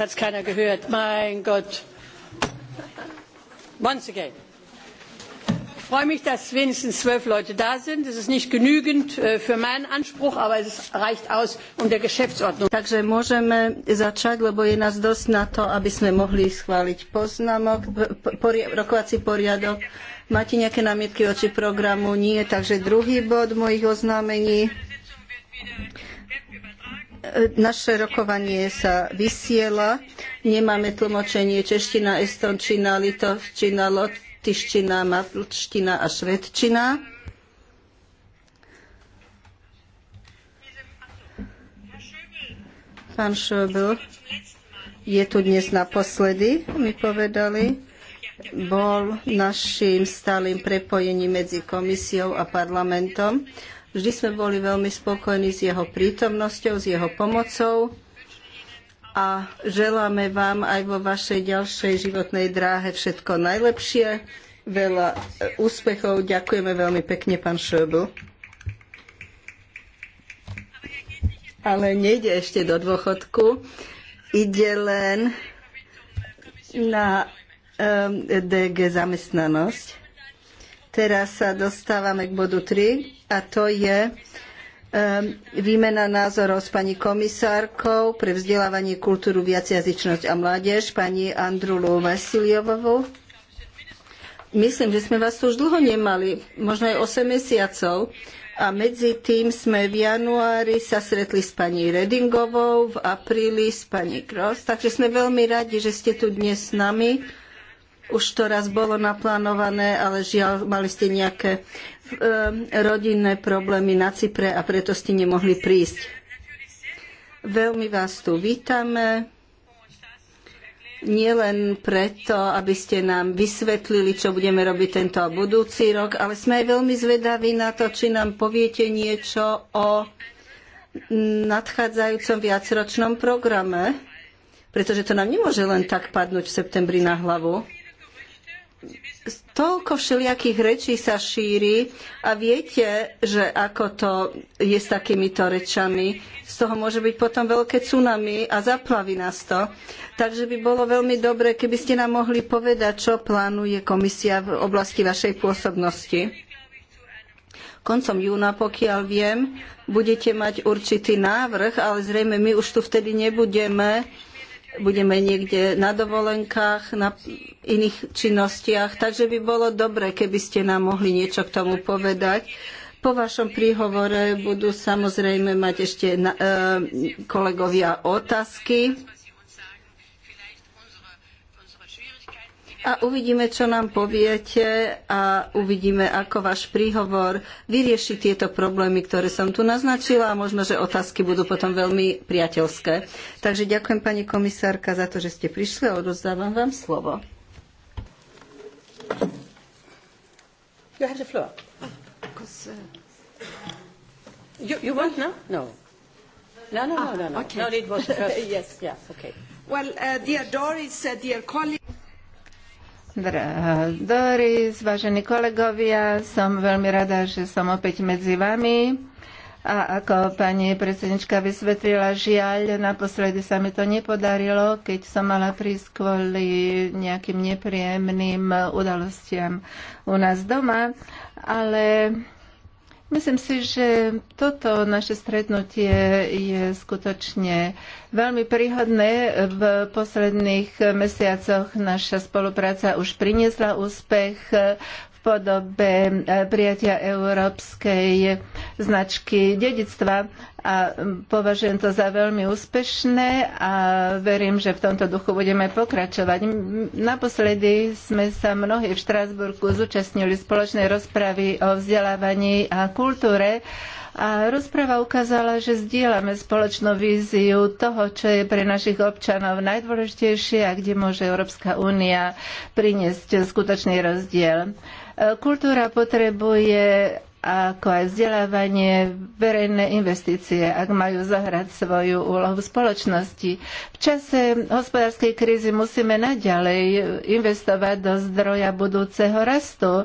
hat es keiner gehört. Mein Gott. Once again. Ich freue mich, dass wenigstens zwölf Leute da sind. Es ist nicht genügend äh, für meinen Anspruch, aber es reicht aus um der Geschäftsordnung. Takže môžeme začať, lebo je nás dosť na to, aby sme mohli schváliť poznámok, rokovací poriadok. Máte nejaké námietky oči programu? Nie. Takže druhý bod mojich oznámení. Naše rokovanie sa vysiela. Nemáme tlmočenie čeština, estončina, litovčina, lotiština, matlčtina a švedčina. Pán Šobel je tu dnes naposledy, mi povedali bol našim stálym prepojením medzi komisiou a parlamentom Vždy sme boli veľmi spokojní s jeho prítomnosťou, s jeho pomocou a želáme vám aj vo vašej ďalšej životnej dráhe všetko najlepšie, veľa e, úspechov. Ďakujeme veľmi pekne, pán Šöbl. Ale nejde ešte do dôchodku, ide len na e, DG zamestnanosť. Teraz sa dostávame k bodu 3 a to je ehm, výmena názorov s pani komisárkou pre vzdelávanie, kultúru, viacjazyčnosť a mládež, pani Andrulu Vasiliovovou. Myslím, že sme vás tu už dlho nemali, možno aj 8 mesiacov. A medzi tým sme v januári sa stretli s pani Redingovou, v apríli s pani Gross. Takže sme veľmi radi, že ste tu dnes s nami. Už to raz bolo naplánované, ale žiaľ, mali ste nejaké Eh, rodinné problémy na Cypre a preto ste nemohli prísť. Veľmi vás tu vítame. Nielen preto, aby ste nám vysvetlili, čo budeme robiť tento a budúci rok, ale sme aj veľmi zvedaví na to, či nám poviete niečo o nadchádzajúcom viacročnom programe, pretože to nám nemôže len tak padnúť v septembri na hlavu toľko všelijakých rečí sa šíri a viete, že ako to je s takýmito rečami. Z toho môže byť potom veľké tsunami a zaplaví nás to. Takže by bolo veľmi dobre, keby ste nám mohli povedať, čo plánuje komisia v oblasti vašej pôsobnosti. Koncom júna, pokiaľ viem, budete mať určitý návrh, ale zrejme my už tu vtedy nebudeme budeme niekde na dovolenkách, na iných činnostiach, takže by bolo dobre, keby ste nám mohli niečo k tomu povedať. Po vašom príhovore budú samozrejme mať ešte na, e, kolegovia otázky. a uvidíme, čo nám poviete a uvidíme, ako váš príhovor vyrieši tieto problémy, ktoré som tu naznačila a možno, že otázky budú potom veľmi priateľské. Takže ďakujem pani komisárka za to, že ste prišli a odozdávam vám slovo. You have the floor. because, uh... you, you want No. No, no, no, no, no. Ah, okay. No, it was first. yes, okay. Well, uh, dear Doris, uh, dear Doris, vážení kolegovia, som veľmi rada, že som opäť medzi vami. A ako pani predsednička vysvetlila, žiaľ, naposledy sa mi to nepodarilo, keď som mala prísť kvôli nejakým nepríjemným udalostiam u nás doma, ale Myslím si, že toto naše stretnutie je skutočne veľmi príhodné. V posledných mesiacoch naša spolupráca už priniesla úspech v podobe prijatia európskej značky dedictva a považujem to za veľmi úspešné a verím, že v tomto duchu budeme pokračovať. Naposledy sme sa mnohí v Štrásburku zúčastnili spoločnej rozpravy o vzdelávaní a kultúre a rozprava ukázala, že zdieľame spoločnú víziu toho, čo je pre našich občanov najdôležitejšie a kde môže Európska únia priniesť skutočný rozdiel. E, kultúra potrebuje ako aj vzdelávanie, verejné investície, ak majú zahrať svoju úlohu v spoločnosti. V čase hospodárskej krízy musíme naďalej investovať do zdroja budúceho rastu.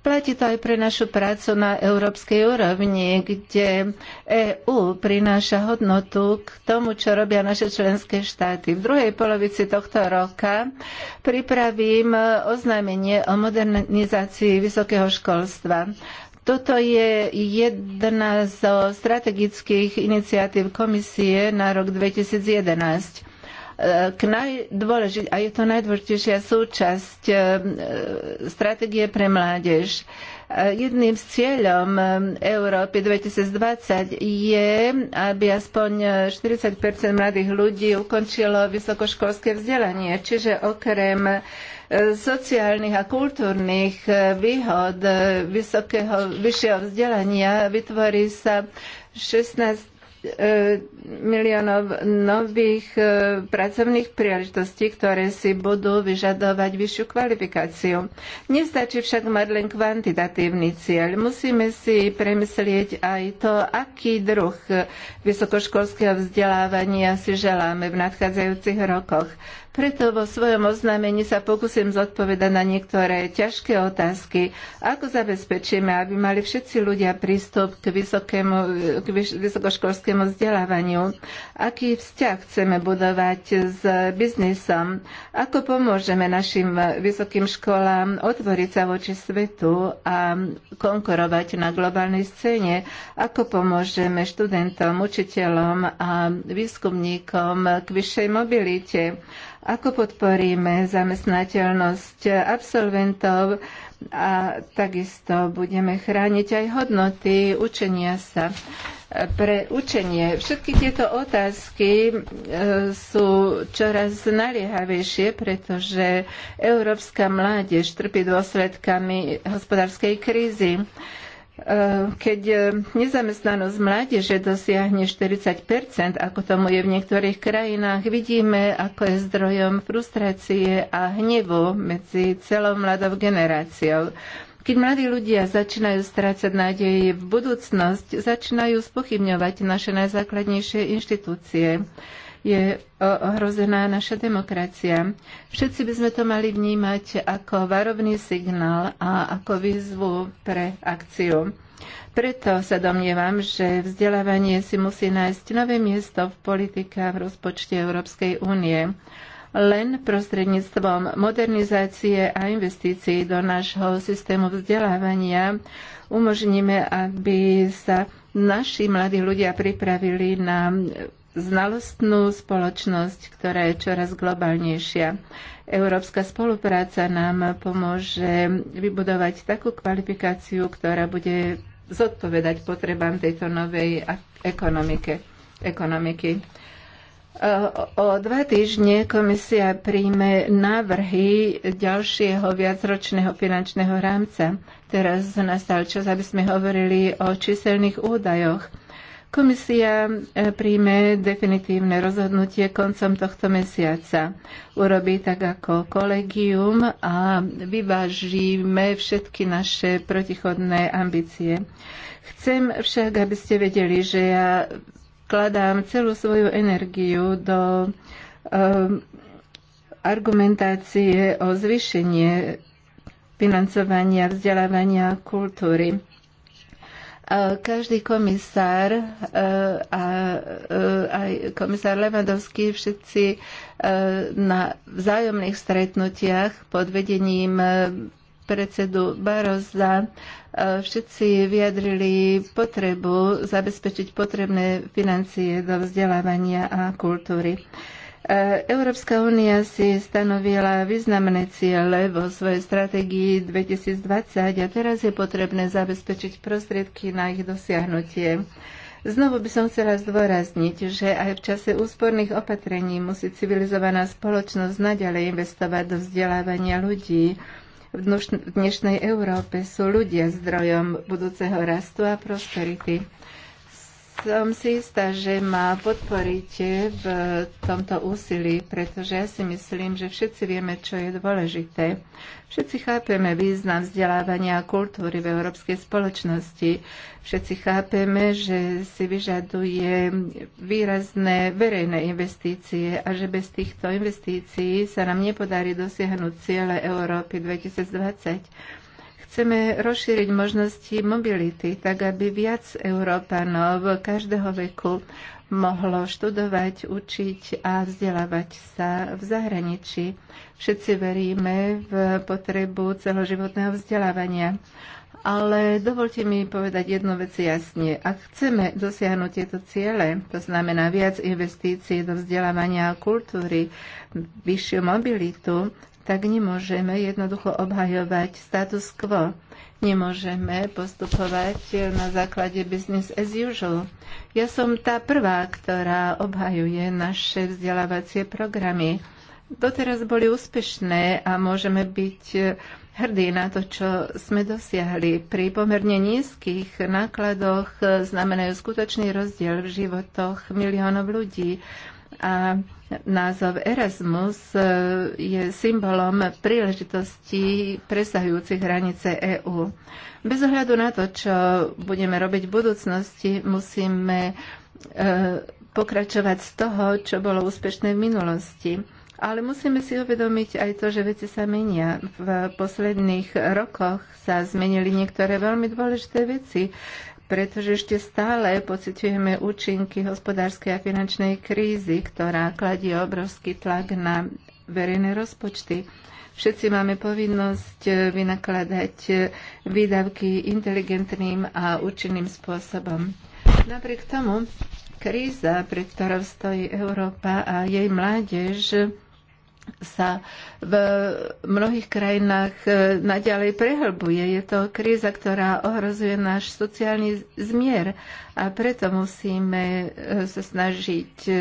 Platí to aj pre našu prácu na európskej úrovni, kde EÚ prináša hodnotu k tomu, čo robia naše členské štáty. V druhej polovici tohto roka pripravím oznámenie o modernizácii vysokého školstva. Toto je jedna zo strategických iniciatív komisie na rok 2011 k najdôležit- a je to najdôležitejšia súčasť eh, stratégie pre mládež. Jedným z cieľom eh, Európy 2020 je, aby aspoň 40 mladých ľudí ukončilo vysokoškolské vzdelanie. Čiže okrem eh, sociálnych a kultúrnych eh, výhod vysokého, vyššieho vzdelania vytvorí sa 16 Eh, miliónov nových eh, pracovných príležitostí, ktoré si budú vyžadovať vyššiu kvalifikáciu. Nestačí však mať len kvantitatívny cieľ. Musíme si premyslieť aj to, aký druh eh, vysokoškolského vzdelávania si želáme v nadchádzajúcich rokoch. Preto vo svojom oznámení sa pokúsim zodpovedať na niektoré ťažké otázky. Ako zabezpečíme, aby mali všetci ľudia prístup k, vysokému, k vysokoškolskému vzdelávaniu? Aký vzťah chceme budovať s biznisom? Ako pomôžeme našim vysokým školám otvoriť sa voči svetu a konkurovať na globálnej scéne? Ako pomôžeme študentom, učiteľom a výskumníkom k vyššej mobilite? Ako podporíme zamestnateľnosť absolventov a takisto budeme chrániť aj hodnoty učenia sa pre učenie. Všetky tieto otázky e, sú čoraz naliehavejšie, pretože európska mládež trpí dôsledkami hospodárskej krízy. Eh, keď eh, nezamestnanosť mládeže dosiahne 40 ako tomu je v niektorých krajinách, vidíme, ako je zdrojom frustrácie a hnevu medzi celou mladou generáciou. Keď mladí ľudia začínajú strácať nádej v budúcnosť, začínajú spochybňovať naše najzákladnejšie inštitúcie je e, ohrozená naša demokracia. Všetci by sme to mali vnímať ako varovný signál a ako výzvu pre akciu. Preto sa domnievam, že vzdelávanie si musí nájsť nové miesto v politike a v rozpočte Európskej únie. Len prostredníctvom modernizácie a investícií do nášho systému vzdelávania umožníme, aby sa naši mladí ľudia pripravili na znalostnú spoločnosť, ktorá je čoraz globálnejšia. Európska spolupráca nám pomôže vybudovať takú kvalifikáciu, ktorá bude zodpovedať potrebám tejto novej ekonomike, ekonomiky. O dva týždne komisia príjme návrhy ďalšieho viacročného finančného rámca. Teraz nastal čas, aby sme hovorili o číselných údajoch Komisia e, príjme definitívne rozhodnutie koncom tohto mesiaca. Urobí tak ako kolegium a vyvážime všetky naše protichodné ambície. Chcem však, aby ste vedeli, že ja kladám celú svoju energiu do um, argumentácie o zvýšenie financovania vzdelávania kultúry. Každý komisár e, a e, aj komisár Levandovský, všetci e, na vzájomných stretnutiach pod vedením predsedu Barozda všetci vyjadrili potrebu zabezpečiť potrebné financie do vzdelávania a kultúry. E, Európska únia si stanovila významné ciele vo svojej stratégii 2020 a teraz je potrebné zabezpečiť prostriedky na ich dosiahnutie. Znovu by som chcela zdôrazniť, že aj v čase úsporných opatrení musí civilizovaná spoločnosť naďalej investovať do vzdelávania ľudí. V dnešnej Európe sú ľudia zdrojom budúceho rastu a prosperity. Som si istá, že ma podporíte v tomto úsilí, pretože ja si myslím, že všetci vieme, čo je dôležité. Všetci chápeme význam vzdelávania a kultúry v európskej spoločnosti. Všetci chápeme, že si vyžaduje výrazné verejné investície a že bez týchto investícií sa nám nepodarí dosiahnuť ciele Európy 2020 Chceme rozšíriť možnosti mobility, tak aby viac Európanov každého veku mohlo študovať, učiť a vzdelávať sa v zahraničí. Všetci veríme v potrebu celoživotného vzdelávania. Ale dovolte mi povedať jednu vec jasne. Ak chceme dosiahnuť tieto ciele, to znamená viac investícií do vzdelávania a kultúry, vyššiu mobilitu, tak nemôžeme jednoducho obhajovať status quo. Nemôžeme postupovať na základe business as usual. Ja som tá prvá, ktorá obhajuje naše vzdelávacie programy. Doteraz boli úspešné a môžeme byť hrdí na to, čo sme dosiahli. Pri pomerne nízkych nákladoch znamenajú skutočný rozdiel v životoch miliónov ľudí. A Názov Erasmus e, je symbolom príležitostí presahujúcich hranice EÚ. Bez ohľadu na to, čo budeme robiť v budúcnosti, musíme e, pokračovať z toho, čo bolo úspešné v minulosti. Ale musíme si uvedomiť aj to, že veci sa menia. V posledných rokoch sa zmenili niektoré veľmi dôležité veci pretože ešte stále pociťujeme účinky hospodárskej a finančnej krízy, ktorá kladie obrovský tlak na verejné rozpočty. Všetci máme povinnosť eh, vynakladať eh, výdavky inteligentným a účinným spôsobom. Napriek tomu kríza, pred ktorou stojí Európa a jej mládež, sa v mnohých krajinách e, naďalej prehlbuje. Je to kríza, ktorá ohrozuje náš sociálny zmier a preto musíme e, sa snažiť e,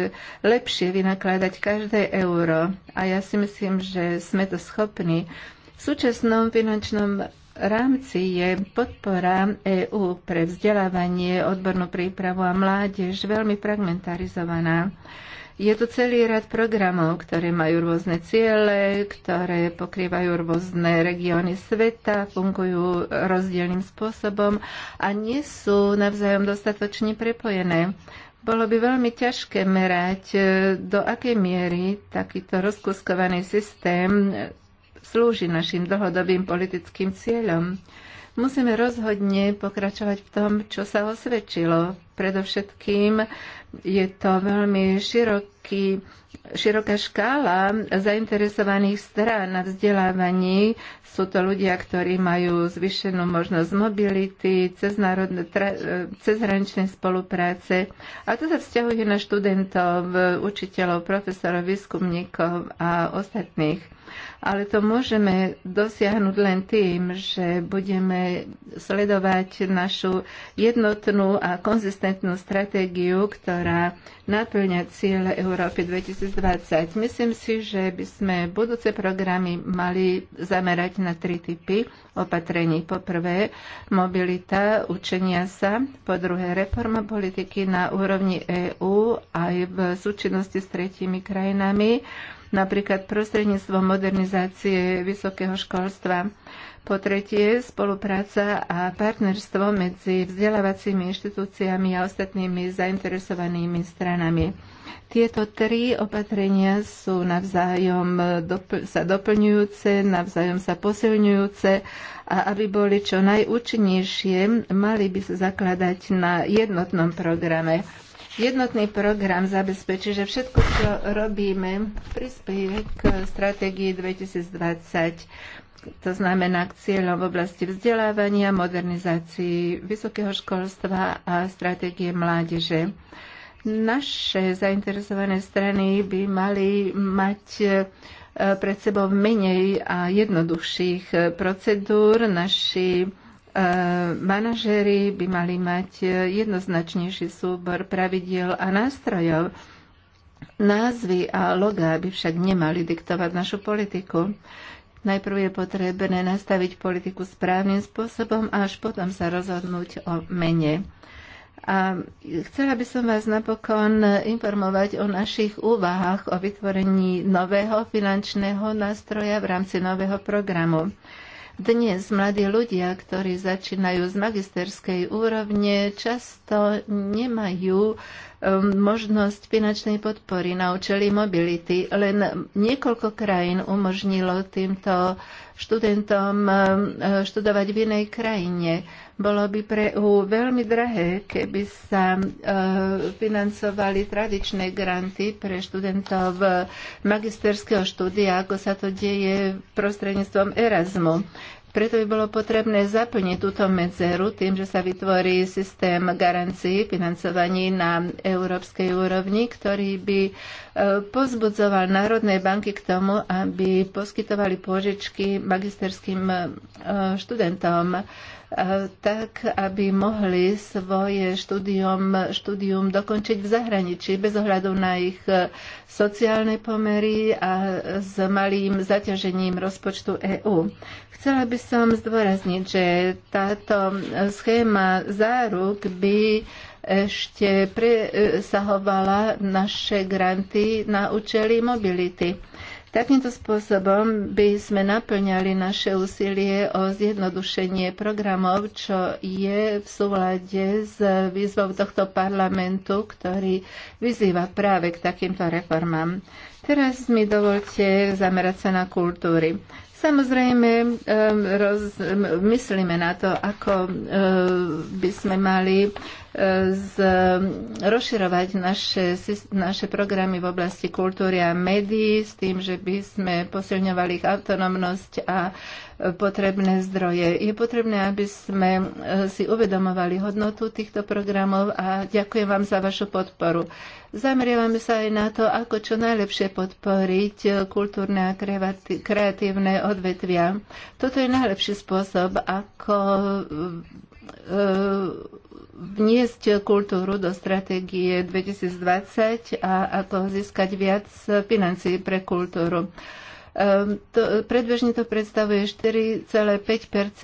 lepšie vynakladať každé euro. A ja si myslím, že sme to schopní. V súčasnom finančnom rámci je podpora EÚ pre vzdelávanie, odbornú prípravu a mládež veľmi fragmentarizovaná. Je tu celý rad programov, ktoré majú rôzne ciele, ktoré pokrývajú rôzne regióny sveta, fungujú rozdielným spôsobom a nie sú navzájom dostatočne prepojené. Bolo by veľmi ťažké merať, e, do akej miery takýto rozkuskovaný systém e, slúži našim dlhodobým politickým cieľom. Musíme rozhodne pokračovať v tom, čo sa osvedčilo. Predovšetkým je to veľmi široký, široká škála zainteresovaných strán na vzdelávaní. Sú to ľudia, ktorí majú zvyšenú možnosť mobility, cezhraničnej spolupráce. A to sa vzťahuje na študentov, učiteľov, profesorov, výskumníkov a ostatných ale to môžeme dosiahnuť len tým, že budeme sledovať našu jednotnú a konzistentnú stratégiu, ktorá naplňa ciele Európy 2020. Myslím si, že by sme budúce programy mali zamerať na tri typy opatrení. Po prvé, mobilita učenia sa, po druhé, reforma politiky na úrovni EÚ aj v súčinnosti s tretími krajinami, napríklad prostredníctvom modernizácie vysokého školstva. Po tretie, spolupráca a partnerstvo medzi vzdelávacími inštitúciami a ostatnými zainteresovanými stranami. Tieto tri opatrenia sú navzájom dopl- sa doplňujúce, navzájom sa posilňujúce a aby boli čo najúčinnejšie, mali by sa zakladať na jednotnom programe Jednotný program zabezpečí, že všetko, čo robíme, prispieje k stratégii 2020. To znamená k cieľom v oblasti vzdelávania, modernizácii vysokého školstva a stratégie mládeže. Naše zainteresované strany by mali mať eh, pred sebou menej a jednoduchších eh, procedúr. Naši E, manažéri by mali mať e, jednoznačnejší súbor pravidiel a nástrojov. Názvy a logá by však nemali diktovať našu politiku. Najprv je potrebné nastaviť politiku správnym spôsobom a až potom sa rozhodnúť o mene. A chcela by som vás napokon informovať o našich úvahách o vytvorení nového finančného nástroja v rámci nového programu. Dnes mladí ľudia, ktorí začínajú z magisterskej úrovne, často nemajú um, možnosť finančnej podpory na účely mobility. Len niekoľko krajín umožnilo týmto študentom um, študovať v inej krajine. Bolo by pre EU veľmi drahé, keby sa e, financovali tradičné granty pre študentov magisterského štúdia, ako sa to deje prostredníctvom Erasmu. Preto by bolo potrebné zaplniť túto medzeru tým, že sa vytvorí systém garancií financovaní na európskej úrovni, ktorý by e, pozbudzoval národné banky k tomu, aby poskytovali pôžičky magisterským e, študentom tak aby mohli svoje štúdium, štúdium dokončiť v zahraničí bez ohľadu na ich sociálne pomery a s malým zaťažením rozpočtu EÚ. Chcela by som zdôrazniť, že táto schéma záruk by ešte presahovala naše granty na účely mobility. Takýmto spôsobom by sme naplňali naše úsilie o zjednodušenie programov, čo je v súlade s výzvou tohto parlamentu, ktorý vyzýva práve k takýmto reformám. Teraz mi dovolte zamerať sa na kultúry. Samozrejme, roz, myslíme na to, ako by sme mali z, rozširovať naše, naše programy v oblasti kultúry a médií s tým, že by sme posilňovali ich autonómnosť a potrebné zdroje. Je potrebné, aby sme e, si uvedomovali hodnotu týchto programov a ďakujem vám za vašu podporu. Zameriavame sa aj na to, ako čo najlepšie podporiť kultúrne a kreatívne odvetvia. Toto je najlepší spôsob, ako e, vniesť kultúru do stratégie 2020 a ako získať viac financií pre kultúru. Ehm, to, predbežne to predstavuje 4,5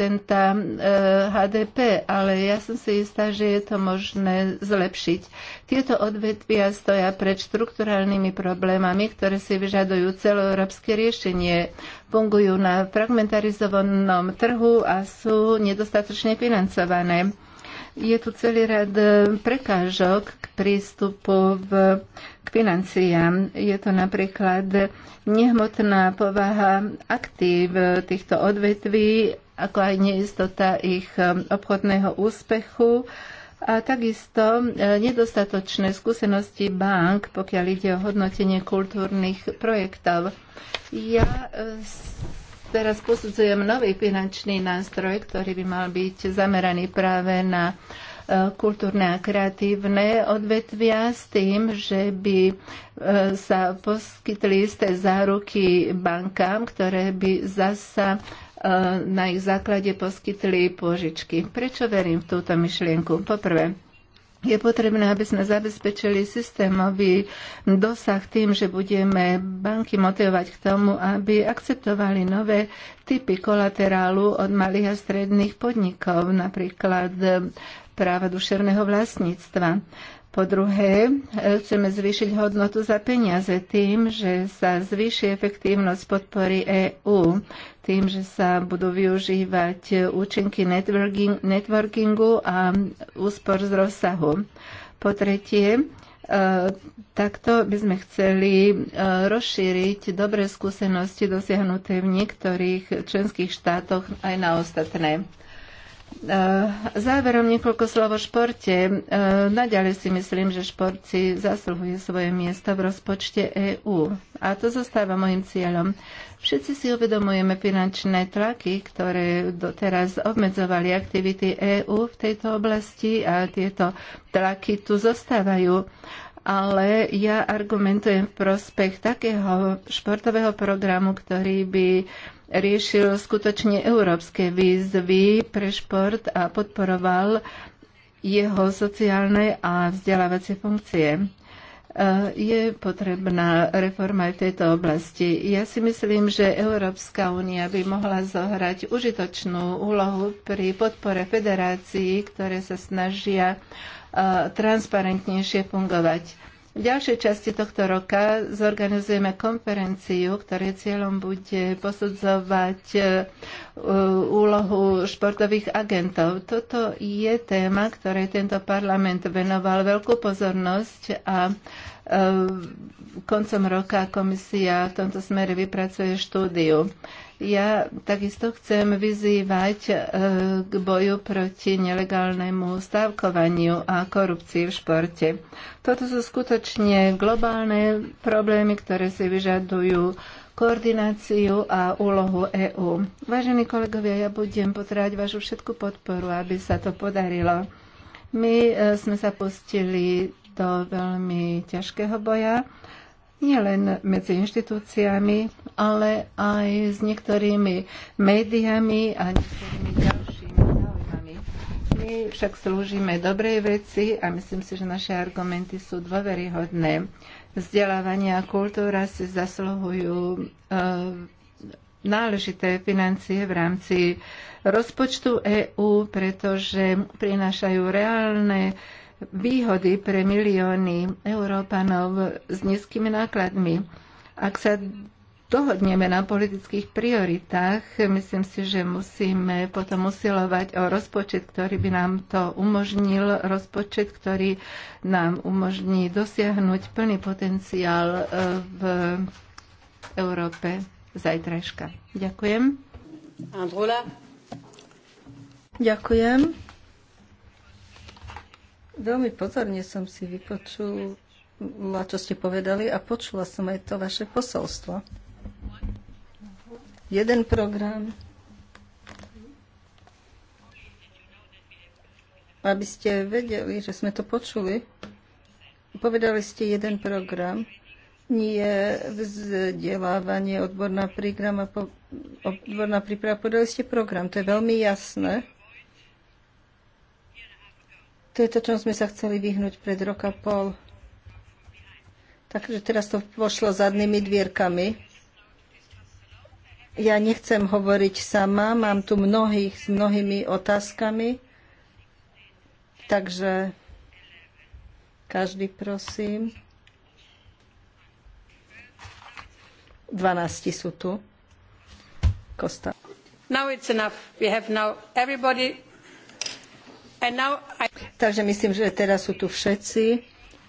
ehm, HDP, ale ja som si istá, že je to možné zlepšiť. Tieto odvetvia stoja pred štrukturálnymi problémami, ktoré si vyžadujú celoeurópske riešenie. Fungujú na fragmentarizovanom trhu a sú nedostatočne financované. Je tu celý rad e, prekážok k prístupu v, k financiám. Je to napríklad nehmotná povaha aktív týchto odvetví, ako aj neistota ich e, obchodného úspechu a takisto e, nedostatočné skúsenosti bank, pokiaľ ide o hodnotenie kultúrnych projektov. Ja teraz posudzujem nový finančný nástroj, ktorý by mal byť zameraný práve na e, kultúrne a kreatívne odvetvia s tým, že by e, sa poskytli isté záruky bankám, ktoré by zasa e, na ich základe poskytli pôžičky. Prečo verím v túto myšlienku? Poprvé, je potrebné, aby sme zabezpečili systémový dosah tým, že budeme banky motivovať k tomu, aby akceptovali nové typy kolaterálu od malých a stredných podnikov, napríklad práva duševného vlastníctva. Po druhé, chceme zvýšiť hodnotu za peniaze tým, že sa zvýši efektívnosť podpory EÚ tým, že sa budú využívať účinky networking, networkingu a úspor z rozsahu. Po tretie, e, takto by sme chceli e, rozšíriť dobré skúsenosti dosiahnuté v niektorých členských štátoch aj na ostatné. Eh, záverom niekoľko slov o športe. Eh, naďalej si myslím, že šport si zasluhuje svoje miesto v rozpočte EÚ. A to zostáva môjim cieľom. Všetci si uvedomujeme finančné tlaky, ktoré doteraz obmedzovali aktivity EÚ v tejto oblasti a tieto tlaky tu zostávajú ale ja argumentujem v prospech takého športového programu, ktorý by uh, riešil skutočne európske výzvy pre šport a podporoval jeho sociálne a vzdelávacie funkcie e, je potrebná reforma aj v tejto oblasti. Ja si myslím, že Európska únia by mohla zohrať užitočnú úlohu pri podpore federácií, ktoré sa snažia e, transparentnejšie fungovať. V ďalšej časti tohto roka zorganizujeme konferenciu, ktorej cieľom bude posudzovať e, úlohu športových agentov. Toto je téma, ktorej tento parlament venoval veľkú pozornosť a e, koncom roka komisia v tomto smere vypracuje štúdiu. Ja takisto chcem vyzývať e, k boju proti nelegálnemu stávkovaniu a korupcii v športe. Toto sú skutočne globálne problémy, ktoré si vyžadujú koordináciu a úlohu EÚ. Vážení kolegovia, ja budem potrebovať vašu všetku podporu, aby sa to podarilo. My e, sme sa pustili do veľmi ťažkého boja nielen medzi inštitúciami, ale aj s niektorými médiami a niektorými ďalšími záujmami. My však slúžime dobrej veci a myslím si, že naše argumenty sú dôveryhodné. Vzdelávanie a kultúra si zasluhujú eh, náležité financie v rámci rozpočtu EÚ, pretože prinášajú reálne výhody pre milióny Európanov s nízkymi nákladmi. Ak sa dohodneme na politických prioritách, myslím si, že musíme potom usilovať o rozpočet, ktorý by nám to umožnil, rozpočet, ktorý nám umožní dosiahnuť plný potenciál e, v Európe zajtrajška. Ďakujem. Ďakujem. Veľmi pozorne som si vypočula, čo ste povedali a počula som aj to vaše posolstvo. Jeden program, aby ste vedeli, že sme to počuli. Povedali ste jeden program, nie vzdelávanie, odborná príprava, odborná príprava. Podali ste program, to je veľmi jasné. To je to, čo sme sa chceli vyhnúť pred roka pol. Takže teraz to pošlo zadnými dvierkami. Ja nechcem hovoriť sama, mám tu mnohých s mnohými otázkami, takže každý prosím. 12 sú tu. Kosta. Now it's enough. We have now everybody Takže myslím, že teraz sú tu všetci.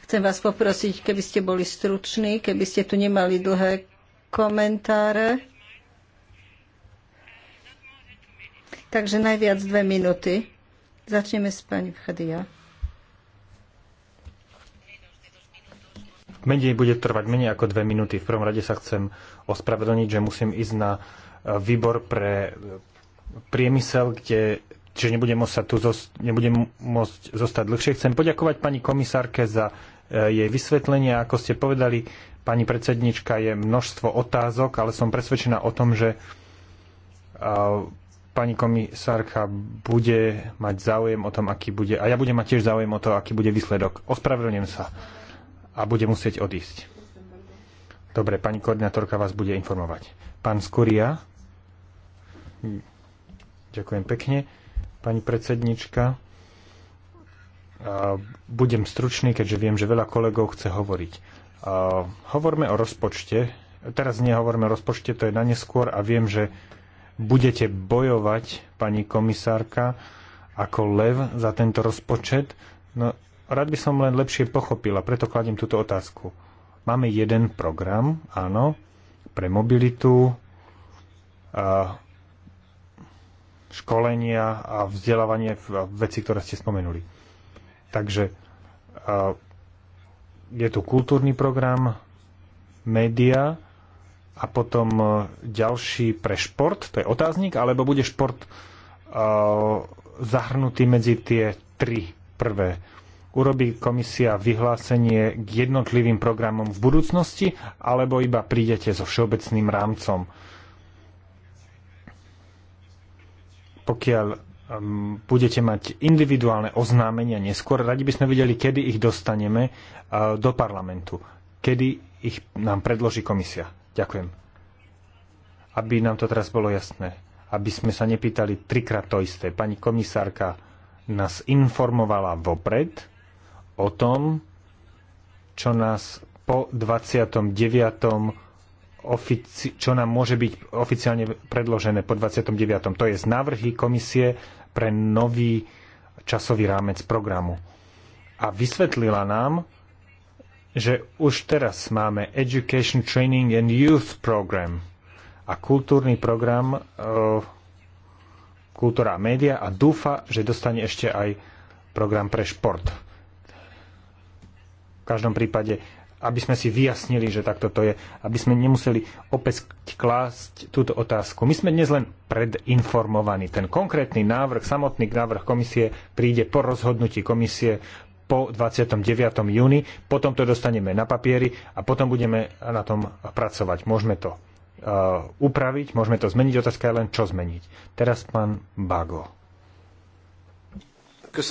Chcem vás poprosiť, keby ste boli struční, keby ste tu nemali dlhé komentáre. Takže najviac dve minúty. Začneme s pani Vchadia. Menej bude trvať menej ako dve minúty. V prvom rade sa chcem ospravedlniť, že musím ísť na e, výbor pre e, priemysel, kde čiže nebudem, sa tu zost- nebudem môcť zostať dlhšie. Chcem poďakovať pani komisárke za e, jej vysvetlenie. Ako ste povedali, pani predsednička, je množstvo otázok, ale som presvedčená o tom, že pani komisárka bude mať záujem o tom, aký bude, a ja budem mať tiež záujem o to, aký bude výsledok. Ospravedlňujem sa a bude musieť odísť. Dobre, pani koordinátorka vás bude informovať. Pán Skuria. Hm. Ďakujem pekne pani predsednička. Budem stručný, keďže viem, že veľa kolegov chce hovoriť. Hovorme o rozpočte. Teraz nehovorme o rozpočte, to je na neskôr a viem, že budete bojovať, pani komisárka, ako lev za tento rozpočet. No, rád by som len lepšie pochopila, preto kladím túto otázku. Máme jeden program, áno, pre mobilitu, školenia a vzdelávanie veci, ktoré ste spomenuli. Takže eh, je tu kultúrny program, média a potom eh, ďalší pre šport, to je otáznik, alebo bude šport eh, zahrnutý medzi tie tri prvé. Urobí komisia vyhlásenie k jednotlivým programom v budúcnosti, alebo iba prídete so všeobecným rámcom pokiaľ budete mať individuálne oznámenia neskôr, radi by sme videli, kedy ich dostaneme eh, do parlamentu, kedy ich nám predloží komisia. Ďakujem. Aby nám to teraz bolo jasné, aby sme sa nepýtali trikrát to isté. Pani komisárka nás informovala vopred o tom, čo nás po 29 ofici- čo nám môže byť oficiálne predložené po 29. To je z návrhy komisie pre nový časový rámec programu. A vysvetlila nám, že už teraz máme Education Training and Youth Program a kultúrny program e, kultúra a média a dúfa, že dostane ešte aj program pre šport. V každom prípade aby sme si vyjasnili, že takto to je, aby sme nemuseli opäť klásť túto otázku. My sme dnes len predinformovaní. Ten konkrétny návrh, samotný návrh komisie príde po rozhodnutí komisie po 29. júni, potom to dostaneme na papiery a potom budeme na tom pracovať. Môžeme to uh, upraviť, môžeme to zmeniť, otázka je len, čo zmeniť. Teraz pán Bago. E,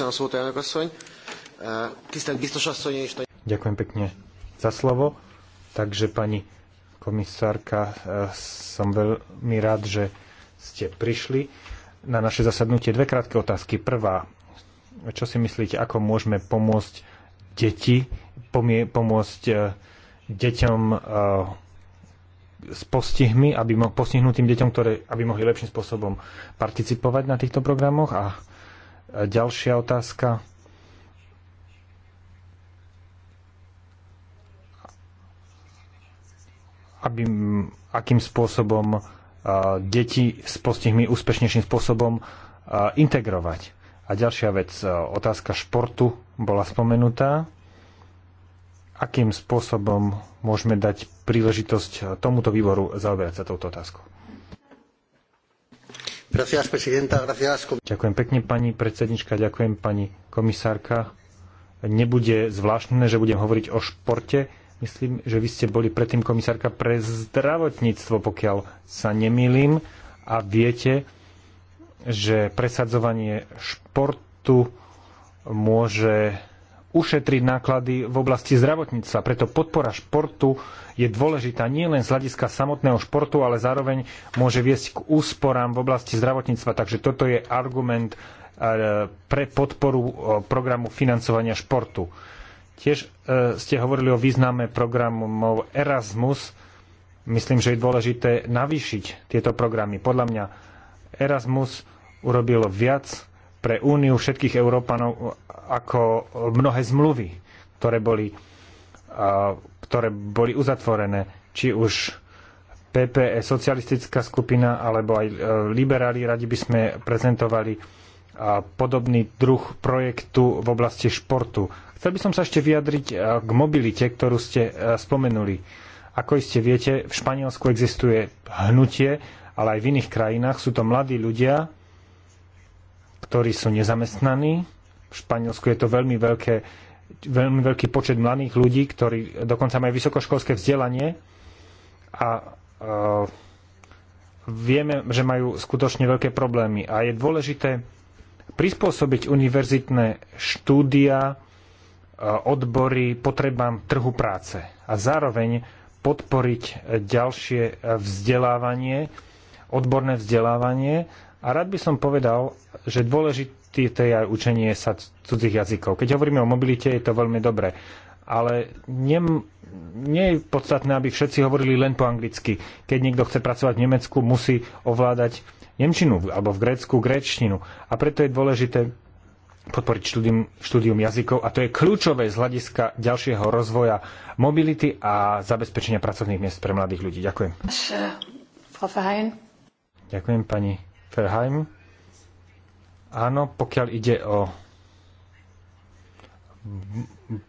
Ďakujem pekne, za slovo. Takže pani komisárka, e, som veľmi rád, že ste prišli na naše zasadnutie. Dve krátke otázky. Prvá, čo si myslíte, ako môžeme pomôcť deti, pomôcť e, deťom e, s postihmi, aby mo- postihnutým deťom, ktoré, aby mohli lepším spôsobom participovať na týchto programoch. A ďalšia otázka aby, akým spôsobom deti s postihmi úspešnejším spôsobom integrovať. A ďalšia vec, otázka športu bola spomenutá. Akým spôsobom môžeme dať príležitosť tomuto výboru zaoberať sa touto otázkou? Gracias, gracias. Ďakujem pekne, pani predsednička, ďakujem, pani komisárka. Nebude zvláštne, že budem hovoriť o športe, Myslím, že vy ste boli predtým komisárka pre zdravotníctvo, pokiaľ sa nemýlim, a viete, že presadzovanie športu môže ušetriť náklady v oblasti zdravotníctva. Preto podpora športu je dôležitá nielen z hľadiska samotného športu, ale zároveň môže viesť k úsporám v oblasti zdravotníctva. Takže toto je argument eh, pre podporu eh, programu financovania športu. Tiež e, ste hovorili o význame programov Erasmus. Myslím, že je dôležité navýšiť tieto programy. Podľa mňa Erasmus urobil viac pre úniu všetkých Európanov e, ako mnohé zmluvy, ktoré boli, ktoré boli uzatvorené. Či už PPE, socialistická skupina, alebo aj e, liberáli, radi by sme prezentovali podobný druh projektu v oblasti športu Chcel by som sa ešte vyjadriť eh, k mobilite, ktorú ste eh, spomenuli. Ako iste viete, v Španielsku existuje hnutie, ale aj v iných krajinách sú to mladí ľudia, ktorí sú nezamestnaní. V Španielsku je to veľmi veľké veľmi veľký počet mladých ľudí, ktorí dokonca majú vysokoškolské vzdelanie a uh, vieme, že majú skutočne veľké problémy. A je dôležité prispôsobiť univerzitné štúdia odbory potrebám trhu práce a zároveň podporiť ďalšie vzdelávanie, odborné vzdelávanie. A rád by som povedal, že dôležité je aj učenie sa cudzích jazykov. Keď hovoríme o mobilite, je to veľmi dobré. Ale nie, nie je podstatné, aby všetci hovorili len po anglicky. Keď niekto chce pracovať v Nemecku, musí ovládať Nemčinu alebo v Grécku gréčtinu. A preto je dôležité podporiť štúdium, štúdium jazykov a to je kľúčové z hľadiska ďalšieho rozvoja mobility a zabezpečenia pracovných miest pre mladých ľudí. Ďakujem. Ďakujem pani Ferheim. Áno, pokiaľ ide o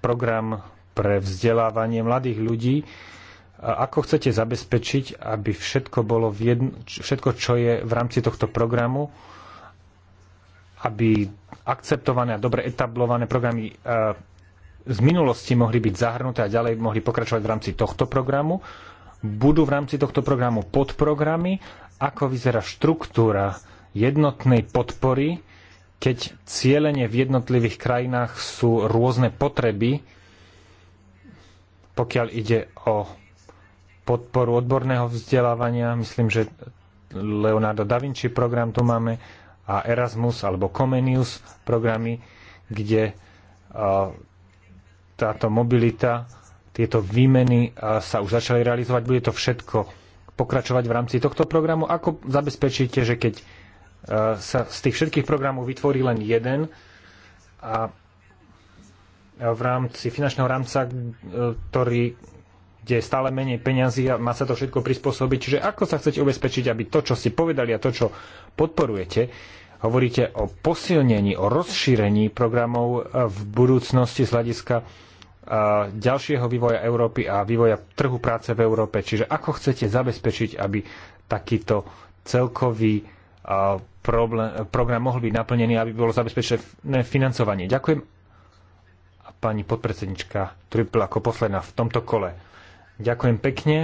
program pre vzdelávanie mladých ľudí, ako chcete zabezpečiť, aby všetko bolo v jedno, všetko, čo je v rámci tohto programu, aby akceptované a dobre etablované programy e, z minulosti mohli byť zahrnuté a ďalej mohli pokračovať v rámci tohto programu. Budú v rámci tohto programu podprogramy, ako vyzerá štruktúra jednotnej podpory, keď cieľenie v jednotlivých krajinách sú rôzne potreby, pokiaľ ide o podporu odborného vzdelávania. Myslím, že Leonardo da Vinci program tu máme a Erasmus alebo Comenius programy, kde táto mobilita, tieto výmeny sa už začali realizovať. Bude to všetko pokračovať v rámci tohto programu. Ako zabezpečíte, že keď sa z tých všetkých programov vytvorí len jeden a v rámci finančného rámca, ktorý kde je stále menej peňazí a má sa to všetko prispôsobiť. Čiže ako sa chcete ubezpečiť, aby to, čo ste povedali a to, čo podporujete, hovoríte o posilnení, o rozšírení programov eh, v budúcnosti z hľadiska eh, ďalšieho vývoja Európy a vývoja trhu práce v Európe. Čiže ako chcete zabezpečiť, aby takýto celkový eh, problém, program mohol byť naplnený, aby bolo zabezpečené financovanie. Ďakujem. A pani podpredsednička Tripl ako posledná v tomto kole. Ďakujem pekne.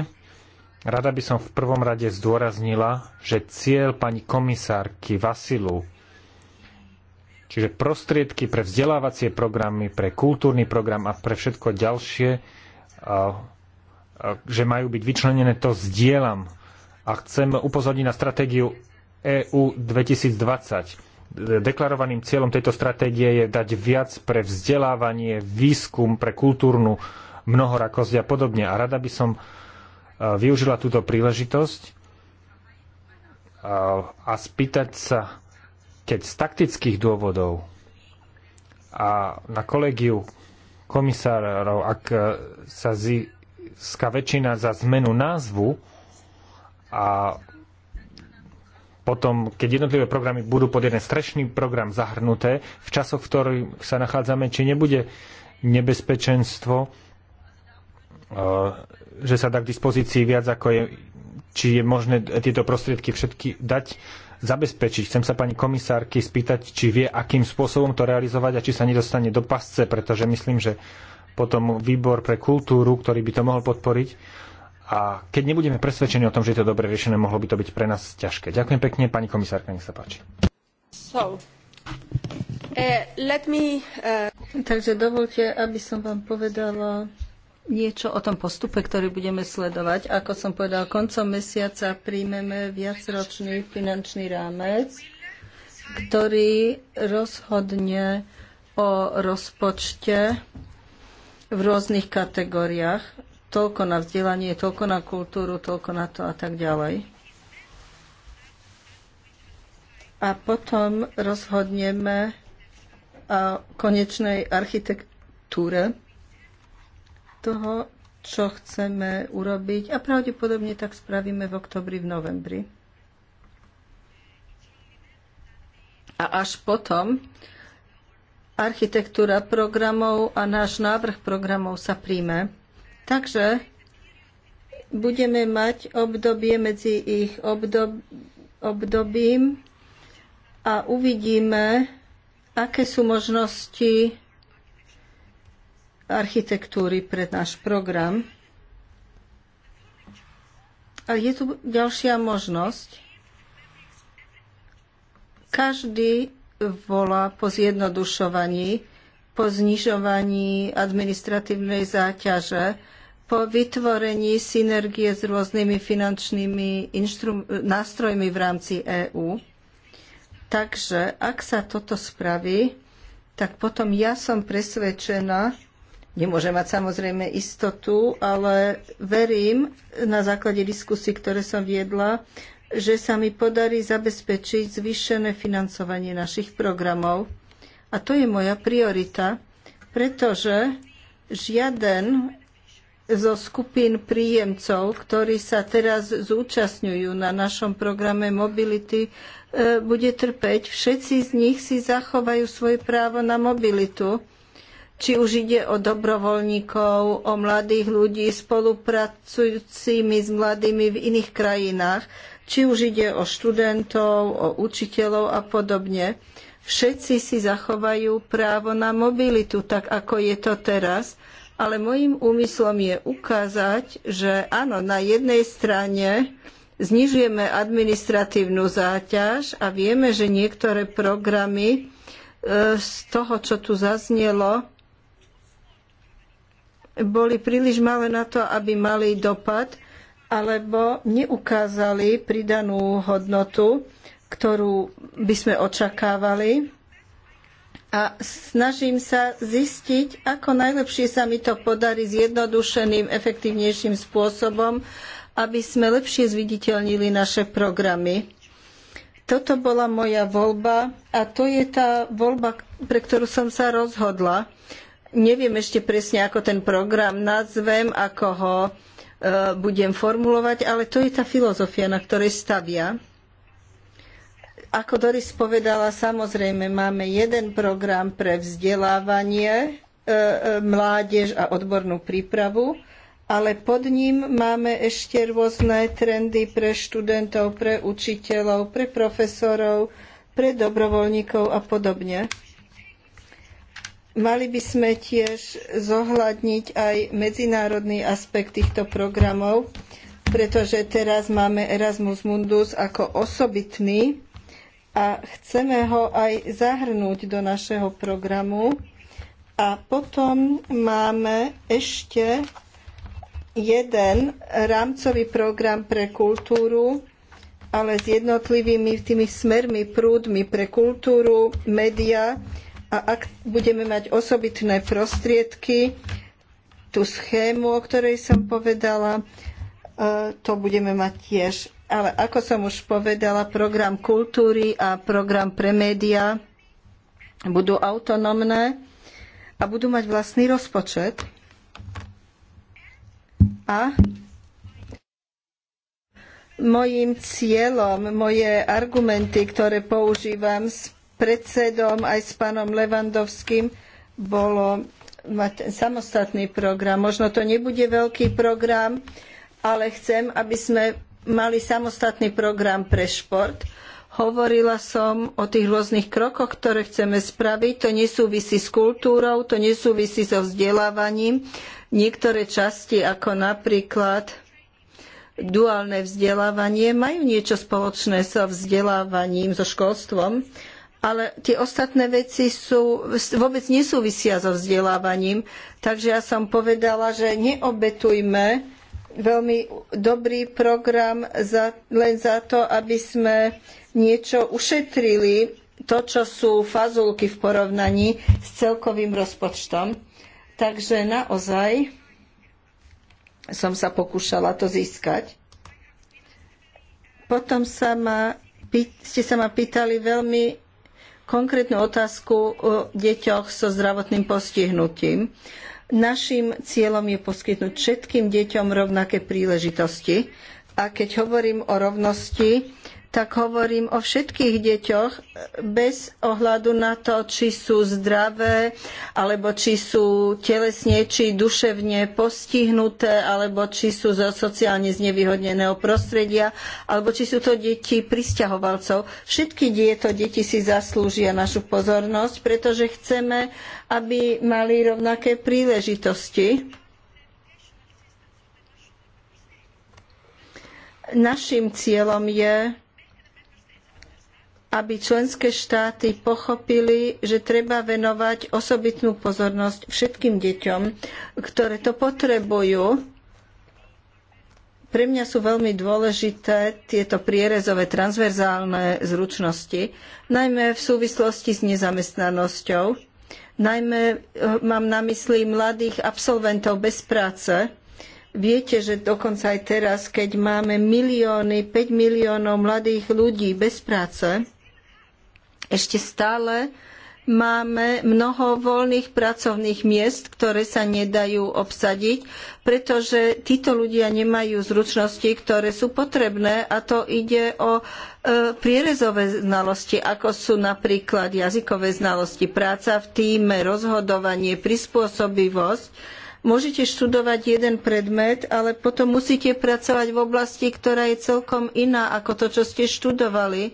Rada by som v prvom rade zdôraznila, že cieľ pani komisárky Vasilu, čiže prostriedky pre vzdelávacie programy, pre kultúrny program a pre všetko ďalšie, že majú byť vyčlenené, to zdieľam. A chcem upozorniť na stratégiu EU 2020. Deklarovaným cieľom tejto stratégie je dať viac pre vzdelávanie, výskum, pre kultúrnu mnohorakosť a podobne. A rada by som e, využila túto príležitosť e, a spýtať sa, keď z taktických dôvodov a na kolegiu komisárov, ak e, sa získa väčšina za zmenu názvu a potom, keď jednotlivé programy budú pod jeden strešný program zahrnuté, v časoch, v ktorých sa nachádzame, či nebude nebezpečenstvo Eh, že sa dá k dispozícii viac ako je, či je možné tieto prostriedky všetky dať zabezpečiť. Chcem sa pani komisárky spýtať, či vie, akým spôsobom to realizovať a či sa nedostane do pasce, pretože myslím, že potom výbor pre kultúru, ktorý by to mohol podporiť. A keď nebudeme presvedčení o tom, že je to dobre riešené, mohlo by to byť pre nás ťažké. Ďakujem pekne, pani komisárka, nech sa páči. So, eh, me, eh... Takže dovolte, aby som vám povedala, niečo o tom postupe, ktorý budeme sledovať. Ako som povedal, koncom mesiaca príjmeme viacročný finančný rámec, ktorý rozhodne o rozpočte v rôznych kategóriách. Toľko na vzdelanie, toľko na kultúru, toľko na to a tak ďalej. A potom rozhodneme o konečnej architektúre toho, čo chceme urobiť a pravdepodobne tak spravíme v oktobri, v novembri. A až potom architektúra programov a náš návrh programov sa príjme. Takže budeme mať obdobie medzi ich obdob, obdobím a uvidíme, aké sú možnosti architektúry pre náš program. A je tu ďalšia možnosť. Každý volá po zjednodušovaní, po znižovaní administratívnej záťaže, po vytvorení synergie s rôznymi finančnými nástrojmi v rámci EÚ. Takže ak sa toto spraví, tak potom ja som presvedčená, Nemôžem mať samozrejme istotu, ale verím na základe diskusí, ktoré som viedla, že sa mi podarí zabezpečiť zvýšené financovanie našich programov. A to je moja priorita, pretože žiaden zo skupín príjemcov, ktorí sa teraz zúčastňujú na našom programe Mobility, e, bude trpeť. Všetci z nich si zachovajú svoje právo na mobilitu či už ide o dobrovoľníkov, o mladých ľudí spolupracujúcimi s mladými v iných krajinách, či už ide o študentov, o učiteľov a podobne. Všetci si zachovajú právo na mobilitu, tak ako je to teraz, ale môjim úmyslom je ukázať, že áno, na jednej strane znižujeme administratívnu záťaž a vieme, že niektoré programy e, z toho, čo tu zaznelo, boli príliš malé na to, aby mali dopad, alebo neukázali pridanú hodnotu, ktorú by sme očakávali. A snažím sa zistiť, ako najlepšie sa mi to podarí zjednodušeným, efektívnejším spôsobom, aby sme lepšie zviditeľnili naše programy. Toto bola moja voľba a to je tá voľba, pre ktorú som sa rozhodla. Neviem ešte presne, ako ten program nazvem, ako ho e, budem formulovať, ale to je tá filozofia, na ktorej stavia. Ako Doris povedala, samozrejme máme jeden program pre vzdelávanie, e, e, mládež a odbornú prípravu, ale pod ním máme ešte rôzne trendy pre študentov, pre učiteľov, pre profesorov, pre dobrovoľníkov a podobne. Mali by sme tiež zohľadniť aj medzinárodný aspekt týchto programov, pretože teraz máme Erasmus Mundus ako osobitný a chceme ho aj zahrnúť do našeho programu. A potom máme ešte jeden rámcový program pre kultúru, ale s jednotlivými tými smermi, prúdmi pre kultúru, média, a ak budeme mať osobitné prostriedky, tú schému, o ktorej som povedala, e, to budeme mať tiež. Ale ako som už povedala, program kultúry a program pre média budú autonómne a budú mať vlastný rozpočet. A mojím cieľom, moje argumenty, ktoré používam, predsedom, aj s pánom Levandovským bolo mať samostatný program. Možno to nebude veľký program, ale chcem, aby sme mali samostatný program pre šport. Hovorila som o tých rôznych krokoch, ktoré chceme spraviť. To nesúvisí s kultúrou, to nesúvisí so vzdelávaním. Niektoré časti, ako napríklad duálne vzdelávanie, majú niečo spoločné so vzdelávaním, so školstvom ale tie ostatné veci sú, vôbec nesúvisia so vzdelávaním. Takže ja som povedala, že neobetujme veľmi dobrý program za, len za to, aby sme niečo ušetrili, to, čo sú fazulky v porovnaní s celkovým rozpočtom. Takže naozaj som sa pokúšala to získať. Potom sa ma, ste sa ma pýtali veľmi konkrétnu otázku o deťoch so zdravotným postihnutím. Naším cieľom je poskytnúť všetkým deťom rovnaké príležitosti. A keď hovorím o rovnosti, tak hovorím o všetkých deťoch bez ohľadu na to, či sú zdravé, alebo či sú telesne či duševne postihnuté, alebo či sú zo sociálne znevýhodneného prostredia, alebo či sú to deti pristahovalcov. Všetky tieto deti si zaslúžia našu pozornosť, pretože chceme, aby mali rovnaké príležitosti. Naším cieľom je aby členské štáty pochopili, že treba venovať osobitnú pozornosť všetkým deťom, ktoré to potrebujú. Pre mňa sú veľmi dôležité tieto prierezové transverzálne zručnosti, najmä v súvislosti s nezamestnanosťou. Najmä e, mám na mysli mladých absolventov bez práce, Viete, že dokonca aj teraz, keď máme milióny, 5 miliónov mladých ľudí bez práce, ešte stále máme mnoho voľných pracovných miest, ktoré sa nedajú obsadiť, pretože títo ľudia nemajú zručnosti, ktoré sú potrebné a to ide o e, prierezové znalosti, ako sú napríklad jazykové znalosti, práca v tíme, rozhodovanie, prispôsobivosť. Môžete študovať jeden predmet, ale potom musíte pracovať v oblasti, ktorá je celkom iná ako to, čo ste študovali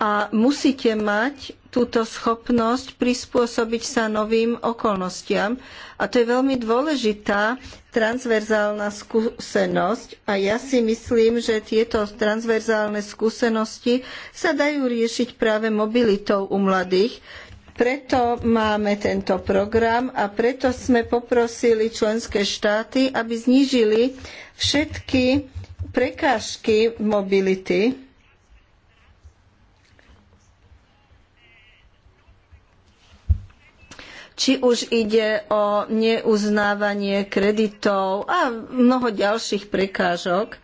a musíte mať túto schopnosť prispôsobiť sa novým okolnostiam. A to je veľmi dôležitá transverzálna skúsenosť a ja si myslím, že tieto transverzálne skúsenosti sa dajú riešiť práve mobilitou u mladých. Preto máme tento program a preto sme poprosili členské štáty, aby znížili všetky prekážky mobility či už ide o neuznávanie kreditov a mnoho ďalších prekážok.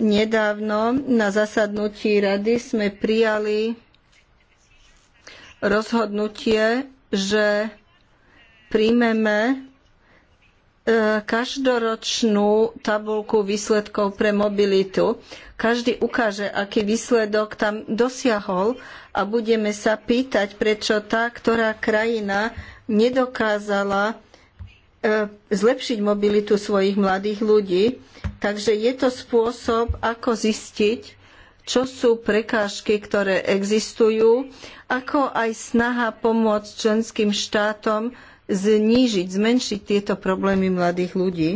Nedávno na zasadnutí rady sme prijali rozhodnutie, že príjmeme e, každoročnú tabulku výsledkov pre mobilitu. Každý ukáže, aký výsledok tam dosiahol a budeme sa pýtať, prečo tá, ktorá krajina nedokázala e, zlepšiť mobilitu svojich mladých ľudí. Takže je to spôsob, ako zistiť, čo sú prekážky, ktoré existujú, ako aj snaha pomôcť členským štátom znížiť, zmenšiť tieto problémy mladých ľudí.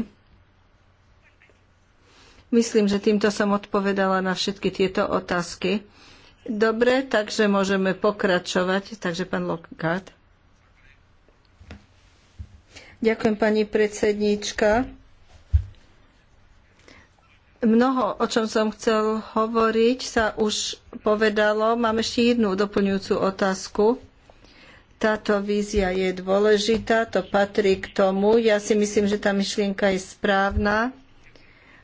Myslím, že týmto som odpovedala na všetky tieto otázky. Dobre, takže môžeme pokračovať. Takže pán Lokát. Ďakujem, pani predsedníčka. Mnoho, o čom som chcel hovoriť, sa už povedalo. Mám ešte jednu doplňujúcu otázku. Táto vízia je dôležitá, to patrí k tomu. Ja si myslím, že tá myšlienka je správna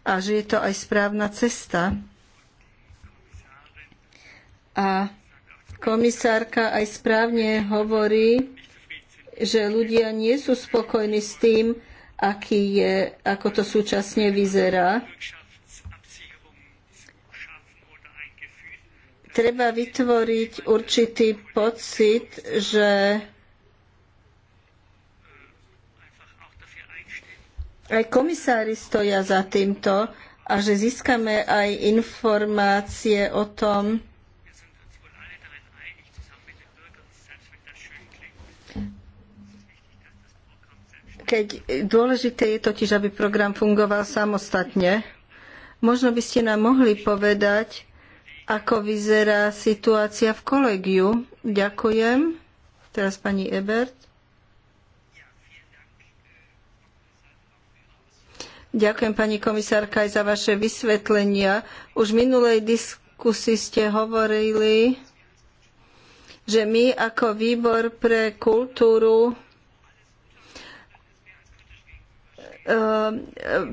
a že je to aj správna cesta. A komisárka aj správne hovorí, že ľudia nie sú spokojní s tým, aký je, ako to súčasne vyzerá. Treba vytvoriť určitý pocit, že aj komisári stoja za týmto a že získame aj informácie o tom, keď dôležité je totiž, aby program fungoval samostatne. Možno by ste nám mohli povedať, ako vyzerá situácia v kolegiu. Ďakujem. Teraz pani Ebert. Ďakujem pani komisárka aj za vaše vysvetlenia. Už v minulej diskusii ste hovorili, že my ako výbor pre kultúru Ehm,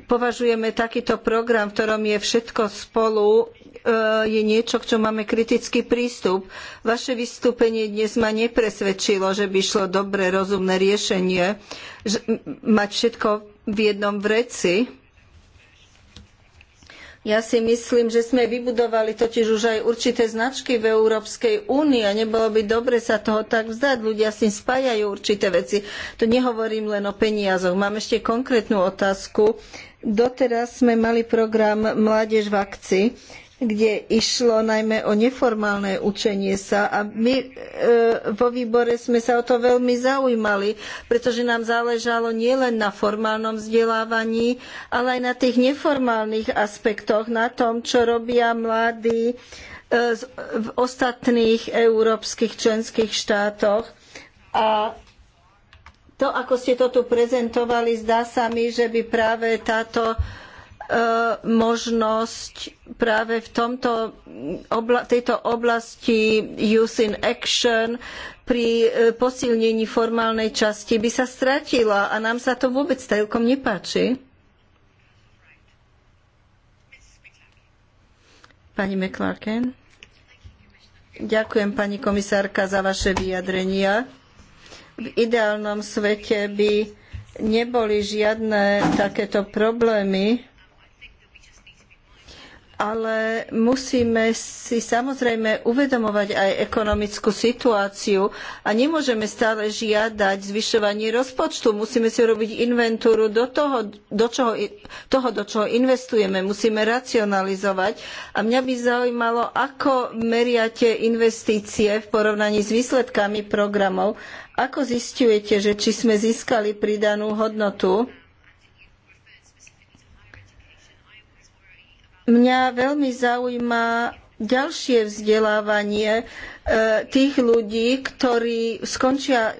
považujeme takýto program, v ktorom je všetko spolu, ehm, je niečo, k čomu máme kritický prístup. Vaše vystúpenie dnes ma nepresvedčilo, že by šlo dobré, rozumné riešenie mať všetko v jednom vreci. Ja si myslím, že sme vybudovali totiž už aj určité značky v Európskej únii a nebolo by dobre sa toho tak vzdať. Ľudia tým spájajú určité veci. To nehovorím len o peniazoch. Mám ešte konkrétnu otázku. Doteraz sme mali program Mládež v akcii kde išlo najmä o neformálne učenie sa. A my e, vo výbore sme sa o to veľmi zaujímali, pretože nám záležalo nielen na formálnom vzdelávaní, ale aj na tých neformálnych aspektoch, na tom, čo robia mladí e, z, v ostatných európskych členských štátoch. A to, ako ste to tu prezentovali, zdá sa mi, že by práve táto E, možnosť práve v tomto, obla, tejto oblasti Use in Action pri e, posilnení formálnej časti by sa stratila a nám sa to vôbec celkom nepáči. Pani McClarken. Ďakujem, pani komisárka, za vaše vyjadrenia. V ideálnom svete by neboli žiadne takéto problémy, ale musíme si samozrejme uvedomovať aj ekonomickú situáciu a nemôžeme stále žiadať zvyšovanie rozpočtu. Musíme si robiť inventúru do toho, do čoho, toho, do čoho investujeme. Musíme racionalizovať. A mňa by zaujímalo, ako meriate investície v porovnaní s výsledkami programov. Ako zistujete, že či sme získali pridanú hodnotu? Mňa veľmi zaujíma ďalšie vzdelávanie e, tých ľudí, ktorí skončia e,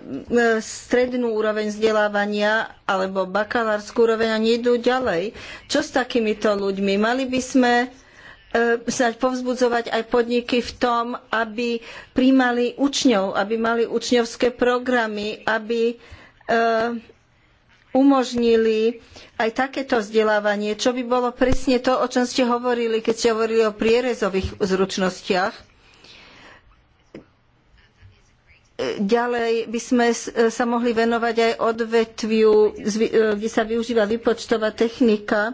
strednú úroveň vzdelávania alebo bakalárskú úroveň a nejdú ďalej. Čo s takýmito ľuďmi? Mali by sme e, snáď povzbudzovať aj podniky v tom, aby príjmali učňov, aby mali učňovské programy, aby umožnili aj takéto vzdelávanie, čo by bolo presne to, o čom ste hovorili, keď ste hovorili o prierezových zručnostiach. Ďalej by sme sa mohli venovať aj odvetviu, e, kde sa využíva výpočtová technika,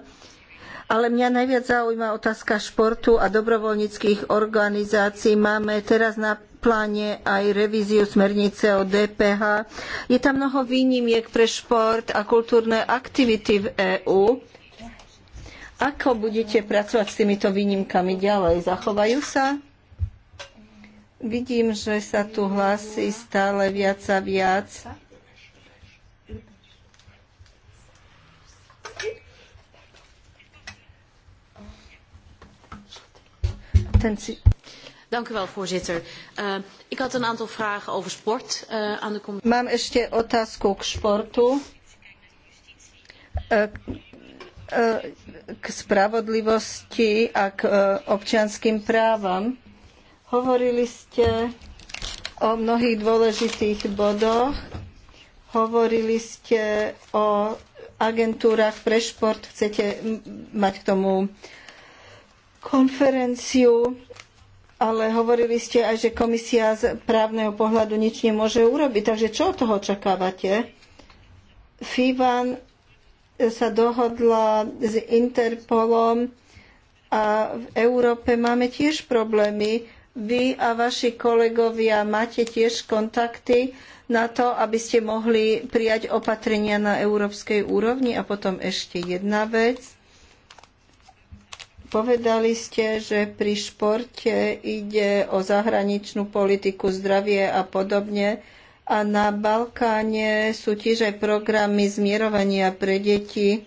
ale mňa najviac zaujíma otázka športu a dobrovoľníckych organizácií. Máme teraz na pláne aj revíziu smernice o DPH. Je tam mnoho výnimiek pre šport a kultúrne aktivity v EÚ. Ako budete pracovať s týmito výnimkami ďalej? Zachovajú sa? Vidím, že sa tu hlási stále viac a viac. Ten si... Mám eh, eh, ešte otázku k športu. Eh, k spravodlivosti a k občianským právam. Hovorili ste o mnohých dôležitých bodoch. Hovorili ste o agentúrach pre šport. Chcete mať k tomu konferenciu ale hovorili ste aj, že komisia z právneho pohľadu nič nemôže urobiť. Takže čo od toho očakávate? FIVAN sa dohodla s Interpolom a v Európe máme tiež problémy. Vy a vaši kolegovia máte tiež kontakty na to, aby ste mohli prijať opatrenia na európskej úrovni. A potom ešte jedna vec Povedali ste, že pri športe ide o zahraničnú politiku, zdravie a podobne. A na Balkáne sú tiež aj programy zmierovania pre deti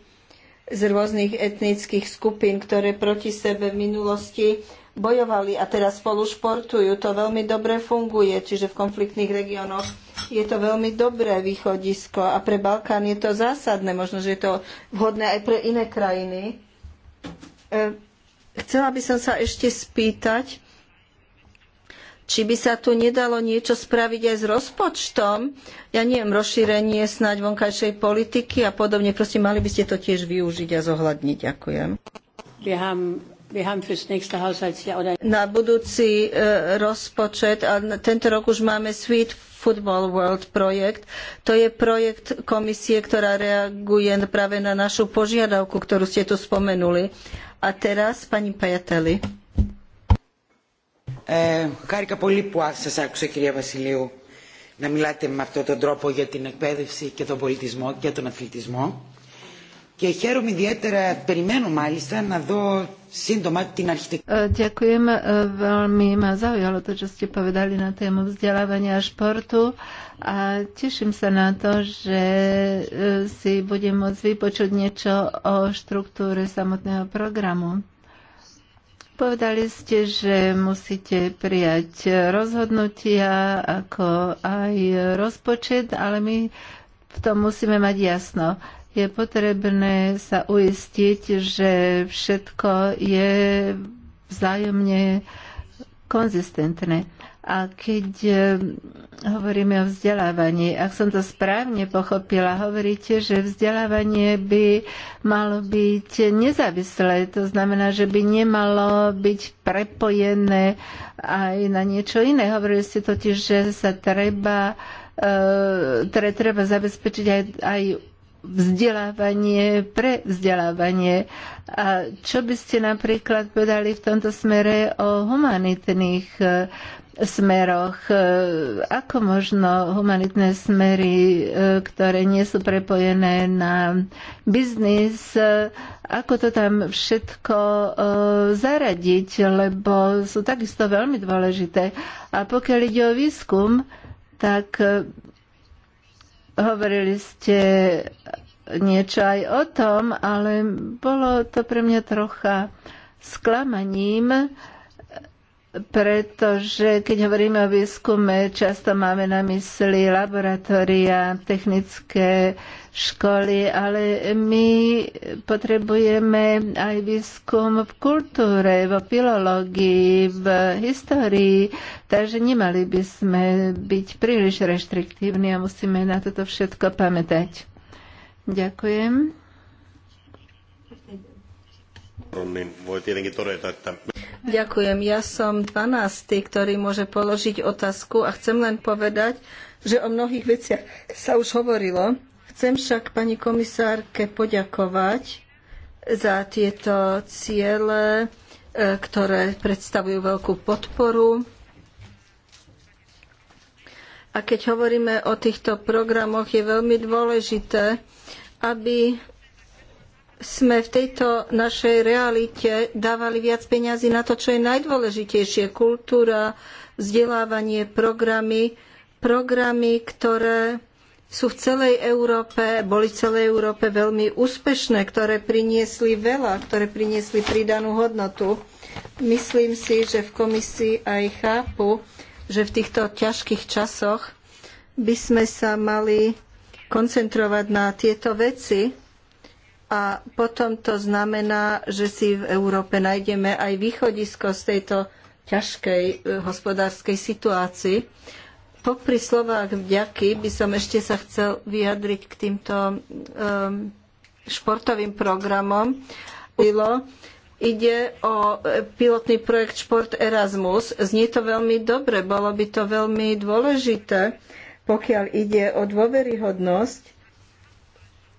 z rôznych etnických skupín, ktoré proti sebe v minulosti bojovali a teraz spolu športujú. To veľmi dobre funguje, čiže v konfliktných regiónoch je to veľmi dobré východisko a pre Balkán je to zásadné, možno, že je to vhodné aj pre iné krajiny. E, Chcela by som sa ešte spýtať, či by sa tu nedalo niečo spraviť aj s rozpočtom, ja neviem, rozšírenie snáď vonkajšej politiky a podobne. Proste mali by ste to tiež využiť a zohľadniť. Ďakujem. Na budúci e, rozpočet, a tento rok už máme Sweet Football World projekt. To je projekt komisie, ktorá reaguje práve na našu požiadavku, ktorú ste tu spomenuli. A teraz pani Pajateli. Χάρηκα πολύ που σας άκουσα κυρία Βασιλείου να μιλάτε με αυτόν τον τρόπο για την εκπαίδευση και τον πολιτισμό και τον αθλητισμό Και χαίρομαι ιδιαίτερα, περιμένω μάλιστα, να δω Ďakujem, veľmi ma zaujalo to, čo ste povedali na tému vzdelávania a športu a teším sa na to, že e, si budem môcť vypočuť niečo o štruktúre samotného programu. Povedali ste, že musíte prijať rozhodnutia ako aj rozpočet, ale my v tom musíme mať jasno je potrebné sa uistiť, že všetko je vzájomne konzistentné. A keď e, hovoríme o vzdelávaní, ak som to správne pochopila, hovoríte, že vzdelávanie by malo byť nezávislé. To znamená, že by nemalo byť prepojené aj na niečo iné. Hovorili ste totiž, že sa treba, e, teda treba zabezpečiť aj, aj vzdelávanie pre vzdelávanie. A čo by ste napríklad povedali v tomto smere o humanitných e, smeroch? E, ako možno humanitné smery, e, ktoré nie sú prepojené na biznis, ako to tam všetko zaradiť, lebo sú takisto veľmi dôležité. A pokiaľ ide o výskum, tak Hovorili ste niečo aj o tom, ale bolo to pre mňa trocha sklamaním, pretože keď hovoríme o výskume, často máme na mysli laboratória, technické školy, ale my potrebujeme aj výskum v kultúre, v filológii, v histórii, takže nemali by sme byť príliš reštriktívni a musíme na toto všetko pamätať. Ďakujem. Ďakujem. Ja som 12., ktorý môže položiť otázku a chcem len povedať, že o mnohých veciach sa už hovorilo Chcem však pani komisárke poďakovať za tieto ciele, e, ktoré predstavujú veľkú podporu. A keď hovoríme o týchto programoch, je veľmi dôležité, aby sme v tejto našej realite dávali viac peňazí na to, čo je najdôležitejšie. Kultúra, vzdelávanie, programy, programy, ktoré sú v celej Európe, boli v celej Európe veľmi úspešné, ktoré priniesli veľa, ktoré priniesli pridanú hodnotu. Myslím si, že v komisii aj chápu, že v týchto ťažkých časoch by sme sa mali koncentrovať na tieto veci a potom to znamená, že si v Európe nájdeme aj východisko z tejto ťažkej eh, hospodárskej situácii popri slovách vďaky by som ešte sa chcel vyjadriť k týmto um, športovým programom. Ide o e, pilotný projekt Šport Erasmus. Znie to veľmi dobre, bolo by to veľmi dôležité, pokiaľ ide o dôveryhodnosť.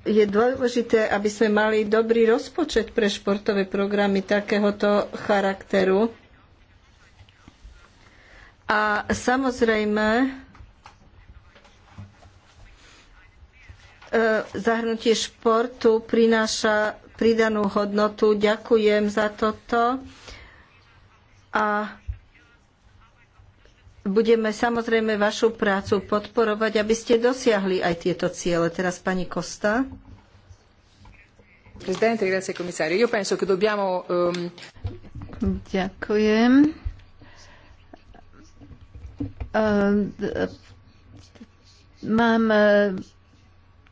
Je dôležité, aby sme mali dobrý rozpočet pre športové programy takéhoto charakteru a samozrejme, e, zahrnutie športu prináša pridanú hodnotu. Ďakujem za toto a budeme samozrejme vašu prácu podporovať, aby ste dosiahli aj tieto ciele. Teraz pani Kosta. Ehm, Ďakujem. Ehm, mám e,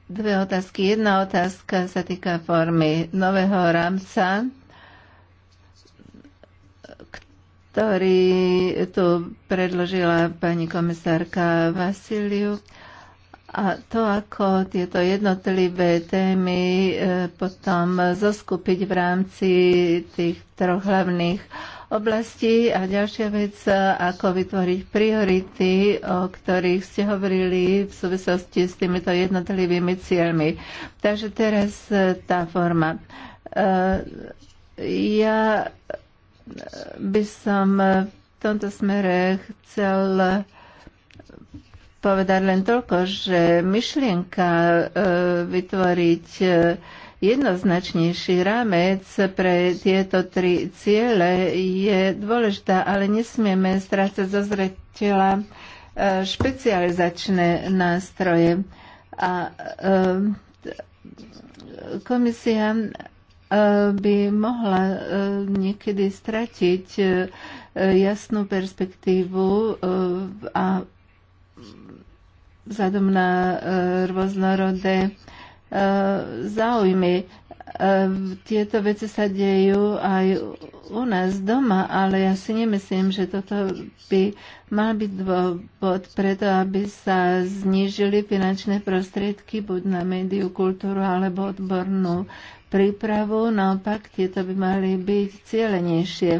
dve otázky. Jedna otázka sa týka formy nového rámca, ktorý tu predložila pani komisárka Vasiliu. A to, ako tieto jednotlivé témy e, potom zoskupiť v rámci tých troch hlavných oblasti. A ďalšia vec, ako vytvoriť priority, o ktorých ste hovorili v súvislosti s týmito jednotlivými cieľmi. Takže teraz e, tá forma. E, ja by som v tomto smere chcel povedať len toľko, že myšlienka e, vytvoriť jednoznačnejší rámec pre tieto tri ciele je dôležitá, ale nesmieme strácať zo zretela e, špecializačné nástroje. A e, komisia e, by mohla niekedy stratiť jasnú perspektívu a vzhľadom na rôznorodé záujmy. E, tieto veci sa dejú aj u nás doma, ale ja si nemyslím, že toto by mal byť dôvod preto, aby sa znížili finančné prostriedky buď na médiu, kultúru alebo odbornú prípravu. Naopak, tieto by mali byť cieľenejšie.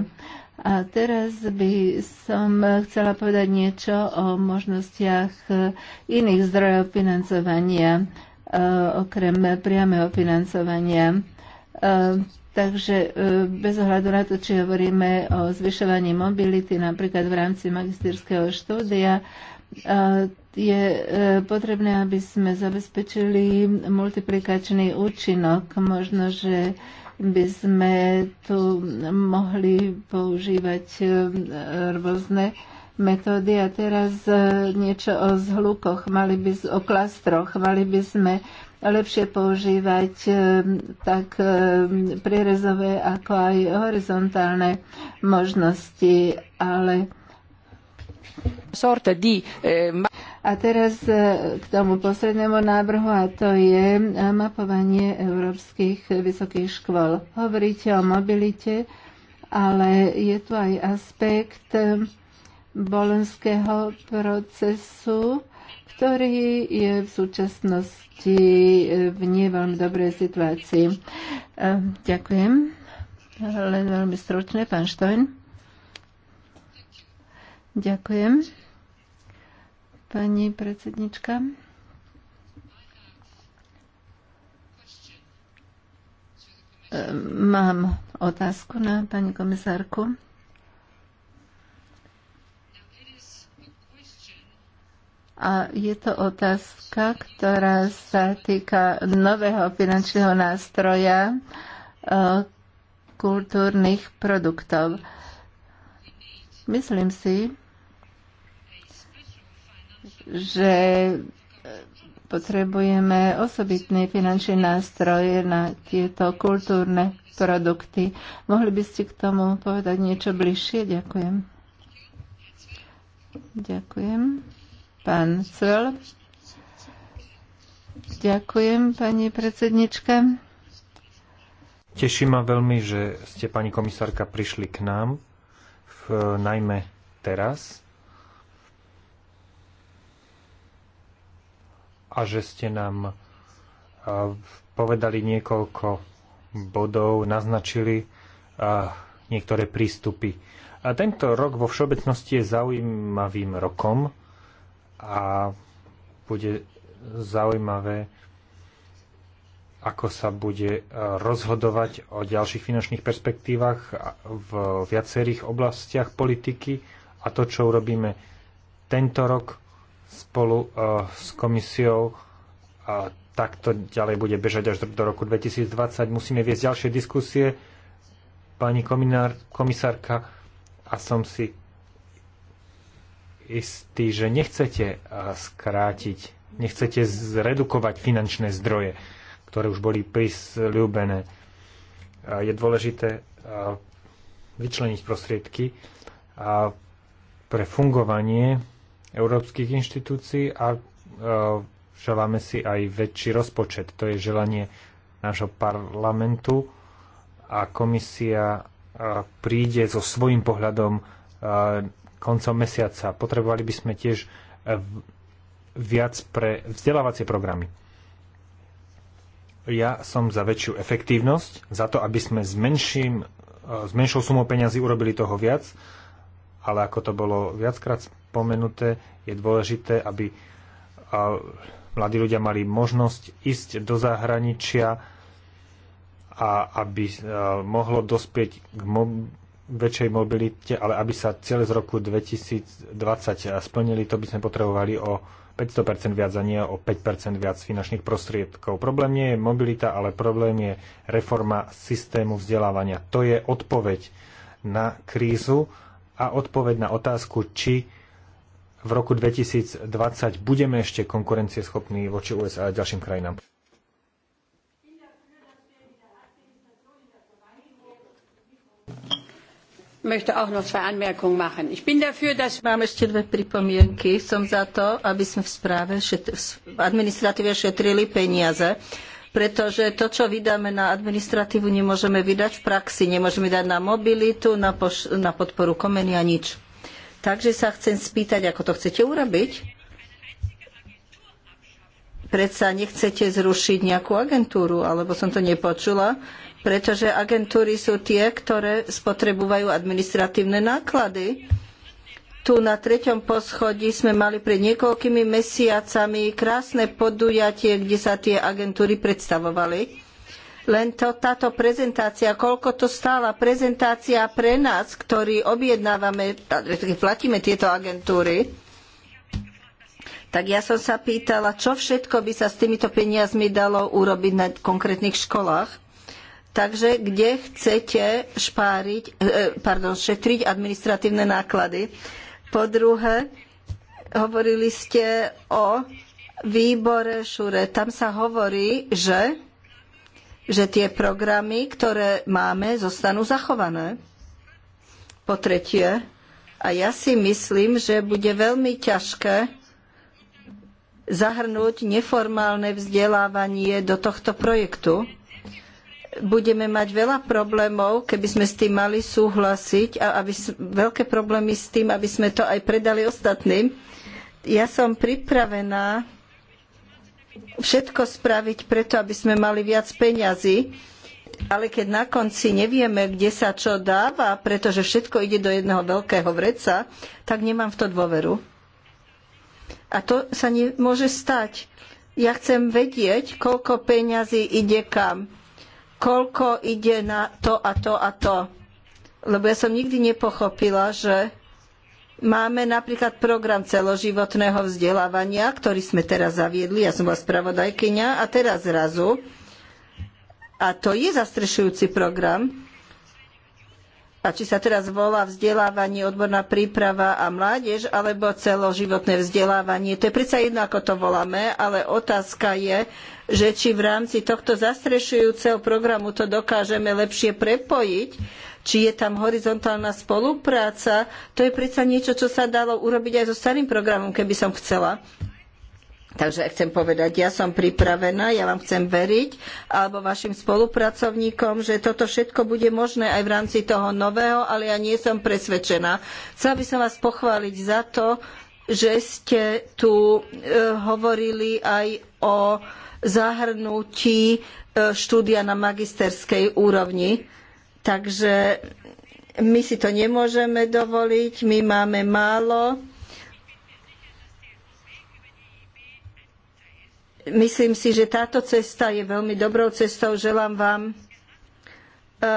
A teraz by som chcela povedať niečo o možnostiach iných zdrojov financovania Eh, okrem priameho financovania. Eh, takže eh, bez ohľadu na to, či hovoríme o zvyšovaní mobility napríklad v rámci magisterského štúdia, je potrebné, aby sme zabezpečili multiplikačný účinok. Možno, že by sme tu mohli používať rôzne metódy. A teraz e, niečo o zhlukoch, mali by, o klastroch. Mali by sme lepšie používať e, tak e, prierezové ako aj horizontálne možnosti, ale sorte di... A teraz k tomu poslednému návrhu a to je mapovanie európskych vysokých škôl. Hovoríte o mobilite, ale je tu aj aspekt bolenského procesu, ktorý je v súčasnosti e, v neveľmi dobrej situácii. E, ďakujem. Len veľmi stručne, pán Štojn. Ďakujem. Pani predsednička. Ehm, mám otázku na pani komisárku. A je to otázka, ktorá sa týka nového finančného nástroja e, kultúrnych produktov. Myslím si, že potrebujeme osobitný finančný nástroj na tieto kultúrne produkty. Mohli by ste k tomu povedať niečo bližšie? Ďakujem. Ďakujem. Pán Ďakujem, pani predsednička. Teší ma veľmi, že ste, pani komisárka, prišli k nám, v, najmä teraz. A že ste nám povedali niekoľko bodov, naznačili niektoré prístupy. A tento rok vo všeobecnosti je zaujímavým rokom, a bude zaujímavé, ako sa bude e, rozhodovať o ďalších finančných perspektívach v viacerých oblastiach politiky a to, čo urobíme tento rok spolu e, s komisiou, a e, takto ďalej bude bežať až do roku 2020. Musíme viesť ďalšie diskusie, pani komisárka, a som si istý, že nechcete eh, skrátiť, nechcete zredukovať finančné zdroje, ktoré už boli prisľúbené. Eh, je dôležité eh, vyčleniť prostriedky pre fungovanie európskych inštitúcií a želáme si aj väčší rozpočet. To je želanie nášho parlamentu a komisia príde so svojím pohľadom koncom mesiaca. Potrebovali by sme tiež eh, viac pre vzdelávacie programy. Ja som za väčšiu efektívnosť, za to, aby sme s, menším, eh, s menšou sumou peňazí urobili toho viac, ale ako to bolo viackrát spomenuté, je dôležité, aby eh, mladí ľudia mali možnosť ísť do zahraničia a aby mohlo dospieť k väčšej mobilite, ale aby sa ciele z roku 2020 splnili, to by sme potrebovali o 500% viac a nie o 5% viac finančných prostriedkov. Problém nie je mobilita, ale problém je reforma systému vzdelávania. To je odpoveď na krízu a odpoveď na otázku, či v roku 2020 budeme ešte konkurencieschopní voči USA a ďalším krajinám. möchte auch noch zwei Anmerkungen machen. Ich bin dafür, dass Mám ešte dve pripomienky. Som za to, aby sme v správe šetr... v administratíve šetrili peniaze pretože to, čo vydáme na administratívu, nemôžeme vydať v praxi. Nemôžeme dať na mobilitu, na, poš- na podporu komenia, nič. Takže sa chcem spýtať, ako to chcete urobiť? Predsa nechcete zrušiť nejakú agentúru, alebo som to nepočula pretože agentúry sú tie, ktoré spotrebujú administratívne náklady. Tu na treťom poschodí sme mali pred niekoľkými mesiacami krásne podujatie, kde sa tie agentúry predstavovali. Len to, táto prezentácia, koľko to stála prezentácia pre nás, ktorí objednávame, platíme tieto agentúry, tak ja som sa pýtala, čo všetko by sa s týmito peniazmi dalo urobiť na konkrétnych školách. Takže kde chcete špáriť, e, pardon, šetriť administratívne náklady? Po druhé, hovorili ste o výbore Šure. Tam sa hovorí, že, že tie programy, ktoré máme, zostanú zachované. Po tretie, a ja si myslím, že bude veľmi ťažké zahrnúť neformálne vzdelávanie do tohto projektu budeme mať veľa problémov, keby sme s tým mali súhlasiť a aby, veľké problémy s tým, aby sme to aj predali ostatným. Ja som pripravená všetko spraviť preto, aby sme mali viac peňazí, ale keď na konci nevieme, kde sa čo dáva, pretože všetko ide do jedného veľkého vreca, tak nemám v to dôveru. A to sa nemôže stať. Ja chcem vedieť, koľko peňazí ide kam koľko ide na to a to a to. Lebo ja som nikdy nepochopila, že Máme napríklad program celoživotného vzdelávania, ktorý sme teraz zaviedli. Ja som bola spravodajkyňa a teraz zrazu. A to je zastrešujúci program a či sa teraz volá vzdelávanie, odborná príprava a mládež, alebo celoživotné vzdelávanie. To je predsa jedno, ako to voláme, ale otázka je, že či v rámci tohto zastrešujúceho programu to dokážeme lepšie prepojiť, či je tam horizontálna spolupráca, to je predsa niečo, čo sa dalo urobiť aj so starým programom, keby som chcela. Takže chcem povedať, ja som pripravená, ja vám chcem veriť, alebo vašim spolupracovníkom, že toto všetko bude možné aj v rámci toho nového, ale ja nie som presvedčená. Chcela by som vás pochváliť za to, že ste tu e, hovorili aj o zahrnutí e, štúdia na magisterskej úrovni. Takže my si to nemôžeme dovoliť, my máme málo Myslím si, že táto cesta je veľmi dobrou cestou. Želám vám e, e,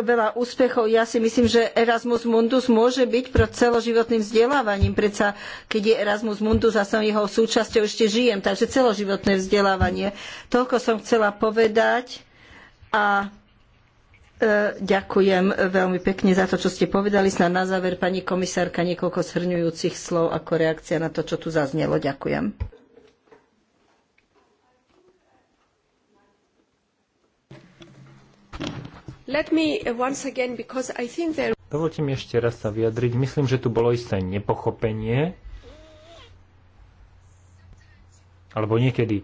veľa úspechov. Ja si myslím, že Erasmus Mundus môže byť pro celoživotným vzdelávaním. Predsa, keď je Erasmus Mundus a som jeho súčasťou, ešte žijem. Takže celoživotné vzdelávanie. Toľko som chcela povedať. A E, ďakujem veľmi pekne za to, čo ste povedali. Snad na záver, pani komisárka, niekoľko shrňujúcich slov ako reakcia na to, čo tu zaznelo. Ďakujem. Uh, again, there... Dovolte mi ešte raz sa vyjadriť. Myslím, že tu bolo isté nepochopenie. Alebo niekedy,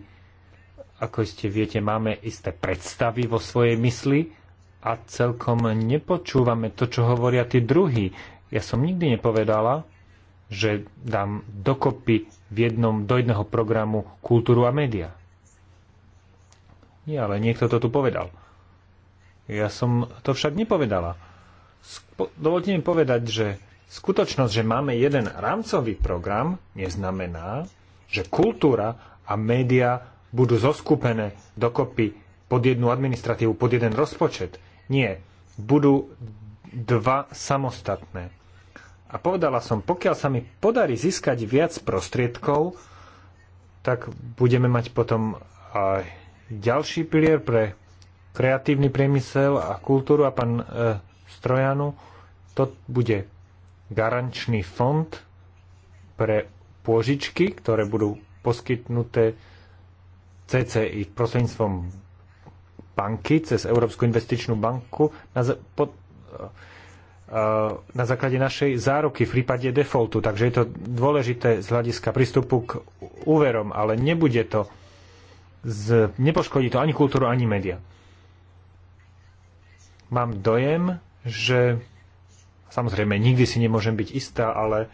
ako ste viete, máme isté predstavy vo svojej mysli a celkom nepočúvame to, čo hovoria tí druhí. Ja som nikdy nepovedala, že dám dokopy v jednom, do jedného programu kultúru a média. Nie, ale niekto to tu povedal. Ja som to však nepovedala. Spo- dovolte mi povedať, že skutočnosť, že máme jeden rámcový program, neznamená, že kultúra a média budú zoskupené dokopy pod jednu administratívu, pod jeden rozpočet. Nie, budú dva samostatné. A povedala som, pokiaľ sa mi podarí získať viac prostriedkov, tak budeme mať potom aj ďalší pilier pre kreatívny priemysel a kultúru a pán e, Strojanu. To bude garančný fond pre pôžičky, ktoré budú poskytnuté CCI prostredníctvom banky cez Európsku investičnú banku na, pod, eh, na základe našej záruky v prípade defaultu. Takže je to dôležité z hľadiska prístupu k úverom, ale nebude to z, nepoškodí to ani kultúru, ani média. Mám dojem, že samozrejme nikdy si nemôžem byť istá, ale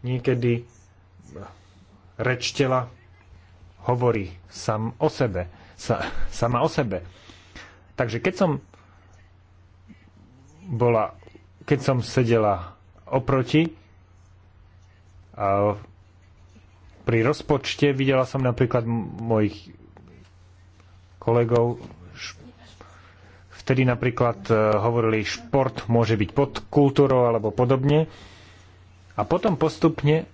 niekedy reč tela hovorí sam o sebe, sa, sama o sebe. Takže keď som bola, keď som sedela oproti, pri rozpočte videla som napríklad mojich kolegov, vtedy napríklad e, hovorili, šport môže byť pod kultúrou alebo podobne. A potom postupne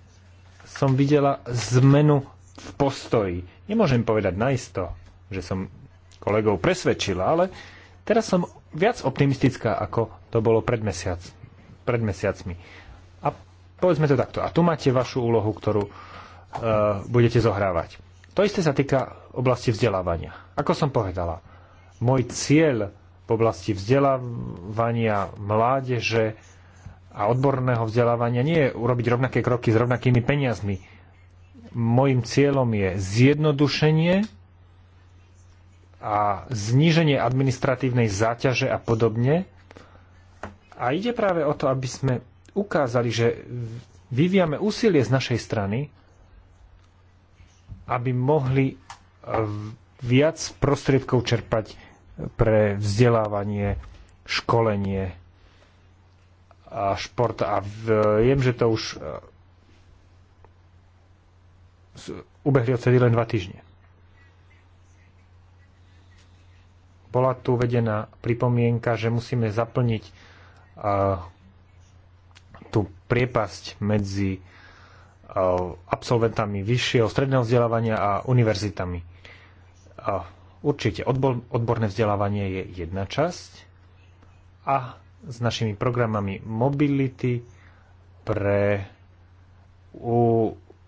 som videla zmenu v postoji. Nemôžem povedať naisto, že som kolegov presvedčila, ale teraz som viac optimistická, ako to bolo pred, mesiac, pred mesiacmi. A povedzme to takto. A tu máte vašu úlohu, ktorú e, budete zohrávať. To isté sa týka oblasti vzdelávania. Ako som povedala, môj cieľ v oblasti vzdelávania mládeže a odborného vzdelávania nie je urobiť rovnaké kroky s rovnakými peniazmi. Mojím cieľom je zjednodušenie a zníženie administratívnej záťaže a podobne. A ide práve o to, aby sme ukázali, že vyvíjame úsilie z našej strany, aby mohli e, viac prostriedkov čerpať pre vzdelávanie, školenie a šport. A e, viem, že to už e, ubehli odsedy len dva týždne. Bola tu vedená pripomienka, že musíme zaplniť uh, tú priepasť medzi uh, absolventami vyššieho stredného vzdelávania a univerzitami. Uh, určite odbor, odborné vzdelávanie je jedna časť a s našimi programami mobility pre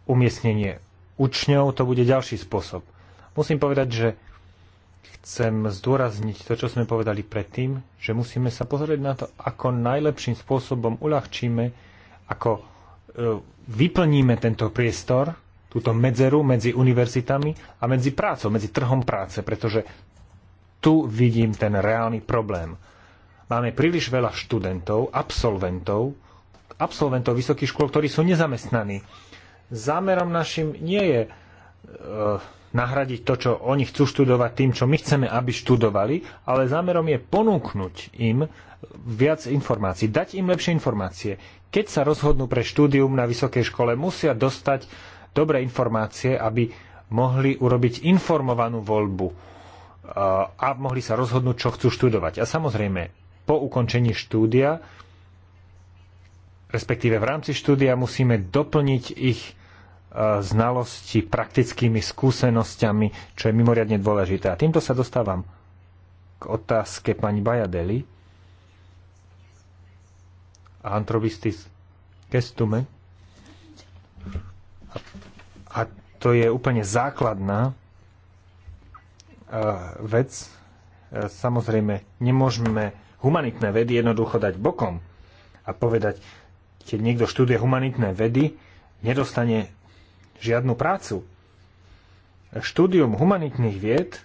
umiestnenie učňov, to bude ďalší spôsob. Musím povedať, že chcem zdôrazniť to, čo sme povedali predtým, že musíme sa pozrieť na to, ako najlepším spôsobom uľahčíme, ako e, vyplníme tento priestor, túto medzeru medzi univerzitami a medzi prácou, medzi trhom práce, pretože tu vidím ten reálny problém. Máme príliš veľa študentov, absolventov, absolventov vysokých škôl, ktorí sú nezamestnaní. Zámerom našim nie je uh, nahradiť to, čo oni chcú študovať tým, čo my chceme, aby študovali, ale zámerom je ponúknuť im viac informácií, dať im lepšie informácie. Keď sa rozhodnú pre štúdium na vysokej škole, musia dostať dobré informácie, aby mohli urobiť informovanú voľbu a mohli sa rozhodnúť, čo chcú študovať. A samozrejme, po ukončení štúdia, respektíve v rámci štúdia, musíme doplniť ich E, znalosti, praktickými skúsenosťami, čo je mimoriadne dôležité. A týmto sa dostávam k otázke pani Bajadeli antrobistis gestume. A to je úplne základná e, vec. E, samozrejme, nemôžeme humanitné vedy jednoducho dať bokom a povedať, keď niekto študuje humanitné vedy, nedostane žiadnu prácu. Štúdium humanitných vied e,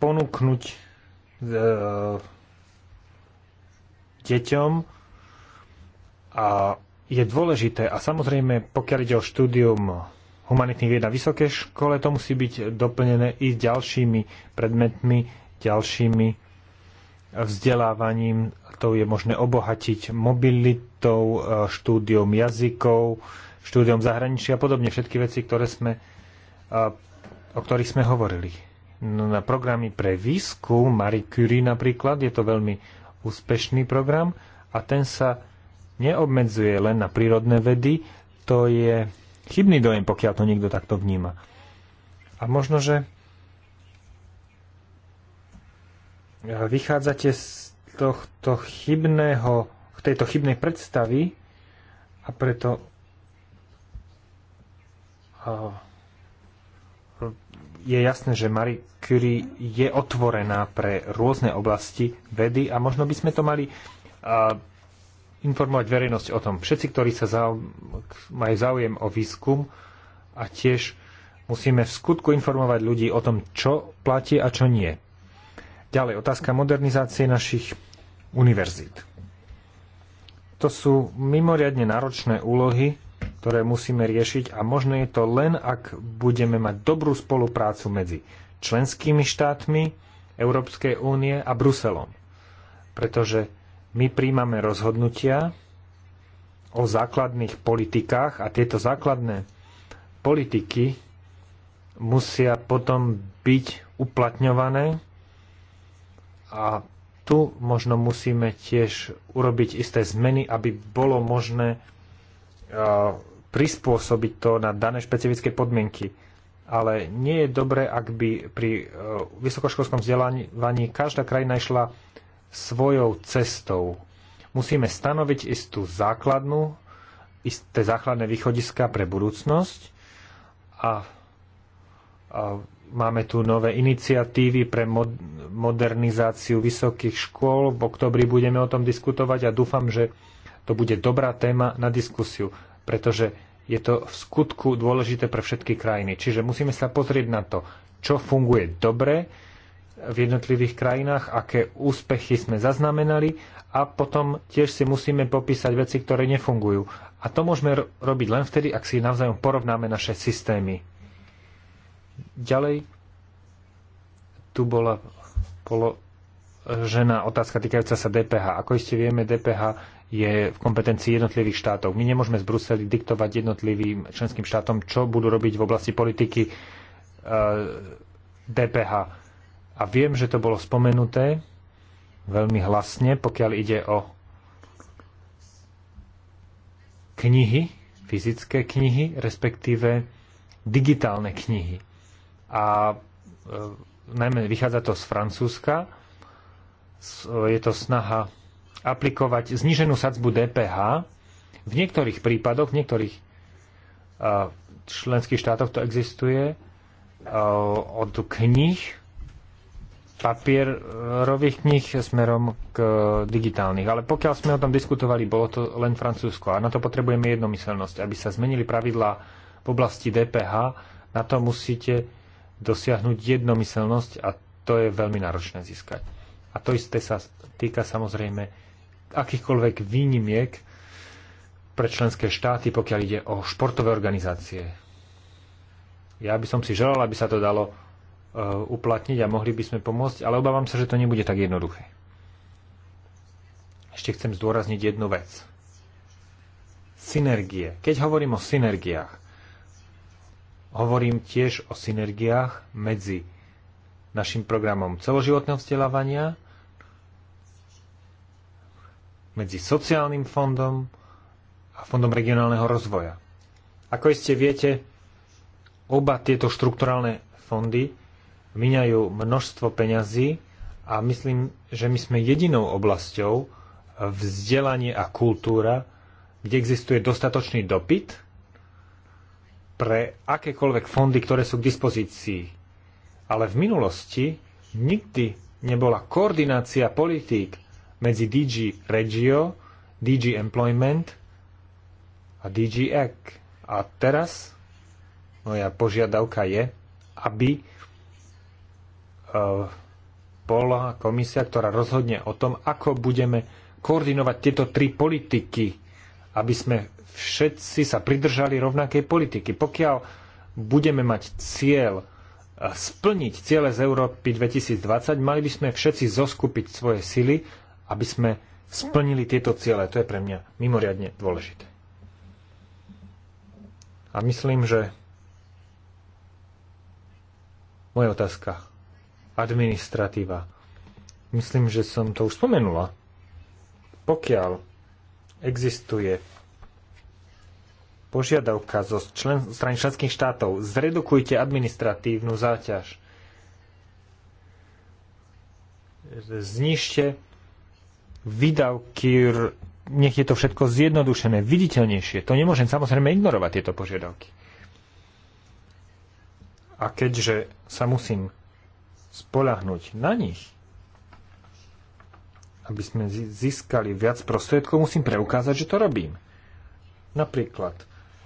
ponúknuť e, deťom a je dôležité. A samozrejme, pokiaľ ide o štúdium humanitných vied na vysokej škole, to musí byť doplnené i ďalšími predmetmi, ďalšími vzdelávaním, to je možné obohatiť mobilitou, e, štúdiom jazykov, štúdiom zahraničia a podobne, všetky veci, ktoré sme, e, o ktorých sme hovorili. No, na programy pre výskum Marie Curie napríklad, je to veľmi úspešný program a ten sa neobmedzuje len na prírodné vedy, to je chybný dojem, pokiaľ to niekto takto vníma. A možno, že vychádzate z tohto chybného, tejto chybnej predstavy a preto je jasné, že Marie Curie je otvorená pre rôzne oblasti vedy a možno by sme to mali informovať verejnosť o tom. Všetci, ktorí sa majú záujem o výskum a tiež musíme v skutku informovať ľudí o tom, čo platí a čo nie. Ďalej, otázka modernizácie našich univerzít. To sú mimoriadne náročné úlohy, ktoré musíme riešiť a možné je to len, ak budeme mať dobrú spoluprácu medzi členskými štátmi Európskej únie a Bruselom. Pretože my príjmame rozhodnutia o základných politikách a tieto základné politiky musia potom byť uplatňované a tu možno musíme tiež urobiť isté zmeny, aby bolo možné e, prispôsobiť to na dané špecifické podmienky. Ale nie je dobré, ak by pri e, vysokoškolskom vzdelávaní každá krajina išla svojou cestou. Musíme stanoviť istú základnú, isté základné východiska pre budúcnosť a, a Máme tu nové iniciatívy pre modernizáciu vysokých škôl. V oktobri budeme o tom diskutovať a dúfam, že to bude dobrá téma na diskusiu, pretože je to v skutku dôležité pre všetky krajiny. Čiže musíme sa pozrieť na to, čo funguje dobre v jednotlivých krajinách, aké úspechy sme zaznamenali a potom tiež si musíme popísať veci, ktoré nefungujú. A to môžeme robiť len vtedy, ak si navzájom porovnáme naše systémy. Ďalej tu bola polo, žena otázka týkajúca sa DPH. Ako iste vieme, DPH je v kompetencii jednotlivých štátov. My nemôžeme z Bruseli diktovať jednotlivým členským štátom, čo budú robiť v oblasti politiky e, DPH. A viem, že to bolo spomenuté veľmi hlasne, pokiaľ ide o knihy, fyzické knihy, respektíve digitálne knihy a e, najmä vychádza to z Francúzska. Je to snaha aplikovať zniženú sadzbu DPH. V niektorých prípadoch, v niektorých e, členských štátoch to existuje, e, od kníh, papierových kníh smerom k digitálnych. Ale pokiaľ sme o tom diskutovali, bolo to len Francúzsko. A na to potrebujeme jednomyselnosť. Aby sa zmenili pravidlá v oblasti DPH, na to musíte dosiahnuť jednomyselnosť a to je veľmi náročné získať. A to isté sa týka samozrejme akýchkoľvek výnimiek pre členské štáty, pokiaľ ide o športové organizácie. Ja by som si želal, aby sa to dalo e, uplatniť a mohli by sme pomôcť, ale obávam sa, že to nebude tak jednoduché. Ešte chcem zdôrazniť jednu vec. Synergie. Keď hovorím o synergiách, Hovorím tiež o synergiách medzi našim programom celoživotného vzdelávania, medzi sociálnym fondom a fondom regionálneho rozvoja. Ako iste viete, oba tieto štrukturálne fondy vyňajú množstvo peňazí a myslím, že my sme jedinou oblasťou vzdelanie a kultúra, kde existuje dostatočný dopyt pre akékoľvek fondy, ktoré sú k dispozícii. Ale v minulosti nikdy nebola koordinácia politík medzi DG Regio, DG Employment a DG Ec. A teraz moja požiadavka je, aby e, bola komisia, ktorá rozhodne o tom, ako budeme koordinovať tieto tri politiky, aby sme všetci sa pridržali rovnakej politiky. Pokiaľ budeme mať cieľ e, splniť ciele z Európy 2020, mali by sme všetci zoskupiť svoje sily, aby sme splnili tieto ciele. To je pre mňa mimoriadne dôležité. A myslím, že moja otázka. Administratíva. Myslím, že som to už spomenula. Pokiaľ existuje požiadavka zo člen, strany členských štátov zredukujte administratívnu záťaž. Znižte výdavky, nech je to všetko zjednodušené, viditeľnejšie. To nemôžem samozrejme ignorovať, tieto požiadavky. A keďže sa musím spolahnuť na nich, aby sme získali viac prostriedkov, musím preukázať, že to robím. Napríklad,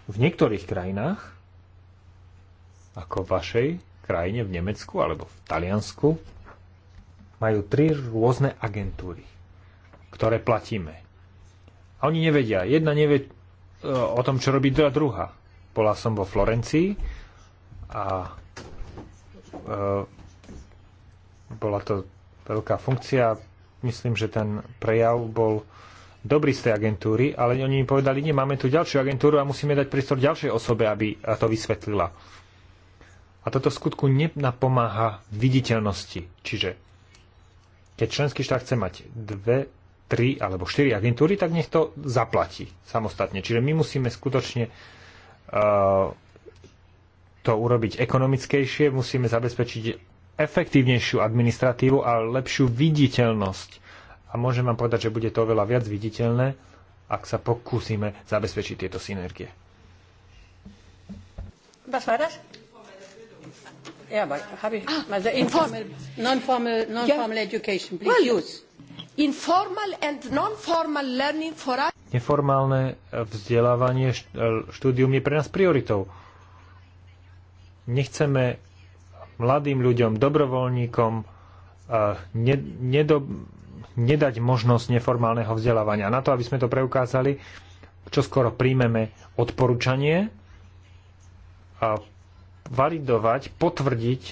v niektorých krajinách, ako v vašej krajine v Nemecku alebo v Taliansku, majú tri rôzne agentúry, ktoré platíme. A oni nevedia. Jedna nevie e, o tom, čo robí druhá. Bola som vo Florencii a e, bola to veľká funkcia. Myslím, že ten prejav bol dobrí z tej agentúry, ale oni mi povedali, nie, máme tu ďalšiu agentúru a musíme dať priestor ďalšej osobe, aby to vysvetlila. A toto v skutku nenapomáha viditeľnosti. Čiže keď členský štát chce mať dve, tri alebo štyri agentúry, tak nech to zaplatí samostatne. Čiže my musíme skutočne uh, to urobiť ekonomickejšie, musíme zabezpečiť efektívnejšiu administratívu a lepšiu viditeľnosť a môžem vám povedať, že bude to oveľa viac viditeľné, ak sa pokúsime zabezpečiť tieto synergie. Was ah, informal, non-formal, non-formal yeah. education, please well, use. Informal and non-formal learning for us. Neformálne eh, vzdelávanie, eh, štúdium je pre nás prioritou. Nechceme mladým ľuďom, dobrovoľníkom, eh, nedo, nedať možnosť neformálneho vzdelávania. Na to, aby sme to preukázali, čo skoro príjmeme odporúčanie a validovať, potvrdiť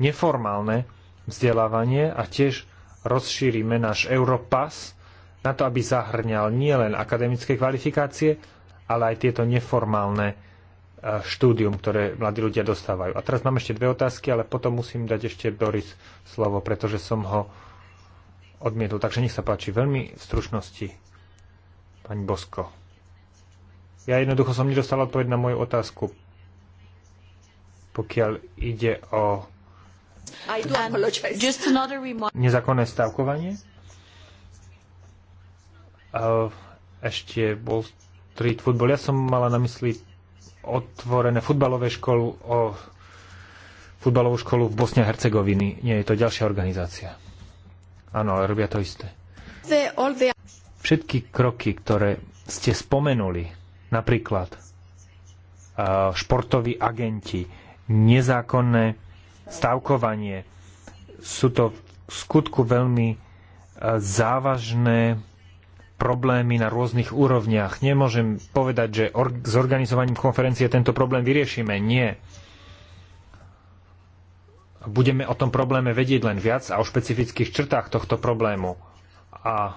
neformálne vzdelávanie a tiež rozšírime náš Europass na to, aby zahrňal nielen akademické kvalifikácie, ale aj tieto neformálne e, štúdium, ktoré mladí ľudia dostávajú. A teraz mám ešte dve otázky, ale potom musím dať ešte Doris slovo, pretože som ho odmietol. Takže nech sa páči, veľmi v stručnosti, pani Bosko. Ja jednoducho som nedostal odpoveď na moju otázku, pokiaľ ide o nezákonné stavkovanie. Ešte bol street football. Ja som mala na mysli otvorené futbalové školu o futbalovú školu v Bosne a Hercegoviny. Nie je to ďalšia organizácia. Áno, ale robia to isté. Všetky kroky, ktoré ste spomenuli, napríklad športoví agenti, nezákonné stavkovanie, sú to v skutku veľmi závažné problémy na rôznych úrovniach. Nemôžem povedať, že s organizovaním konferencie tento problém vyriešime. Nie budeme o tom probléme vedieť len viac a o špecifických črtách tohto problému. A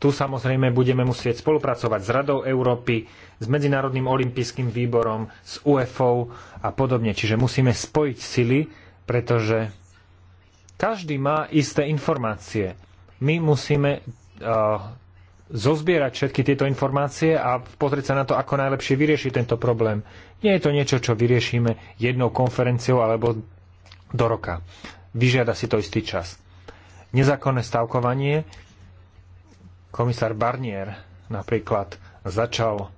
tu samozrejme budeme musieť spolupracovať s Radou Európy, s Medzinárodným olympijským výborom, s UFO a podobne. Čiže musíme spojiť sily, pretože každý má isté informácie. My musíme uh, zozbierať všetky tieto informácie a pozrieť sa na to, ako najlepšie vyriešiť tento problém. Nie je to niečo, čo vyriešime jednou konferenciou alebo do roka. Vyžiada si to istý čas. Nezákonné stavkovanie. Komisár Barnier napríklad začal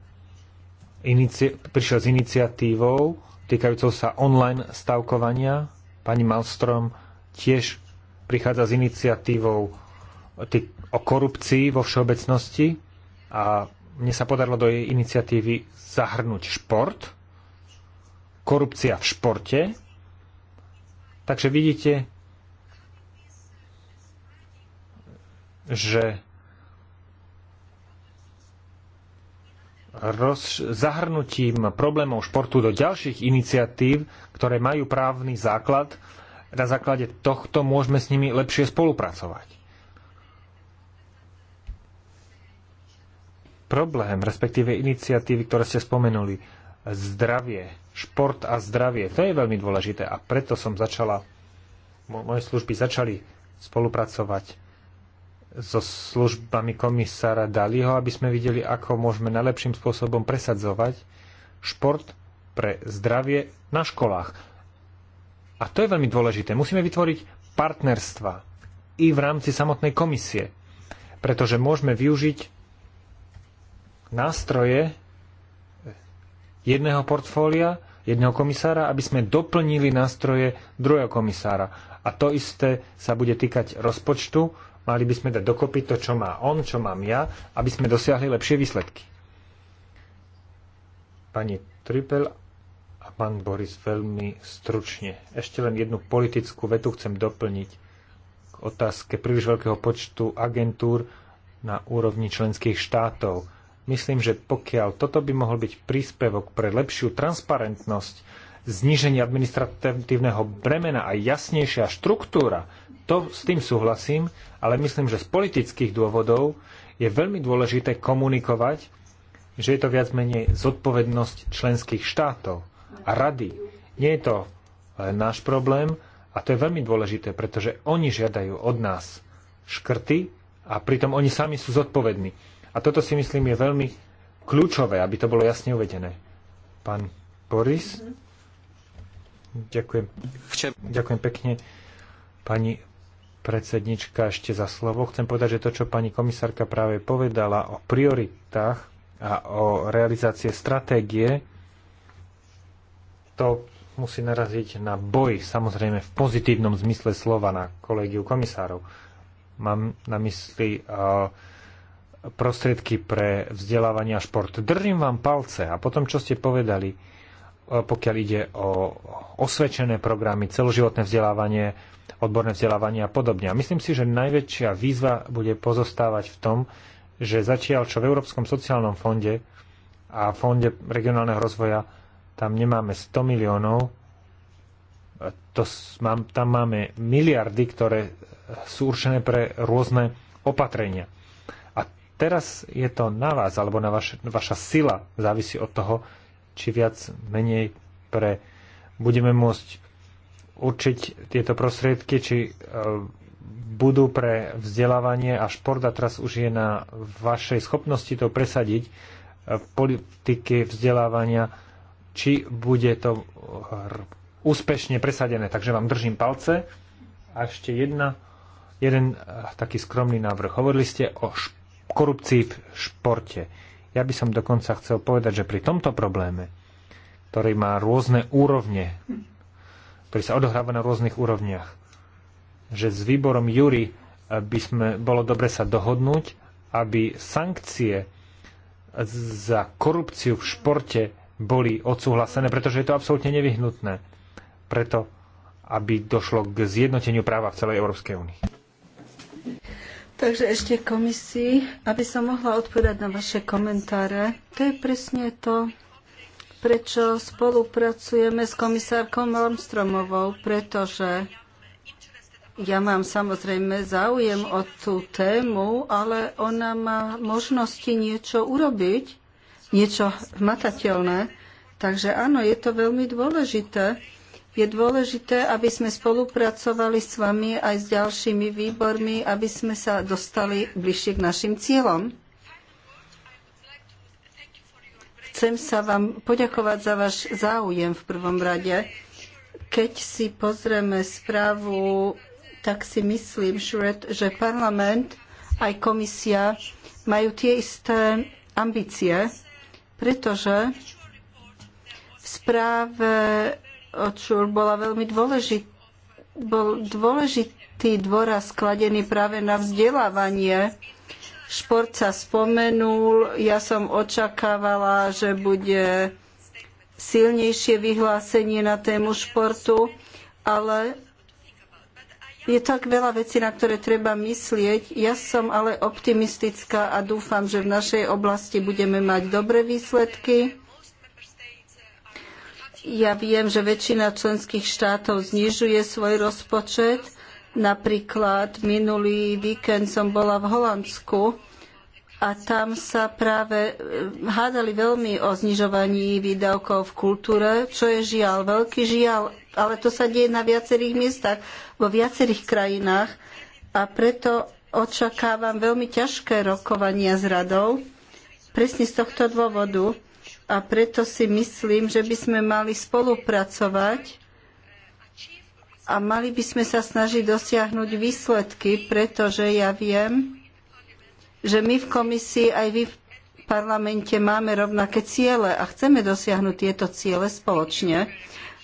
inici- prišiel s iniciatívou týkajúcou sa online stavkovania. Pani Malstrom tiež prichádza s iniciatívou o korupcii vo všeobecnosti a mne sa podarilo do jej iniciatívy zahrnúť šport, korupcia v športe Takže vidíte, že roz, zahrnutím problémov športu do ďalších iniciatív, ktoré majú právny základ, na základe tohto môžeme s nimi lepšie spolupracovať. Problém, respektíve iniciatívy, ktoré ste spomenuli, zdravie, šport a zdravie. To je veľmi dôležité a preto som začala, moje služby začali spolupracovať so službami komisára Daliho, aby sme videli, ako môžeme najlepším spôsobom presadzovať šport pre zdravie na školách. A to je veľmi dôležité. Musíme vytvoriť partnerstva i v rámci samotnej komisie, pretože môžeme využiť nástroje, jedného portfólia, jedného komisára, aby sme doplnili nástroje druhého komisára. A to isté sa bude týkať rozpočtu. Mali by sme dať dokopy to, čo má on, čo mám ja, aby sme dosiahli lepšie výsledky. Pani Tripel a pán Boris veľmi stručne. Ešte len jednu politickú vetu chcem doplniť k otázke príliš veľkého počtu agentúr na úrovni členských štátov Myslím, že pokiaľ toto by mohol byť príspevok pre lepšiu transparentnosť, zníženie administratívneho bremena a jasnejšia štruktúra, to s tým súhlasím, ale myslím, že z politických dôvodov je veľmi dôležité komunikovať, že je to viac menej zodpovednosť členských štátov a rady. Nie je to len náš problém a to je veľmi dôležité, pretože oni žiadajú od nás škrty a pritom oni sami sú zodpovední. A toto si myslím je veľmi kľúčové, aby to bolo jasne uvedené. Pán Boris? Ďakujem. Ďakujem pekne. Pani predsednička, ešte za slovo. Chcem povedať, že to, čo pani komisárka práve povedala o prioritách a o realizácie stratégie, to musí naraziť na boj, samozrejme v pozitívnom zmysle slova na kolegiu komisárov. Mám na mysli uh, prostriedky pre vzdelávanie a šport. Držím vám palce a potom, čo ste povedali, e, pokiaľ ide o osvedčené programy, celoživotné vzdelávanie, odborné vzdelávanie a podobne. A myslím si, že najväčšia výzva bude pozostávať v tom, že zatiaľ čo v Európskom sociálnom fonde a fonde regionálneho rozvoja tam nemáme 100 miliónov, to mám, tam máme miliardy, ktoré sú určené pre rôzne opatrenia. Teraz je to na vás, alebo na vaš, vaša sila závisí od toho, či viac menej pre budeme môcť určiť tieto prostriedky, či e, budú pre vzdelávanie a šport a teraz už je na vašej schopnosti to presadiť e, politiky vzdelávania, či bude to e, úspešne presadené. Takže vám držím palce. A ešte jedna, jeden e, taký skromný návrh. Hovorili ste o šport korupcii v športe. Ja by som dokonca chcel povedať, že pri tomto probléme, ktorý má rôzne úrovne, ktorý sa odohráva na rôznych úrovniach, že s výborom Jury eh, by sme, bolo dobre sa dohodnúť, aby sankcie za korupciu v športe boli odsúhlasené, pretože je to absolútne nevyhnutné. Preto, aby došlo k zjednoteniu práva v celej Európskej únii. Takže ešte komisii, aby som mohla odpovedať na vaše komentáre. To je presne to, prečo spolupracujeme s komisárkou Malmstromovou, pretože ja mám samozrejme záujem o tú tému, ale ona má možnosti niečo urobiť, niečo hmatateľné. Takže áno, je to veľmi dôležité. Je dôležité, aby sme spolupracovali s vami aj s ďalšími výbormi, aby sme sa dostali bližšie k našim cieľom. Chcem sa vám poďakovať za váš záujem v prvom rade. Keď si pozrieme správu, tak si myslím, že parlament aj komisia majú tie isté ambície, pretože v správe Očul bola veľmi dôležitá bol dôležitý dôraz skladený práve na vzdelávanie. Šport sa spomenul, ja som očakávala, že bude silnejšie vyhlásenie na tému športu, ale je tak veľa vecí, na ktoré treba myslieť. Ja som ale optimistická a dúfam, že v našej oblasti budeme mať dobré výsledky ja viem, že väčšina členských štátov znižuje svoj rozpočet. Napríklad minulý víkend som bola v Holandsku a tam sa práve eh, hádali veľmi o znižovaní výdavkov v kultúre, čo je žiaľ, veľký žiaľ, ale to sa deje na viacerých miestach, vo viacerých krajinách a preto očakávam veľmi ťažké rokovania s radou, presne z tohto dôvodu a preto si myslím, že by sme mali spolupracovať a mali by sme sa snažiť dosiahnuť výsledky, pretože ja viem, že my v komisii aj vy v parlamente máme rovnaké ciele a chceme dosiahnuť tieto ciele spoločne.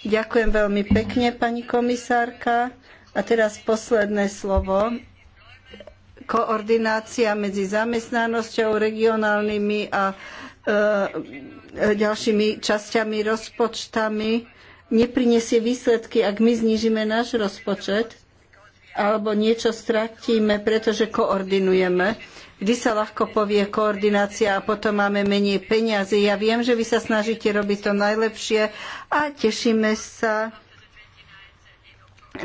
Ďakujem veľmi pekne, pani komisárka. A teraz posledné slovo. Koordinácia medzi zamestnanosťou, regionálnymi a E, e, ďalšími časťami rozpočtami neprinesie výsledky, ak my znížime náš rozpočet alebo niečo stratíme, pretože koordinujeme. Vždy sa ľahko povie koordinácia a potom máme menej peňazí. Ja viem, že vy sa snažíte robiť to najlepšie a tešíme sa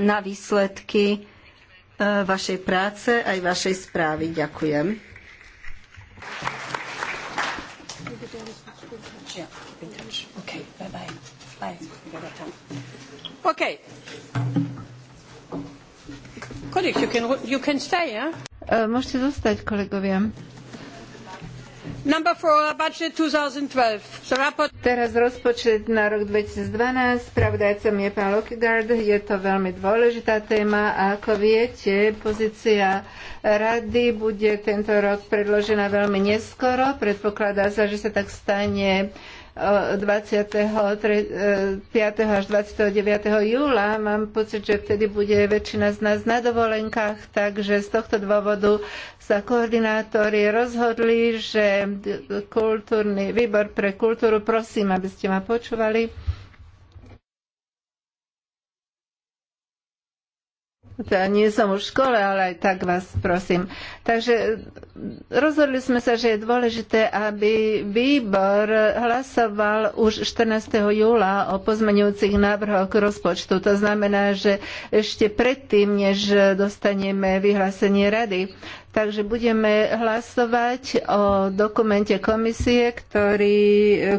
na výsledky e, vašej práce aj vašej správy. Ďakujem. Okay. Colleagues, you can, you can stay, huh? Uh, eh, môžete zostať, kolegovia. Number four, budget 2012. The Teraz rozpočet na rok 2012. Pravdajcom je pán Lockigard. Je to veľmi dôležitá téma a ako viete, pozícia rady bude tento rok predložená veľmi neskoro. Predpokladá sa, že sa tak stane 25. E, až 29. júla. Mám pocit, že vtedy bude väčšina z nás na dovolenkách, takže z tohto dôvodu sa koordinátori rozhodli, že kultúrny, výbor pre kultúru, prosím, aby ste ma počúvali, Teda nie som už v škole, ale aj tak vás prosím. Takže rozhodli sme sa, že je dôležité, aby výbor hlasoval už 14. júla o pozmeňujúcich návrhoch k rozpočtu. To znamená, že ešte predtým, než dostaneme vyhlásenie rady. Takže budeme hlasovať o dokumente komisie, ktorý,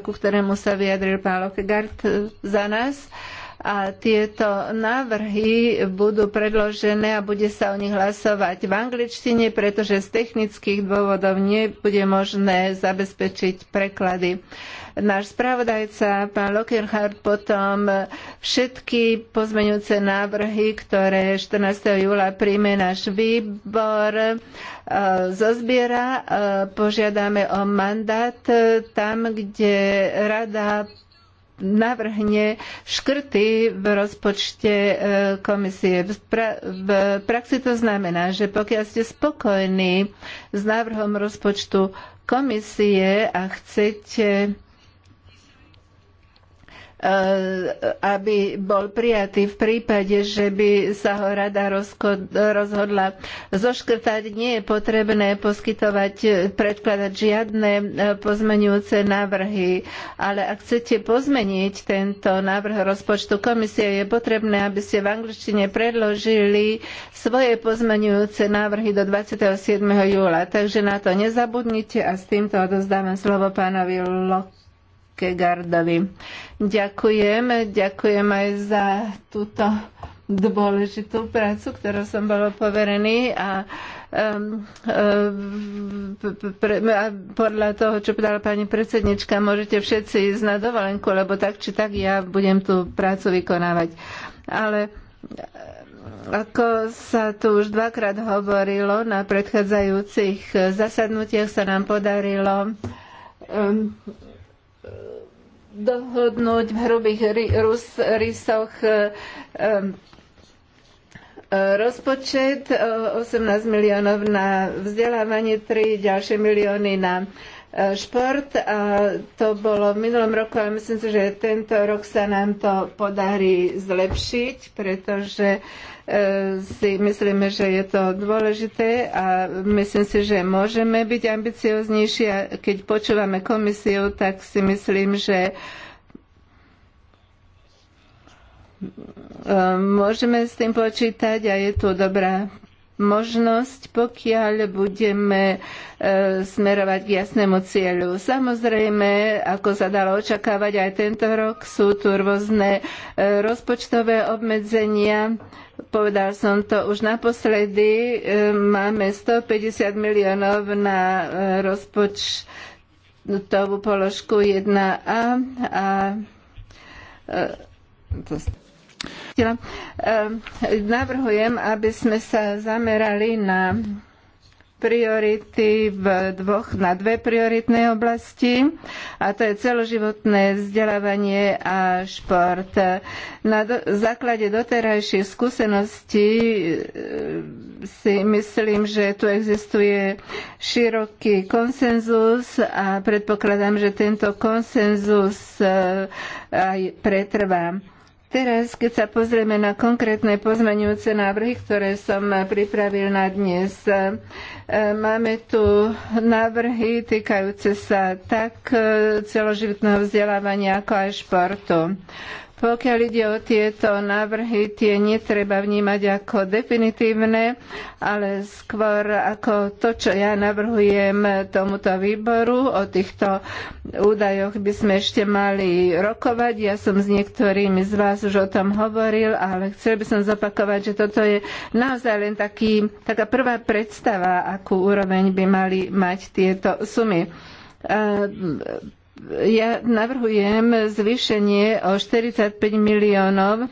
ku ktorému sa vyjadril pán Lokegard za nás a tieto návrhy budú predložené a bude sa o nich hlasovať v angličtine, pretože z technických dôvodov nebude možné zabezpečiť preklady. Náš spravodajca, pán Lockerhart, potom všetky pozmeňujúce návrhy, ktoré 14. júla príjme náš výbor, e, zozbiera. E, požiadame o mandát e, tam, kde rada navrhne škrty v rozpočte e, komisie. V, pra, v praxi to znamená, že pokiaľ ste spokojní s návrhom rozpočtu komisie a chcete Eh, aby bol prijatý v prípade, že by sa ho rada rozhodla zoškrtať. Nie je potrebné poskytovať, eh, predkladať žiadne eh, pozmenujúce návrhy, ale ak chcete pozmeniť tento návrh rozpočtu komisie, je potrebné, aby ste v angličtine predložili svoje pozmenujúce návrhy do 27. júla. Takže na to nezabudnite a s týmto odozdávam slovo pánovi Lok. Kegardovi. Ďakujem, ďakujem aj za túto dôležitú prácu, ktorou som bola poverený a podľa toho, čo povedala pani predsednička, môžete všetci ísť na dovolenku, lebo tak či tak ja budem tú prácu vykonávať. Ale ako sa tu už dvakrát hovorilo, na predchádzajúcich zasadnutiach sa nám podarilo dohodnúť v hrubých rysoch e, e, rozpočet 18 e, miliónov na vzdelávanie, 3 ďalšie milióny na šport. A to bolo v minulom roku a myslím si, že tento rok sa nám to podarí zlepšiť, pretože E, si myslíme, že je to dôležité a myslím si, že môžeme byť ambicioznejší a keď počúvame komisiu, tak si myslím, že e, môžeme s tým počítať a je tu dobrá možnosť, pokiaľ budeme e, smerovať k jasnému cieľu. Samozrejme, ako sa dalo očakávať aj tento rok, sú tu rôzne e, rozpočtové obmedzenia. E, povedal som to už naposledy, e, máme 150 miliónov na e, rozpočtovú položku 1A a, e, to, Navrhujem, aby sme sa zamerali na priority v dvoch, na dve prioritné oblasti a to je celoživotné vzdelávanie a šport. Na do, základe doterajších skúseností e, si myslím, že tu existuje široký konsenzus a predpokladám, že tento konsenzus e, aj pretrvá. Teraz, keď sa pozrieme na konkrétne pozmeňujúce návrhy, ktoré som pripravil na dnes, e, máme tu návrhy týkajúce sa tak e, celoživotného vzdelávania, ako aj športu. Pokiaľ ide o tieto návrhy, tie netreba vnímať ako definitívne, ale skôr ako to, čo ja navrhujem tomuto výboru. O týchto údajoch by sme ešte mali rokovať. Ja som s niektorými z vás už o tom hovoril, ale chcel by som zopakovať, že toto je naozaj len taký, taká prvá predstava, akú úroveň by mali mať tieto sumy ehm, ja navrhujem zvýšenie o 45 miliónov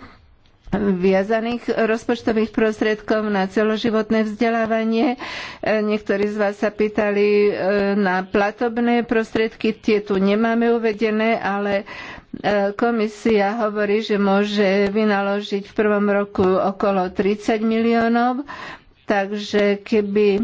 viazaných rozpočtových prostriedkov na celoživotné vzdelávanie. Niektorí z vás sa pýtali e, na platobné prostriedky, tie tu nemáme uvedené, ale e, komisia hovorí, že môže vynaložiť v prvom roku okolo 30 miliónov, takže keby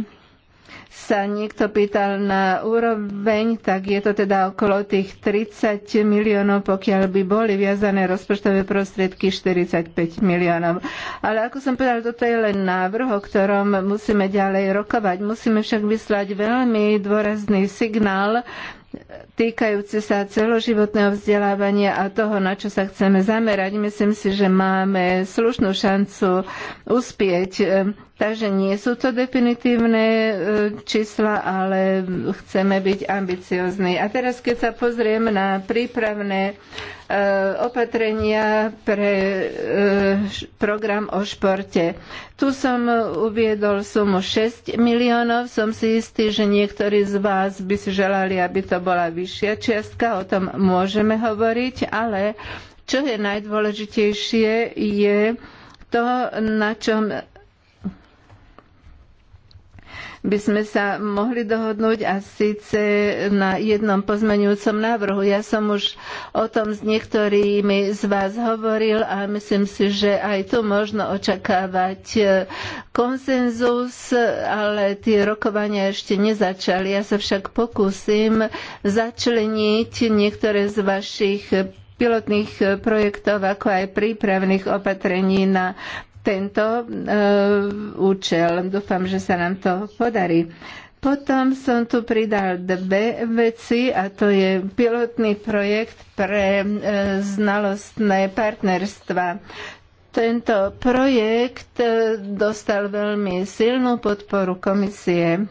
sa niekto pýtal na úroveň, tak je to teda okolo tých 30 miliónov, pokiaľ by boli viazané rozpočtové prostriedky 45 miliónov. Ale ako som povedal, toto je len návrh, o ktorom musíme ďalej rokovať. Musíme však vyslať veľmi dôrazný signál týkajúce sa celoživotného vzdelávania a toho, na čo sa chceme zamerať. Myslím si, že máme slušnú šancu uspieť. Takže nie sú to definitívne e, čísla, ale chceme byť ambiciozní. A teraz, keď sa pozriem na prípravné e, opatrenia pre e, program o športe. Tu som uviedol sumu 6 miliónov. Som si istý, že niektorí z vás by si želali, aby to bola vyššia čiastka. O tom môžeme hovoriť, ale čo je najdôležitejšie, je to, na čom by sme sa mohli dohodnúť a síce na jednom pozmeňujúcom návrhu. Ja som už o tom s niektorými z vás hovoril a myslím si, že aj tu možno očakávať e, konsenzus, ale tie rokovania ešte nezačali. Ja sa však pokúsim začleniť niektoré z vašich pilotných projektov, ako aj prípravných opatrení na tento e, účel. Dúfam, že sa nám to podarí. Potom som tu pridal dve veci a to je pilotný projekt pre e, znalostné partnerstva. Tento projekt e, dostal veľmi silnú podporu komisie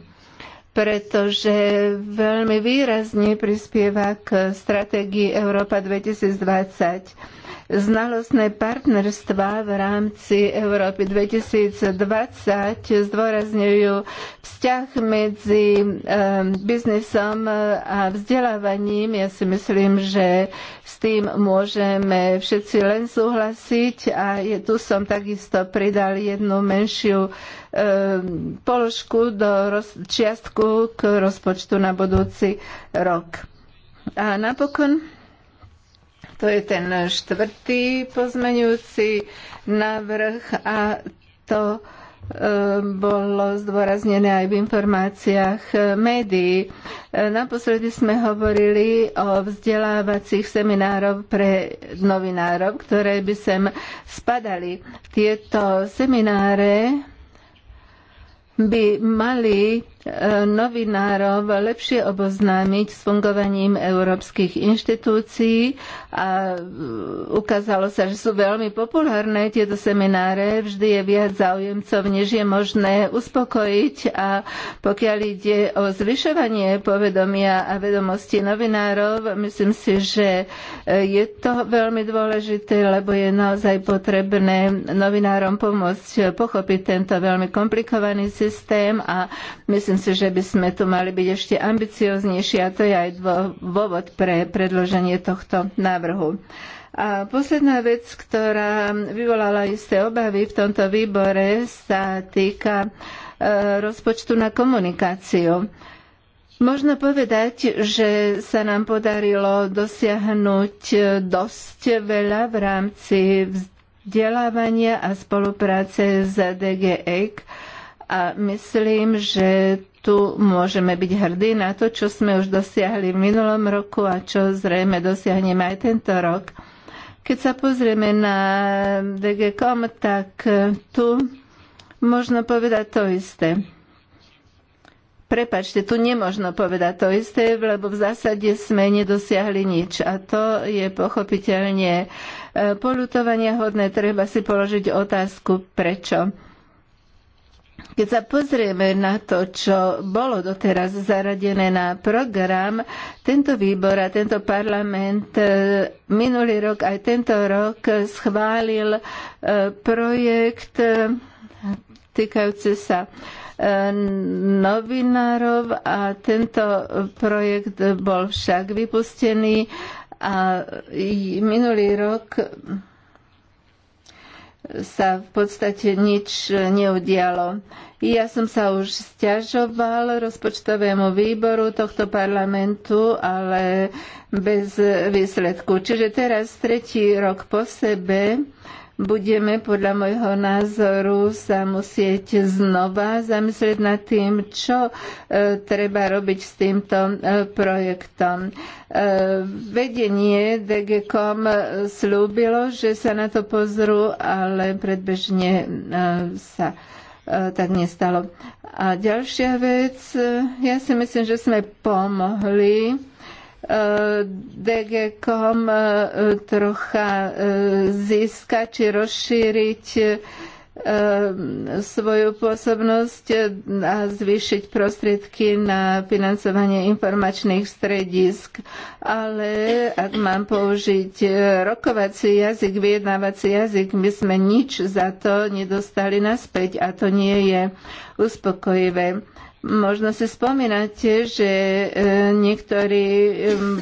pretože veľmi výrazne prispieva k stratégii Európa 2020. Znalostné partnerstva v rámci Európy 2020 zdôrazňujú vzťah medzi biznisom a vzdelávaním. Ja si myslím, že s tým môžeme všetci len súhlasiť a je, tu som takisto pridal jednu menšiu položku do roz, čiastku k rozpočtu na budúci rok. A napokon to je ten štvrtý pozmeňujúci návrh a to e, bolo zdôraznené aj v informáciách médií. E, naposledy sme hovorili o vzdelávacích seminárov pre novinárov, ktoré by sem spadali. Tieto semináre by mali novinárov lepšie oboznámiť s fungovaním európskych inštitúcií a e, ukázalo sa, že sú veľmi populárne tieto semináre. Vždy je viac záujemcov, než je možné uspokojiť a pokiaľ ide o zvyšovanie povedomia a vedomosti novinárov, myslím si, že e, je to veľmi dôležité, lebo je naozaj potrebné novinárom pomôcť pochopiť tento veľmi komplikovaný systém a myslím, Myslím si, že by sme tu mali byť ešte ambicioznejší a to je aj dôvod pre predloženie tohto návrhu. A posledná vec, ktorá vyvolala isté obavy v tomto výbore, sa týka e, rozpočtu na komunikáciu. Možno povedať, že sa nám podarilo dosiahnuť e, dosť veľa v rámci vzdelávania a spolupráce s DGEK a myslím, že tu môžeme byť hrdí na to, čo sme už dosiahli v minulom roku a čo zrejme dosiahneme aj tento rok. Keď sa pozrieme na DGCOM, tak e, tu možno povedať to isté. Prepačte, tu nemožno povedať to isté, lebo v zásade sme nedosiahli nič. A to je pochopiteľne e, polutovania hodné. Treba si položiť otázku, prečo. Keď sa pozrieme na to, čo bolo doteraz zaradené na program, tento výbor a tento parlament e, minulý rok aj tento rok schválil e, projekt e, týkajúce sa novinárov a tento projekt bol však vypustený a minulý rok sa v podstate nič neudialo. Ja som sa už stiažoval rozpočtovému výboru tohto parlamentu, ale bez výsledku. Čiže teraz tretí rok po sebe budeme podľa môjho názoru sa musieť znova zamyslieť nad tým, čo e, treba robiť s týmto e, projektom. E, vedenie DGCOM e, slúbilo, že sa na to pozrú, ale predbežne e, sa E, tak nestalo. A ďalšia vec, e, ja si myslím, že sme pomohli e, DGCOM trocha získať či rozšíriť Eh, svoju pôsobnosť a zvýšiť prostriedky na financovanie informačných stredisk. Ale ak mám použiť eh, rokovací jazyk, vyjednávací jazyk, my sme nič za to nedostali naspäť a to nie je uspokojivé. Možno si spomínate, že e, niektorí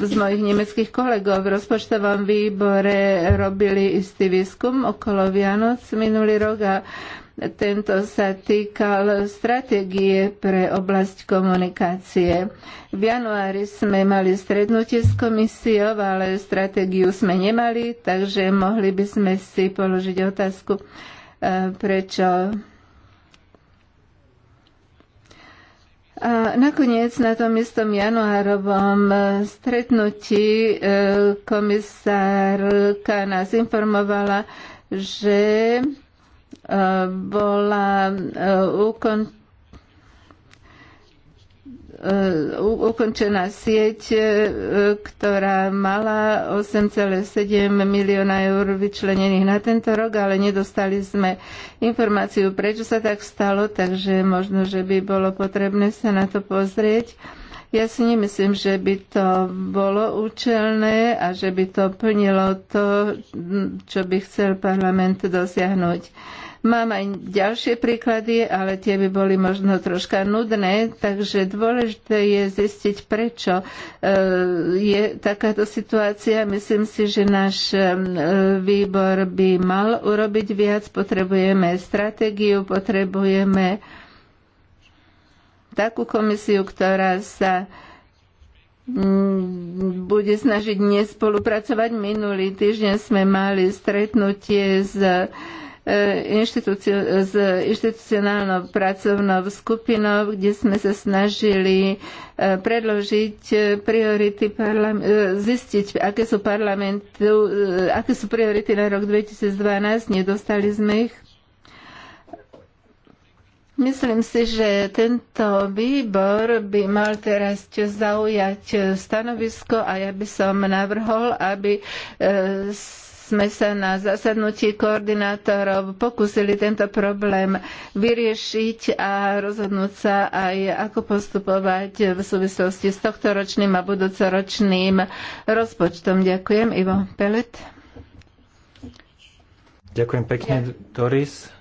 z mojich nemeckých kolegov v rozpočtovom výbore robili istý výskum okolo Vianoc minulý rok a tento sa týkal stratégie pre oblasť komunikácie. V januári sme mali strednutie s komisiou, ale stratégiu sme nemali, takže mohli by sme si položiť otázku, e, prečo Nakoniec na tom istom januárovom e, stretnutí e, komisárka nás informovala, že e, bola ukončená E, ukončená sieť, e, ktorá mala 8,7 milióna eur vyčlenených na tento rok, ale nedostali sme informáciu, prečo sa tak stalo, takže možno, že by bolo potrebné sa na to pozrieť. Ja si nemyslím, že by to bolo účelné a že by to plnilo to, čo by chcel parlament dosiahnuť. Mám aj ďalšie príklady, ale tie by boli možno troška nudné, takže dôležité je zistiť, prečo e, je takáto situácia. Myslím si, že náš e, výbor by mal urobiť viac. Potrebujeme stratégiu, potrebujeme takú komisiu, ktorá sa mm, bude snažiť nespolupracovať. Minulý týždeň sme mali stretnutie s s inštitucionálnou pracovnou skupinou, kde sme sa snažili e, predložiť e, priority e, zistiť, aké sú parlamentu, aké sú priority na rok 2012. Nedostali sme ich. Myslím si, že tento výbor by mal teraz zaujať stanovisko a ja by som navrhol, aby sme sa na zasadnutí koordinátorov pokúsili tento problém vyriešiť a rozhodnúť sa aj, ako postupovať v súvislosti s tohtoročným a budúcoročným rozpočtom. Ďakujem. Ivo Pelet. Ďakujem pekne, Doris.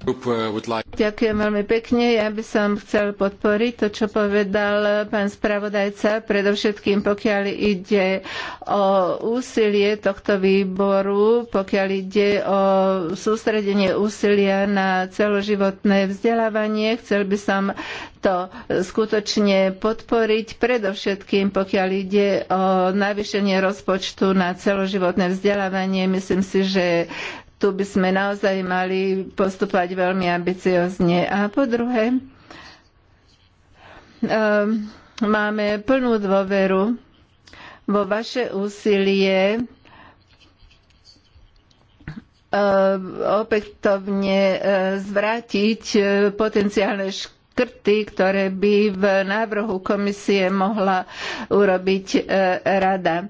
Uh, Ďakujem veľmi pekne. Ja by som chcel podporiť to, čo povedal pán spravodajca, predovšetkým pokiaľ ide o úsilie tohto výboru, pokiaľ ide o sústredenie úsilia na celoživotné vzdelávanie. Chcel by som to skutočne podporiť, predovšetkým pokiaľ ide o navýšenie rozpočtu na celoživotné vzdelávanie. Myslím si, že tu by sme naozaj mali postupovať veľmi ambiciozne. A po druhé, ehm, máme plnú dôveru vo vaše úsilie ehm, opätovne ehm, zvrátiť e, potenciálne škody škrty, ktoré by v návrhu komisie mohla urobiť e, rada.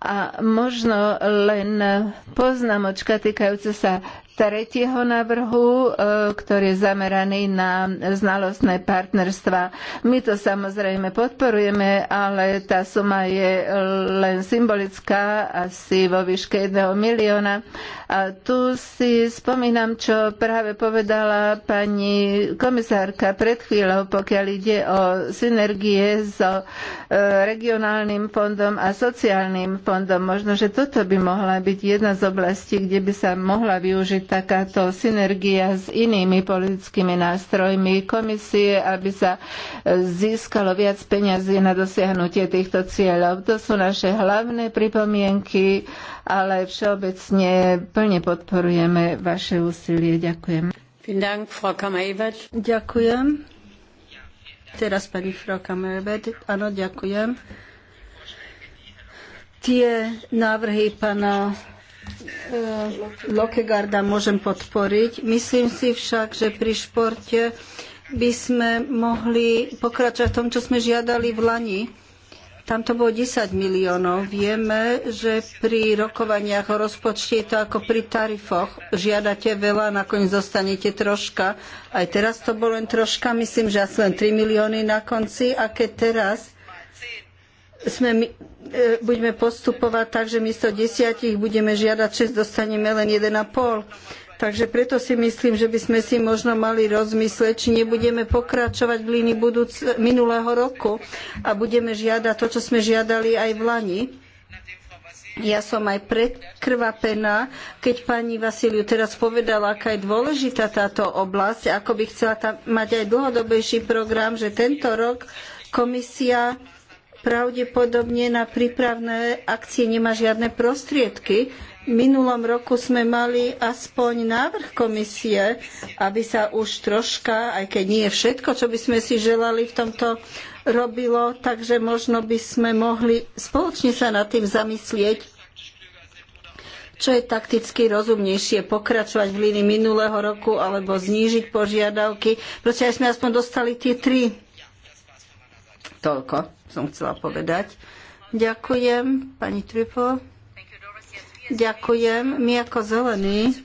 A možno len poznámočka týkajúca sa tretieho návrhu, e, ktorý je zameraný na znalostné partnerstva. My to samozrejme podporujeme, ale tá suma je len symbolická, asi vo výške jedného milióna. A tu si spomínam, čo práve povedala pani komisárka pred chvíľou, pokiaľ ide o synergie so e, regionálnym fondom a sociálnym fondom. Možno, že toto by mohla byť jedna z oblastí, kde by sa mohla využiť takáto synergia s inými politickými nástrojmi komisie, aby sa e, získalo viac peňazí na dosiahnutie týchto cieľov. To sú naše hlavné pripomienky, ale všeobecne plne podporujeme vaše úsilie. Ďakujem. Ďakujem. Teraz pani Froka Merved. Áno, ďakujem tie návrhy pána E, Lokegarda môžem podporiť. Myslím si však, že pri športe by sme mohli pokračovať v tom, čo sme žiadali v Lani. Tam to bolo 10 miliónov. Vieme, že pri rokovaniach o rozpočte je to ako pri tarifoch. Žiadate veľa, nakoniec dostanete troška. Aj teraz to bolo len troška, myslím, že asi len 3 milióny na konci. A keď teraz sme, e, budeme postupovať tak, že miesto desiatich budeme žiadať 6, dostaneme len 1,5. Takže preto si myslím, že by sme si možno mali rozmyslieť, či nebudeme pokračovať v línii minulého roku a budeme žiadať to, čo sme žiadali aj v Lani. Ja som aj prekvapená, keď pani Vasiliu teraz povedala, aká je dôležitá táto oblasť, ako by chcela mať aj dlhodobejší program, že tento rok komisia pravdepodobne na prípravné akcie nemá žiadne prostriedky. V minulom roku sme mali aspoň návrh komisie, aby sa už troška, aj keď nie všetko, čo by sme si želali v tomto robilo, takže možno by sme mohli spoločne sa nad tým zamyslieť, čo je takticky rozumnejšie, pokračovať v línii minulého roku alebo znížiť požiadavky. Proste aj sme aspoň dostali tie tri Toľko som chcela povedať. Ďakujem, pani Tripo. Ďakujem. My ako zelení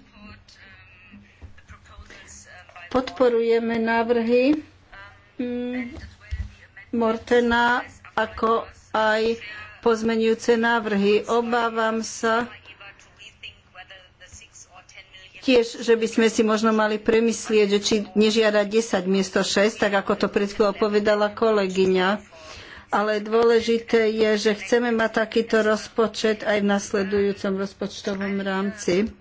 podporujeme návrhy mm, Mortena ako aj pozmenujúce návrhy. Obávam sa, Tiež, že by sme si možno mali premyslieť, že či nežiada 10 miesto 6, tak ako to pred chvíľou povedala kolegyňa. Ale dôležité je, že chceme mať takýto rozpočet aj v nasledujúcom rozpočtovom rámci.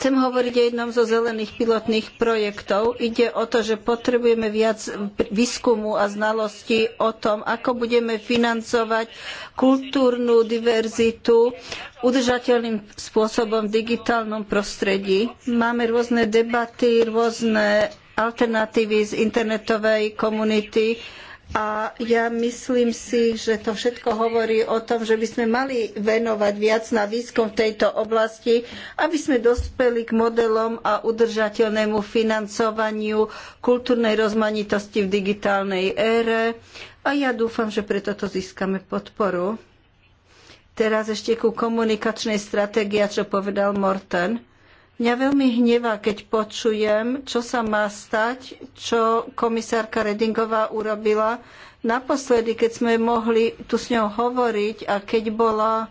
Chcem hovoriť o jednom zo zelených pilotných projektov. Ide o to, že potrebujeme viac výskumu a znalostí o tom, ako budeme financovať kultúrnu diverzitu udržateľným spôsobom v digitálnom prostredí. Máme rôzne debaty, rôzne alternatívy z internetovej komunity a ja myslím si, že to všetko hovorí o tom, že by sme mali venovať viac na výskum v tejto oblasti, aby sme dospeli k modelom a udržateľnému financovaniu kultúrnej rozmanitosti v digitálnej ére. A ja dúfam, že preto to získame podporu. Teraz ešte ku komunikačnej stratégii, čo povedal Morten. Mňa veľmi hnevá, keď počujem, čo sa má stať, čo komisárka Redingová urobila. Naposledy, keď sme mohli tu s ňou hovoriť a keď bola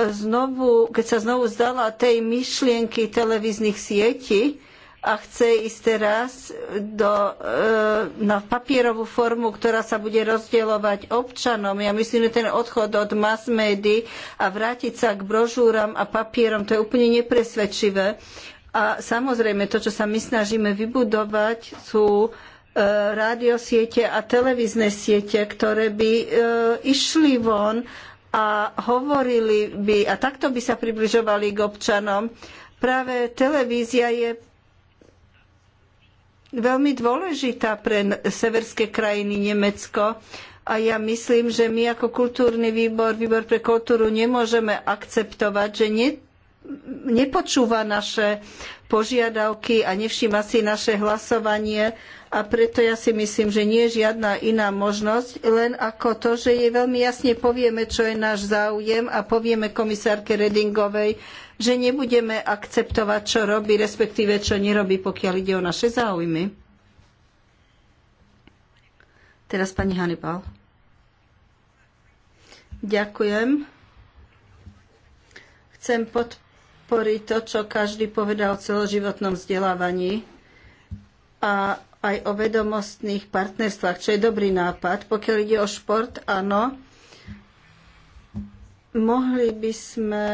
znovu, keď sa znovu zdala tej myšlienky televíznych sietí, a chce ísť teraz do, e, na papierovú formu, ktorá sa bude rozdielovať občanom. Ja myslím, že ten odchod od mass médií a vrátiť sa k brožúram a papierom, to je úplne nepresvedčivé. A samozrejme, to, čo sa my snažíme vybudovať, sú e, rádiosiete a televízne siete, ktoré by e, išli von a hovorili by, a takto by sa približovali k občanom. Práve televízia je veľmi dôležitá pre severské krajiny Nemecko. A ja myslím, že my ako kultúrny výbor, výbor pre kultúru, nemôžeme akceptovať, že ne, nepočúva naše požiadavky a nevšíma si naše hlasovanie a preto ja si myslím, že nie je žiadna iná možnosť, len ako to, že jej veľmi jasne povieme, čo je náš záujem a povieme komisárke Redingovej, že nebudeme akceptovať, čo robí, respektíve čo nerobí, pokiaľ ide o naše záujmy. Teraz pani Hannibal. Ďakujem. Chcem podporiť to, čo každý povedal o celoživotnom vzdelávaní. A aj o vedomostných partnerstvách, čo je dobrý nápad. Pokiaľ ide o šport, áno, mohli by sme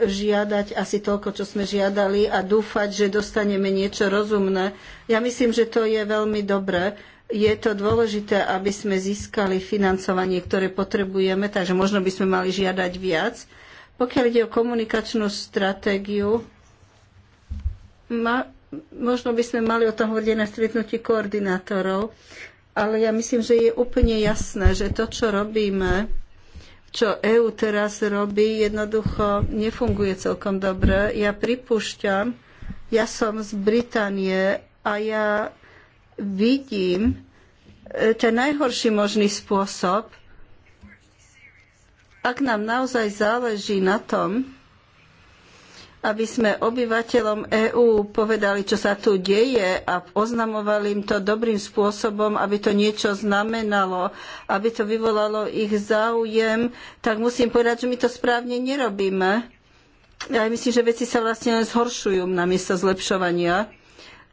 žiadať asi toľko, čo sme žiadali a dúfať, že dostaneme niečo rozumné. Ja myslím, že to je veľmi dobré. Je to dôležité, aby sme získali financovanie, ktoré potrebujeme, takže možno by sme mali žiadať viac. Pokiaľ ide o komunikačnú stratégiu, ma, možno by sme mali o tom hovoriť na stretnutí koordinátorov, ale ja myslím, že je úplne jasné, že to, čo robíme, čo EÚ teraz robí, jednoducho nefunguje celkom dobre. Ja pripúšťam, ja som z Británie a ja vidím ten najhorší možný spôsob, ak nám naozaj záleží na tom, aby sme obyvateľom EÚ povedali, čo sa tu deje a oznamovali im to dobrým spôsobom, aby to niečo znamenalo, aby to vyvolalo ich záujem, tak musím povedať, že my to správne nerobíme. Ja myslím, že veci sa vlastne len zhoršujú namiesto zlepšovania.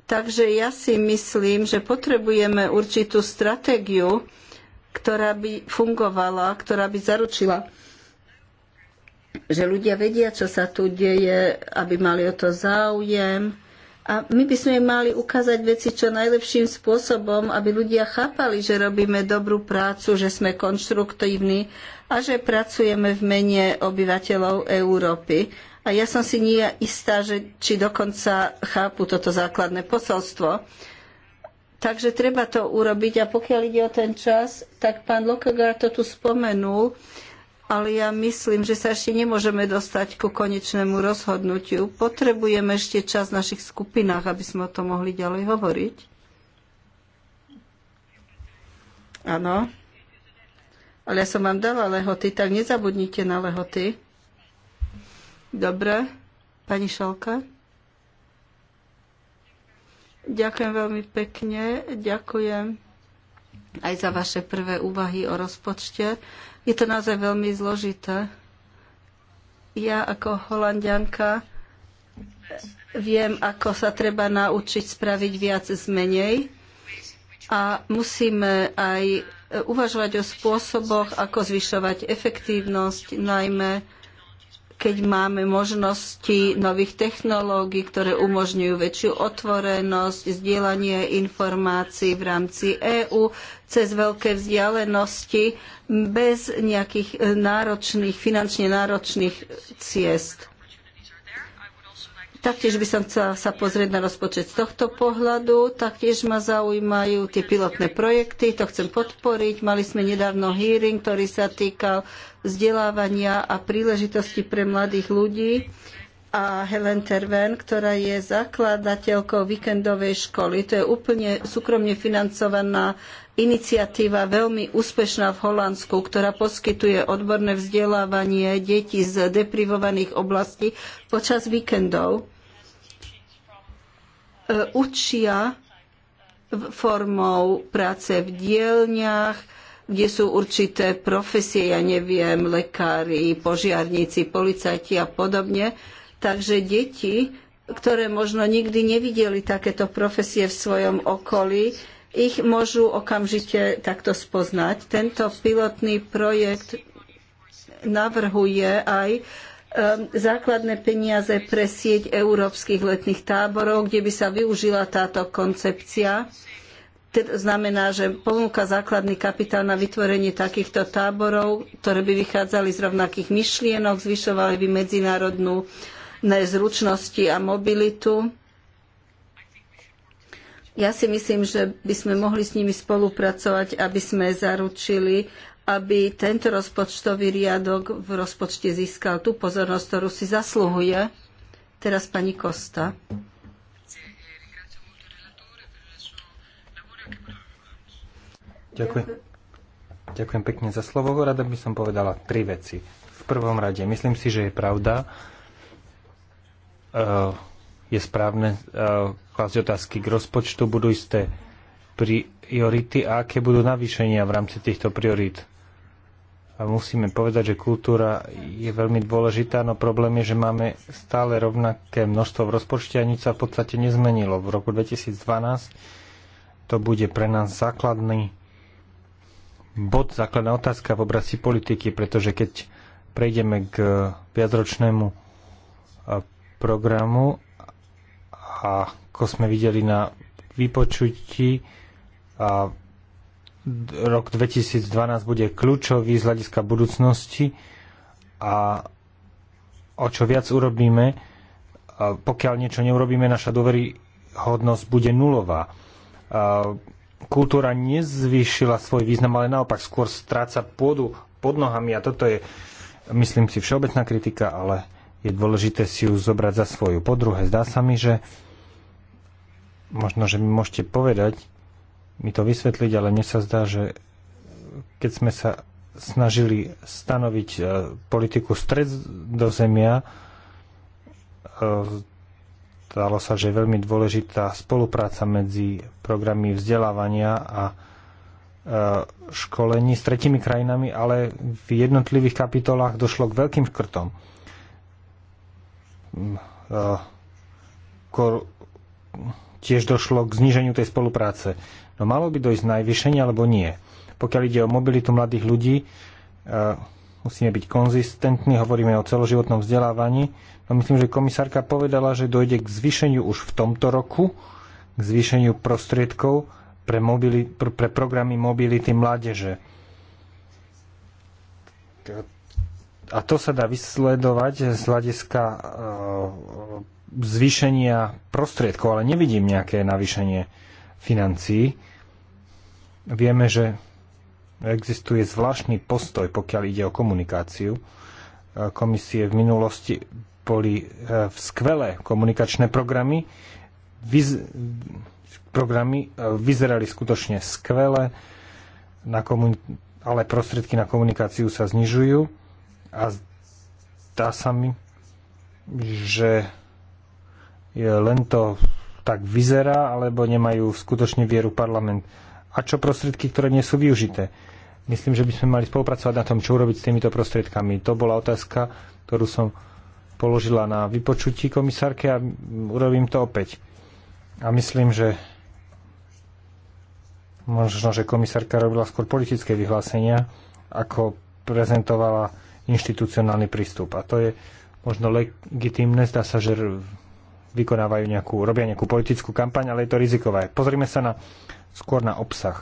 Takže ja si myslím, že potrebujeme určitú stratégiu, ktorá by fungovala, ktorá by zaručila že ľudia vedia, čo sa tu deje, aby mali o to záujem. A my by sme mali ukázať veci čo najlepším spôsobom, aby ľudia chápali, že robíme dobrú prácu, že sme konštruktívni a že pracujeme v mene obyvateľov Európy. A ja som si nie istá, že či dokonca chápu toto základné posolstvo. Takže treba to urobiť. A pokiaľ ide o ten čas, tak pán Lokegar to tu spomenul ale ja myslím, že sa ešte nemôžeme dostať ku konečnému rozhodnutiu. Potrebujeme ešte čas v našich skupinách, aby sme o tom mohli ďalej hovoriť. Áno. Ale ja som vám dala lehoty, tak nezabudnite na lehoty. Dobre. Pani Šalka. Ďakujem veľmi pekne. Ďakujem aj za vaše prvé úvahy o rozpočte. Je to naozaj veľmi zložité. Ja ako holandianka viem, ako sa treba naučiť spraviť viac z menej a musíme aj uvažovať o spôsoboch, ako zvyšovať efektívnosť, najmä keď máme možnosti nových technológií, ktoré umožňujú väčšiu otvorenosť, zdieľanie informácií v rámci EÚ cez veľké vzdialenosti bez nejakých náročných, finančne náročných ciest. Taktiež by som chcela sa pozrieť na rozpočet z tohto pohľadu. Taktiež ma zaujímajú tie pilotné projekty, to chcem podporiť. Mali sme nedávno hearing, ktorý sa týkal vzdelávania a príležitosti pre mladých ľudí a Helen Terven, ktorá je zakladateľkou víkendovej školy. To je úplne súkromne financovaná iniciatíva, veľmi úspešná v Holandsku, ktorá poskytuje odborné vzdelávanie detí z deprivovaných oblastí počas víkendov. E, učia formou práce v dielniach, kde sú určité profesie, ja neviem, lekári, požiarníci, policajti a podobne. Takže deti, ktoré možno nikdy nevideli takéto profesie v svojom okolí, ich môžu okamžite takto spoznať. Tento pilotný projekt navrhuje aj Ehm, základné peniaze pre sieť európskych letných táborov, kde by sa využila táto koncepcia. To teda znamená, že ponúka základný kapitál na vytvorenie takýchto táborov, ktoré by vychádzali z rovnakých myšlienok, zvyšovali by medzinárodnú zručnosti a mobilitu. Ja si myslím, že by sme mohli s nimi spolupracovať, aby sme zaručili, aby tento rozpočtový riadok v rozpočte získal tú pozornosť, ktorú si zasluhuje. Teraz pani Kosta. Ďakujem. Ďakujem pekne za slovo. Rada by som povedala tri veci. V prvom rade, myslím si, že je pravda, eh, je správne eh, klásť otázky k rozpočtu, budú isté priority a aké budú navýšenia v rámci týchto priorít musíme povedať, že kultúra je veľmi dôležitá, no problém je, že máme stále rovnaké množstvo v rozpočte a nič sa v podstate nezmenilo. V roku 2012 to bude pre nás základný bod, základná otázka v oblasti politiky, pretože keď prejdeme k viacročnému e, programu a ako sme videli na vypočutí a rok 2012 bude kľúčový z hľadiska budúcnosti a o čo viac urobíme, pokiaľ niečo neurobíme, naša dôveryhodnosť bude nulová. Kultúra nezvýšila svoj význam, ale naopak skôr stráca pôdu pod nohami a toto je, myslím si, všeobecná kritika, ale je dôležité si ju zobrať za svoju. Po druhé, zdá sa mi, že možno, že mi môžete povedať, mi to vysvetliť, ale mne sa zdá, že keď sme sa snažili stanoviť e, politiku stred do Zemia, e, dalo sa, že je veľmi dôležitá spolupráca medzi programmi vzdelávania a e, školení s tretimi krajinami, ale v jednotlivých kapitolách došlo k veľkým škrtom. Mm, tiež došlo k zníženiu tej spolupráce. No malo by dojsť najvyššenie alebo nie. Pokiaľ ide o mobilitu mladých ľudí, e, musíme byť konzistentní, hovoríme o celoživotnom vzdelávaní. No myslím, že komisárka povedala, že dojde k zvýšeniu už v tomto roku, k zvýšeniu prostriedkov pre, mobili, pre programy mobility mládeže. A to sa dá vysledovať z hľadiska e, zvýšenia prostriedkov, ale nevidím nejaké navýšenie financií. Vieme, že existuje zvláštny postoj, pokiaľ ide o komunikáciu. E, komisie v minulosti boli e, skvelé komunikačné programy. Vyz... Programy e, vyzerali skutočne skvele, na komun... ale prostriedky na komunikáciu sa znižujú a zdá sa mi, že je len to tak vyzerá, alebo nemajú skutočne vieru parlament. A čo prostriedky, ktoré nie sú využité? Myslím, že by sme mali spolupracovať na tom, čo urobiť s týmito prostriedkami. To bola otázka, ktorú som položila na vypočutí komisárke a urobím to opäť. A myslím, že možno, že komisárka robila skôr politické vyhlásenia, ako prezentovala inštitucionálny prístup. A to je možno legitimné, zdá sa, že vykonávajú nejakú, robia nejakú politickú kampaň, ale je to rizikové. Pozrime sa na, skôr na obsah.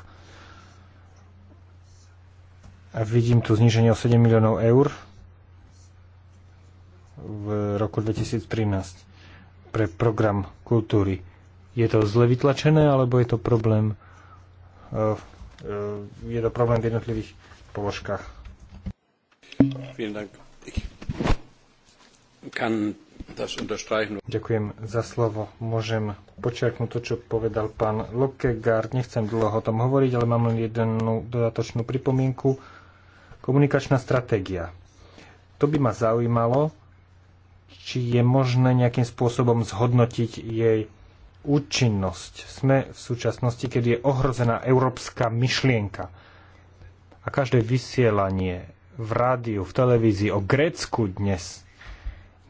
A vidím tu zníženie o 7 miliónov eur v roku 2013 pre program kultúry. Je to zle vytlačené, alebo je to problém e, e, je to problém v jednotlivých položkách? Vielen Dank. Ich kann Ďakujem za slovo. Môžem počiarknúť to, čo povedal pán Lokegaard. Nechcem dlho o tom hovoriť, ale mám len jednu dodatočnú pripomienku. Komunikačná stratégia. To by ma zaujímalo, či je možné nejakým spôsobom zhodnotiť jej účinnosť. Sme v súčasnosti, keď je ohrozená európska myšlienka. A každé vysielanie v rádiu, v televízii o Grécku dnes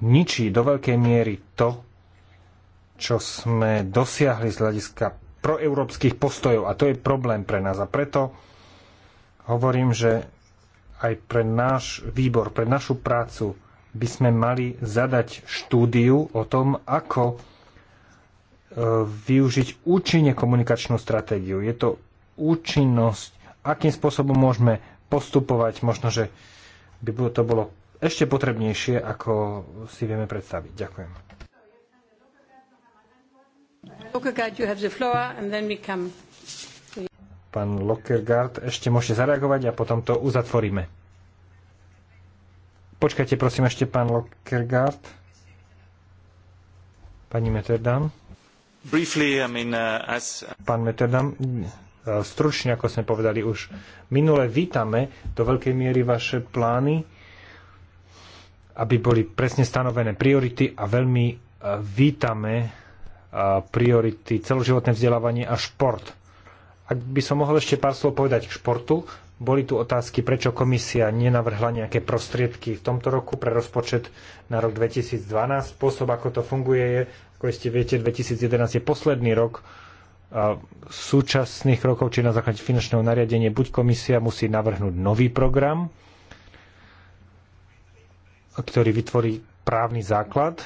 ničí do veľkej miery to, čo sme dosiahli z hľadiska proeurópskych postojov. A to je problém pre nás. A preto hovorím, že aj pre náš výbor, pre našu prácu by sme mali zadať štúdiu o tom, ako e, využiť účinne komunikačnú stratégiu. Je to účinnosť, akým spôsobom môžeme postupovať, možno, že by to bolo ešte potrebnejšie, ako si vieme predstaviť. Ďakujem. Pán Lockergard, ešte môžete zareagovať a potom to uzatvoríme. Počkajte, prosím, ešte pán Lockergard. Pani Meterdam. Briefly, I mean, uh, as... Pán Meterdam, uh, stručne, ako sme povedali už minule, vítame do veľkej miery vaše plány aby boli presne stanovené priority a veľmi e, vítame e, priority celoživotné vzdelávanie a šport. Ak by som mohol ešte pár slov povedať k športu, boli tu otázky, prečo komisia nenavrhla nejaké prostriedky v tomto roku pre rozpočet na rok 2012. Spôsob, ako to funguje, je, ako ste viete, 2011 je posledný rok e, súčasných rokov, či na základe finančného nariadenia, buď komisia musí navrhnúť nový program, ktorý vytvorí právny základ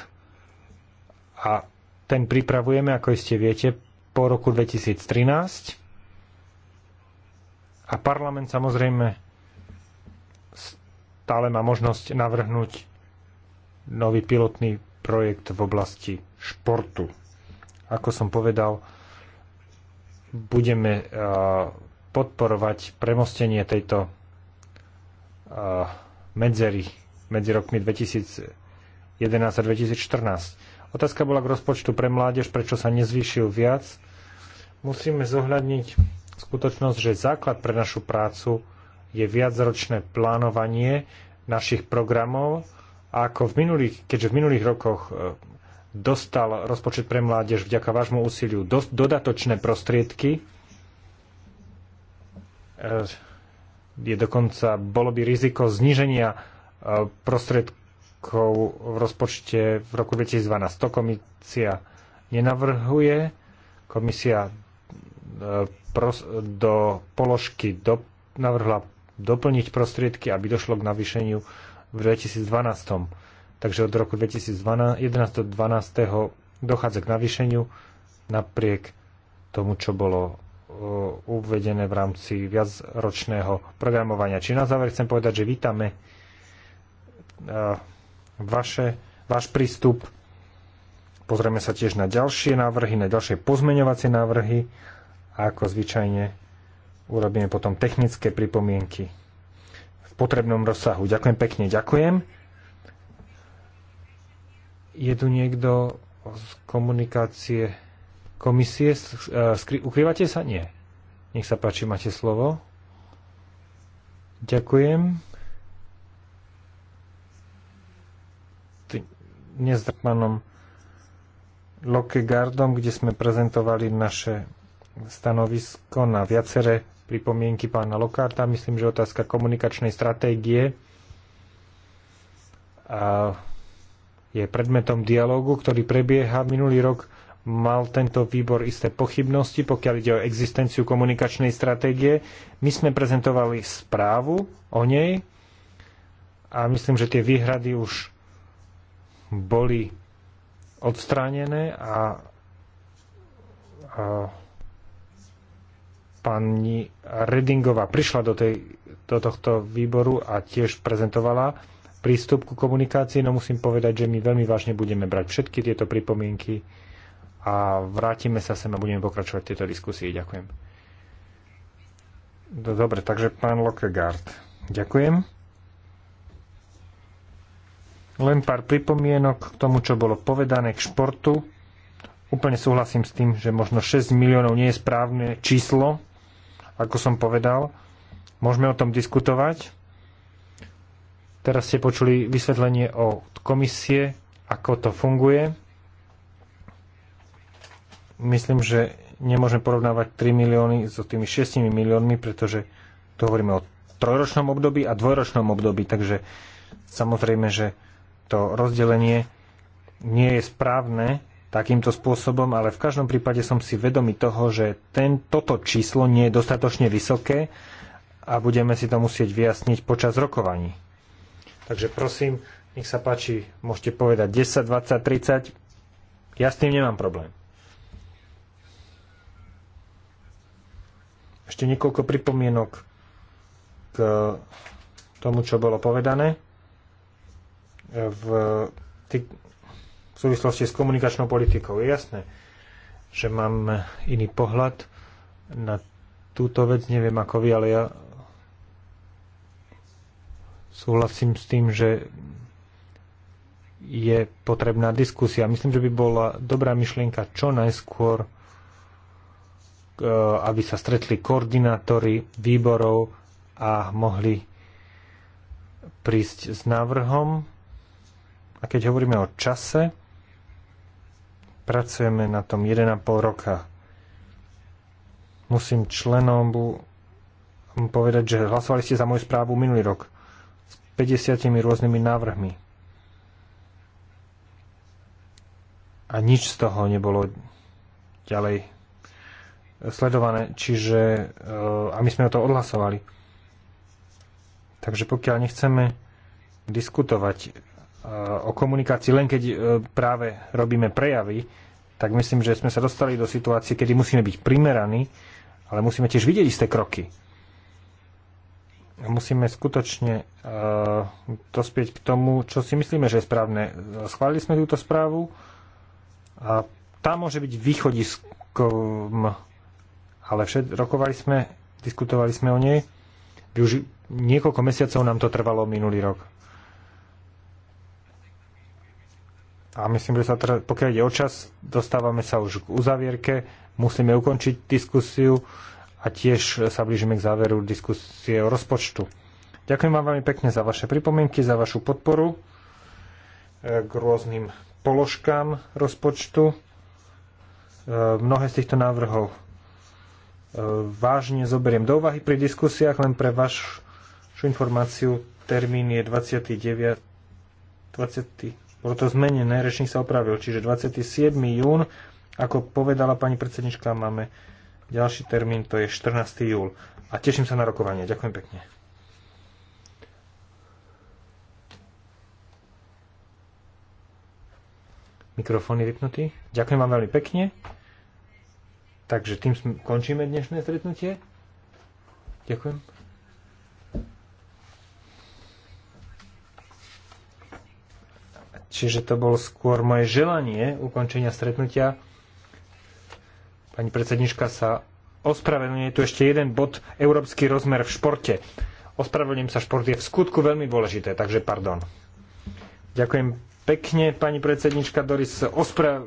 a ten pripravujeme, ako ste viete, po roku 2013. A parlament samozrejme stále má možnosť navrhnúť nový pilotný projekt v oblasti športu. Ako som povedal, budeme eh, podporovať premostenie tejto eh, medzery medzi rokmi 2011 a 2014. Otázka bola k rozpočtu pre mládež, prečo sa nezvýšil viac. Musíme zohľadniť skutočnosť, že základ pre našu prácu je viacročné plánovanie našich programov a ako v minulých, keďže v minulých rokoch e, dostal rozpočet pre mládež vďaka vášmu úsiliu do, dodatočné prostriedky. E, je dokonca, bolo by riziko zniženia prostriedkov v rozpočte v roku 2012. To komisia nenavrhuje. Komisia e, do položky do, navrhla doplniť prostriedky, aby došlo k navýšeniu v 2012. Takže od roku 2011 do 2012 dochádza k navýšeniu napriek tomu, čo bolo e, uvedené v rámci viacročného programovania. Či na záver chcem povedať, že vítame E, vaše, váš prístup. Pozrieme sa tiež na ďalšie návrhy, na ďalšie pozmeňovacie návrhy a ako zvyčajne urobíme potom technické pripomienky v potrebnom rozsahu. Ďakujem pekne, ďakujem. Je tu niekto z komunikácie komisie? E, skry, ukrývate sa? Nie. Nech sa páči, máte slovo. Ďakujem. dnes s pánom Lokegardom, kde sme prezentovali naše stanovisko na viaceré pripomienky pána Lokarta. Myslím, že otázka komunikačnej stratégie a je predmetom dialógu, ktorý prebieha. Minulý rok mal tento výbor isté pochybnosti, pokiaľ ide o existenciu komunikačnej stratégie. My sme prezentovali správu o nej a myslím, že tie výhrady už boli odstránené a, a pani Redingová prišla do, tej, do tohto výboru a tiež prezentovala prístup ku komunikácii, no musím povedať, že my veľmi vážne budeme brať všetky tieto pripomienky a vrátime sa sem a budeme pokračovať v tejto Ďakujem. Dobre, takže pán Lokegard, Ďakujem. Len pár pripomienok k tomu, čo bolo povedané k športu. Úplne súhlasím s tým, že možno 6 miliónov nie je správne číslo, ako som povedal. Môžeme o tom diskutovať. Teraz ste počuli vysvetlenie o komisie, ako to funguje. Myslím, že nemôžeme porovnávať 3 milióny so tými 6 miliónmi, pretože to hovoríme o trojročnom období a dvojročnom období, takže samozrejme, že to rozdelenie nie je správne takýmto spôsobom, ale v každom prípade som si vedomý toho, že ten, toto číslo nie je dostatočne vysoké a budeme si to musieť vyjasniť počas rokovaní. Takže prosím, nech sa páči, môžete povedať 10, 20, 30. Ja s tým nemám problém. Ešte niekoľko pripomienok k tomu, čo bolo povedané v, v súvislosti s komunikačnou politikou. Je jasné, že mám iný pohľad na túto vec, neviem ako vy, ale ja súhlasím s tým, že je potrebná diskusia. Myslím, že by bola dobrá myšlienka čo najskôr, eh, aby sa stretli koordinátori výborov a mohli prísť s návrhom a keď hovoríme o čase, pracujeme na tom 1,5 roka. Musím členom povedať, že hlasovali ste za moju správu minulý rok s 50 rôznymi návrhmi. A nič z toho nebolo ďalej sledované, čiže e, a my sme o to odhlasovali. Takže pokiaľ nechceme diskutovať Eh, o komunikácii, len keď eh, práve robíme prejavy, tak myslím, že sme sa dostali do situácie, kedy musíme byť primeraní, ale musíme tiež vidieť isté kroky. Musíme skutočne uh, dospieť k tomu, čo si myslíme, že je správne. Schválili sme túto správu a tá môže byť východiskom, ale všet, rokovali sme, diskutovali sme o nej. Už niekoľko mesiacov nám to trvalo minulý rok A myslím, že sa teraz, pokiaľ ide o čas, dostávame sa už k uzavierke, musíme ukončiť diskusiu a tiež sa blížime k záveru diskusie o rozpočtu. Ďakujem vám veľmi pekne za vaše pripomienky, za vašu podporu e, k rôznym položkám rozpočtu. E, mnohé z týchto návrhov e, vážne zoberiem do úvahy pri diskusiách, len pre vašu informáciu termín je 29. 20. Bolo to zmenené, rečník sa opravil. Čiže 27. jún, ako povedala pani predsednička, máme ďalší termín, to je 14. júl. A teším sa na rokovanie. Ďakujem pekne. Mikrofón je vypnutý. Ďakujem vám veľmi pekne. Takže tým končíme dnešné stretnutie. Ďakujem. Čiže to bolo skôr moje želanie ukončenia stretnutia. Pani predsednička sa ospravedlňuje. Je tu ešte jeden bod, európsky rozmer v športe. Ospravedlňujem sa, šport je v skutku veľmi dôležité, takže pardon. Ďakujem pekne, pani predsednička Doris. Ospra...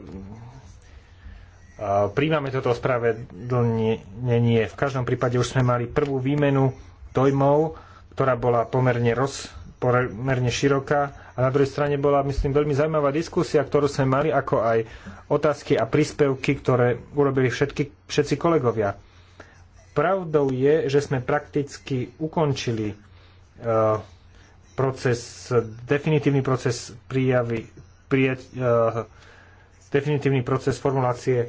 Príjmame toto ospravedlnenie. V každom prípade už sme mali prvú výmenu dojmov, ktorá bola pomerne, roz... pomerne široká a na druhej strane bola, myslím, veľmi zaujímavá diskusia, ktorú sme mali, ako aj otázky a príspevky, ktoré urobili všetky, všetci kolegovia. Pravdou je, že sme prakticky ukončili uh, proces, definitívny proces prijavy, prije, uh, e, definitívny proces formulácie e,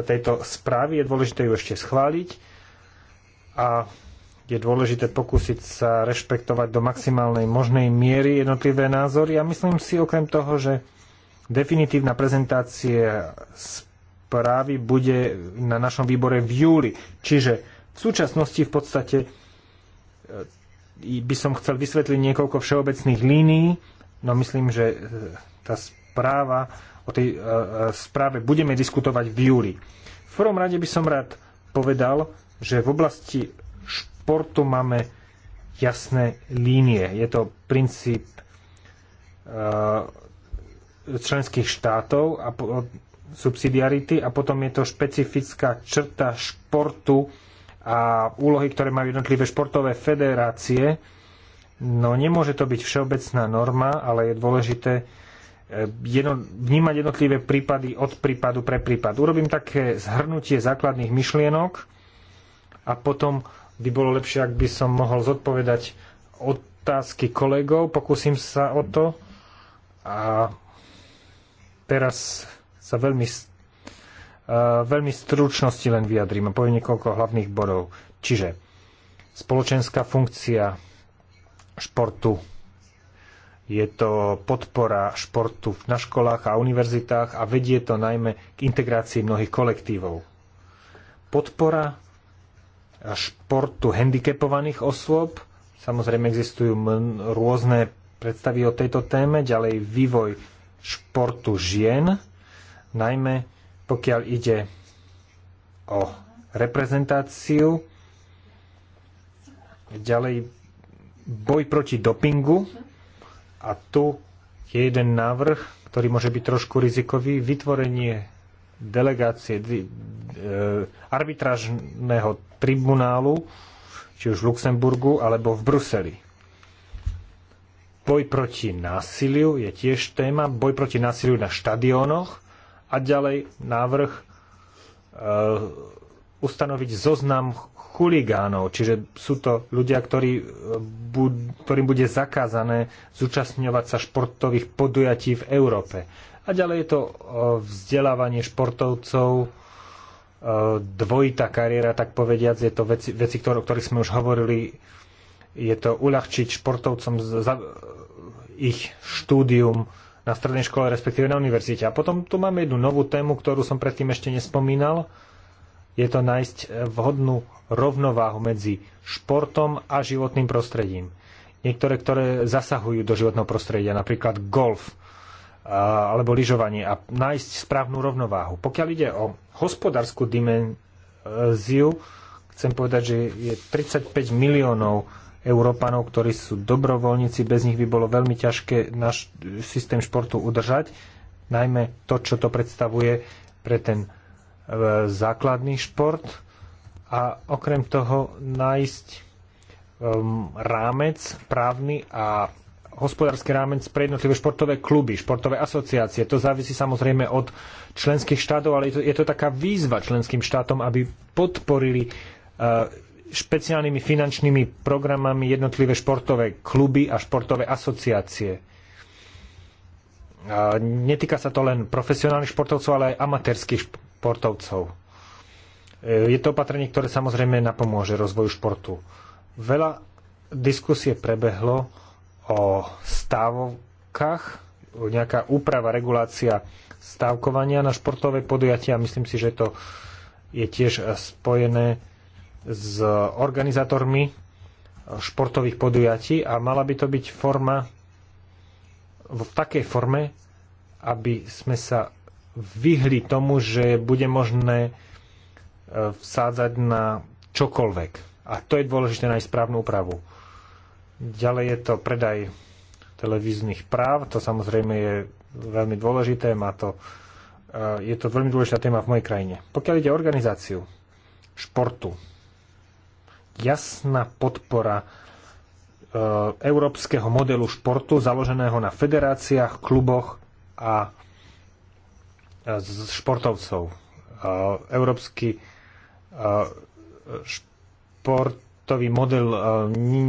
tejto správy. Je dôležité ju ešte schváliť. A je dôležité pokúsiť sa rešpektovať do maximálnej možnej miery jednotlivé názory a myslím si okrem toho, že definitívna prezentácia správy bude na našom výbore v júli. Čiže v súčasnosti v podstate e, by som chcel vysvetliť niekoľko všeobecných línií, no myslím, že e, tá správa, o tej e, správe budeme diskutovať v júli. V prvom rade by som rád povedal, že v oblasti športu máme jasné línie. Je to princíp eh, členských štátov a subsidiarity a potom je to špecifická črta športu a úlohy, ktoré majú jednotlivé športové federácie. No nemôže to byť všeobecná norma, ale je dôležité eh, jedno, vnímať jednotlivé prípady od prípadu pre prípad. Urobím také zhrnutie základných myšlienok a potom by bolo lepšie, ak by som mohol zodpovedať otázky kolegov. Pokúsim sa o to. A teraz sa veľmi, veľmi stručnosti len vyjadrím a poviem niekoľko hlavných bodov. Čiže spoločenská funkcia športu je to podpora športu na školách a univerzitách a vedie to najmä k integrácii mnohých kolektívov. Podpora športu handicapovaných osôb. Samozrejme existujú rôzne predstavy o tejto téme, ďalej vývoj športu žien, najmä pokiaľ ide o reprezentáciu, ďalej boj proti dopingu a tu je jeden návrh, ktorý môže byť trošku rizikový, vytvorenie delegácie e, arbitražného tribunálu, či už v Luxemburgu alebo v Bruseli. Boj proti násiliu je tiež téma. Boj proti násiliu na štadiónoch a ďalej návrh e, ustanoviť zoznam chuligánov, čiže sú to ľudia, ktorí, e, ktorým bude zakázané zúčastňovať sa športových podujatí v Európe. A ďalej je to e, vzdelávanie športovcov, e, dvojitá kariéra, tak povediac, je to veci, veci ktoré, o ktorých sme už hovorili, je to uľahčiť športovcom za ich štúdium na strednej škole, respektíve na univerzite. A potom tu máme jednu novú tému, ktorú som predtým ešte nespomínal. Je to nájsť vhodnú rovnováhu medzi športom a životným prostredím. Niektoré, ktoré zasahujú do životného prostredia, napríklad golf alebo lyžovanie a nájsť správnu rovnováhu. Pokiaľ ide o hospodárskú dimenziu, chcem povedať, že je 35 miliónov Európanov, ktorí sú dobrovoľníci, bez nich by bolo veľmi ťažké náš systém športu udržať, najmä to, čo to predstavuje pre ten e, základný šport a okrem toho nájsť e, rámec právny a hospodársky rámec pre jednotlivé športové kluby, športové asociácie. To závisí samozrejme od členských štátov, ale je to, je to taká výzva členským štátom, aby podporili e, špeciálnymi finančnými programami jednotlivé športové kluby a športové asociácie. A e, netýka sa to len profesionálnych športovcov, ale aj amatérských športovcov. E, je to opatrenie, ktoré samozrejme napomôže rozvoju športu. Veľa diskusie prebehlo o stávkach, nejaká úprava, regulácia stávkovania na športové podujatia. Myslím si, že to je tiež spojené s organizátormi športových podujatí a mala by to byť forma v takej forme, aby sme sa vyhli tomu, že bude možné e, vsádzať na čokoľvek. A to je dôležité nájsť správnu úpravu. Ďalej je to predaj televíznych práv, to samozrejme je veľmi dôležité, má to, eh, je to veľmi dôležitá téma v mojej krajine. Pokiaľ ide o organizáciu športu, jasná podpora eh, európskeho modelu športu založeného na federáciách, kluboch a eh, športovcov. Európsky šport projektový model e,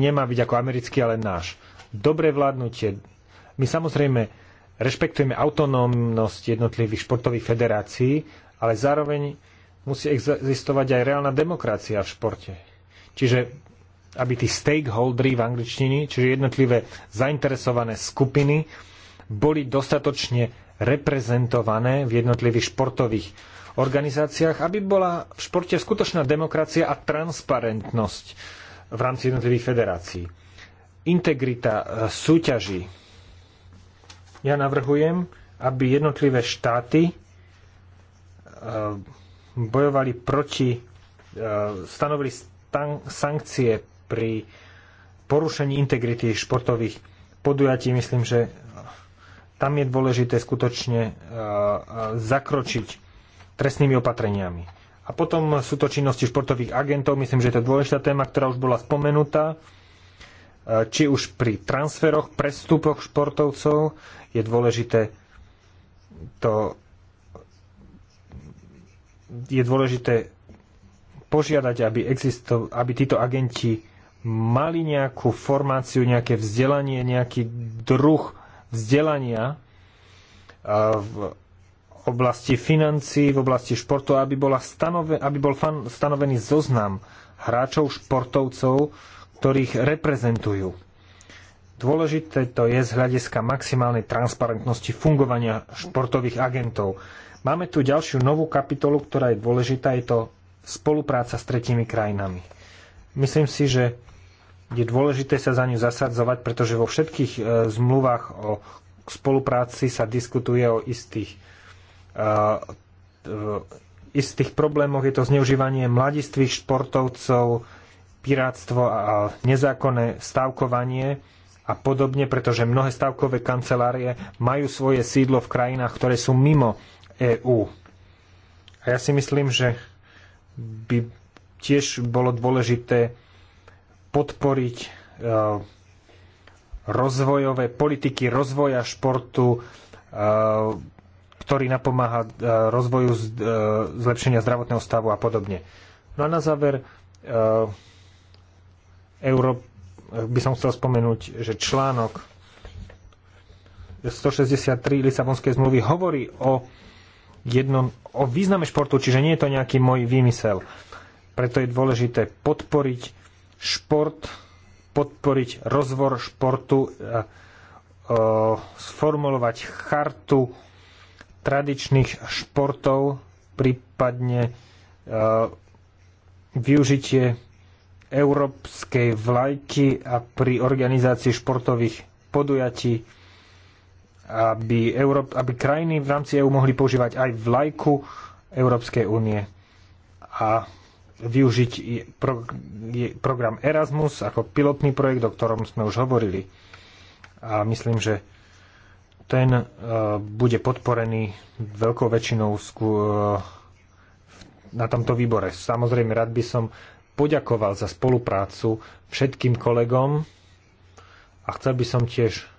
nemá byť ako americký, ale náš. Dobré vládnutie. My samozrejme rešpektujeme autonómnosť jednotlivých športových federácií, ale zároveň musí existovať aj reálna demokracia v športe. Čiže aby tí stakeholdery v angličtine, čiže jednotlivé zainteresované skupiny, boli dostatočne reprezentované v jednotlivých športových organizáciách, aby bola v športe skutočná demokracia a transparentnosť v rámci jednotlivých federácií. Integrita e, súťaží. Ja navrhujem, aby jednotlivé štáty e, bojovali proti, e, stanovili sankcie pri porušení integrity športových podujatí. Myslím, že tam je dôležité skutočne zakročiť trestnými opatreniami. A potom sú to činnosti športových agentov, myslím, že to je dôležitá téma, ktorá už bola spomenutá. E, či už pri transferoch, prestupoch športovcov je dôležité to je dôležité požiadať, aby, existo, aby títo agenti mali nejakú formáciu, nejaké vzdelanie, nejaký druh vzdelania e, v oblasti financií, v oblasti športu, aby, bola stanove, aby bol fan, stanovený zoznam hráčov, športovcov, ktorých reprezentujú. Dôležité to je z hľadiska maximálnej transparentnosti fungovania športových agentov. Máme tu ďalšiu novú kapitolu, ktorá je dôležitá, je to spolupráca s tretími krajinami. Myslím si, že je dôležité sa za ňu zasadzovať, pretože vo všetkých e, zmluvách o spolupráci sa diskutuje o istých istých problémoch. Je to zneužívanie mladistvých športovcov, pirátstvo a nezákonné stavkovanie a podobne, pretože mnohé stavkové kancelárie majú svoje sídlo v krajinách, ktoré sú mimo EÚ. A ja si myslím, že by tiež bolo dôležité podporiť e, rozvojové politiky rozvoja športu, e, ktorý napomáha e, rozvoju e, zlepšenia zdravotného stavu a podobne. No a na záver e, Euró- by som chcel spomenúť, že článok 163 Lisabonskej zmluvy hovorí o jednom, o význame športu, čiže nie je to nejaký môj výmysel. Preto je dôležité podporiť šport, podporiť rozvor športu, sformulovať chartu tradičných športov, prípadne e, využitie európskej vlajky a pri organizácii športových podujatí, aby, Európ, aby krajiny v rámci EÚ mohli používať aj vlajku Európskej únie a využiť pro, program Erasmus ako pilotný projekt, o ktorom sme už hovorili. A myslím, že ten eh, bude podporený veľkou väčšinou eh, na tomto výbore. Samozrejme, rád by som poďakoval za spoluprácu všetkým kolegom a chcel by som tiež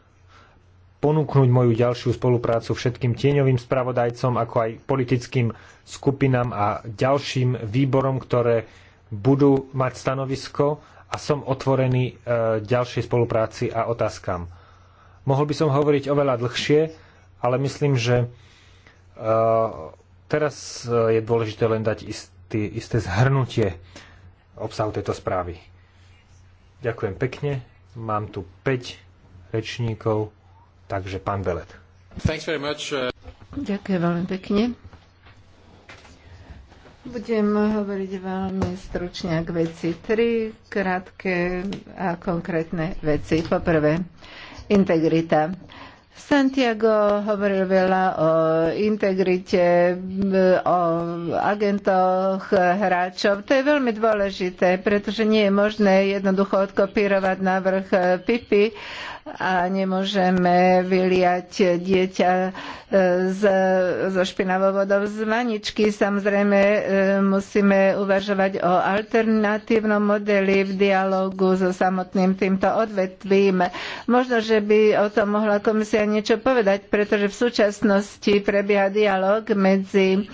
ponúknuť moju ďalšiu spoluprácu všetkým tieňovým spravodajcom, ako aj politickým skupinám a ďalším výborom, ktoré budú mať stanovisko a som otvorený eh, ďalšej spolupráci a otázkam. Mohol by som hovoriť oveľa dlhšie, ale myslím, že e, teraz e, je dôležité len dať istý, isté zhrnutie obsahu tejto správy. Ďakujem pekne. Mám tu 5 rečníkov, takže pán Belet. Uh, Ďakujem veľmi pekne. Budem hovoriť veľmi stručne k veci. Tri krátke a konkrétne veci. Poprvé, prvé, integrita. Santiago hovoril veľa o integrite, o agentoch, hráčov. To je veľmi dôležité, pretože nie je možné jednoducho odkopírovať návrh PIPI a nemôžeme vyliať dieťa e, z, zo špinavovodov z vaničky. Samozrejme e, musíme uvažovať o alternatívnom modeli v dialogu so samotným týmto odvetvím. Možno, že by o tom mohla komisia niečo povedať, pretože v súčasnosti prebieha dialog medzi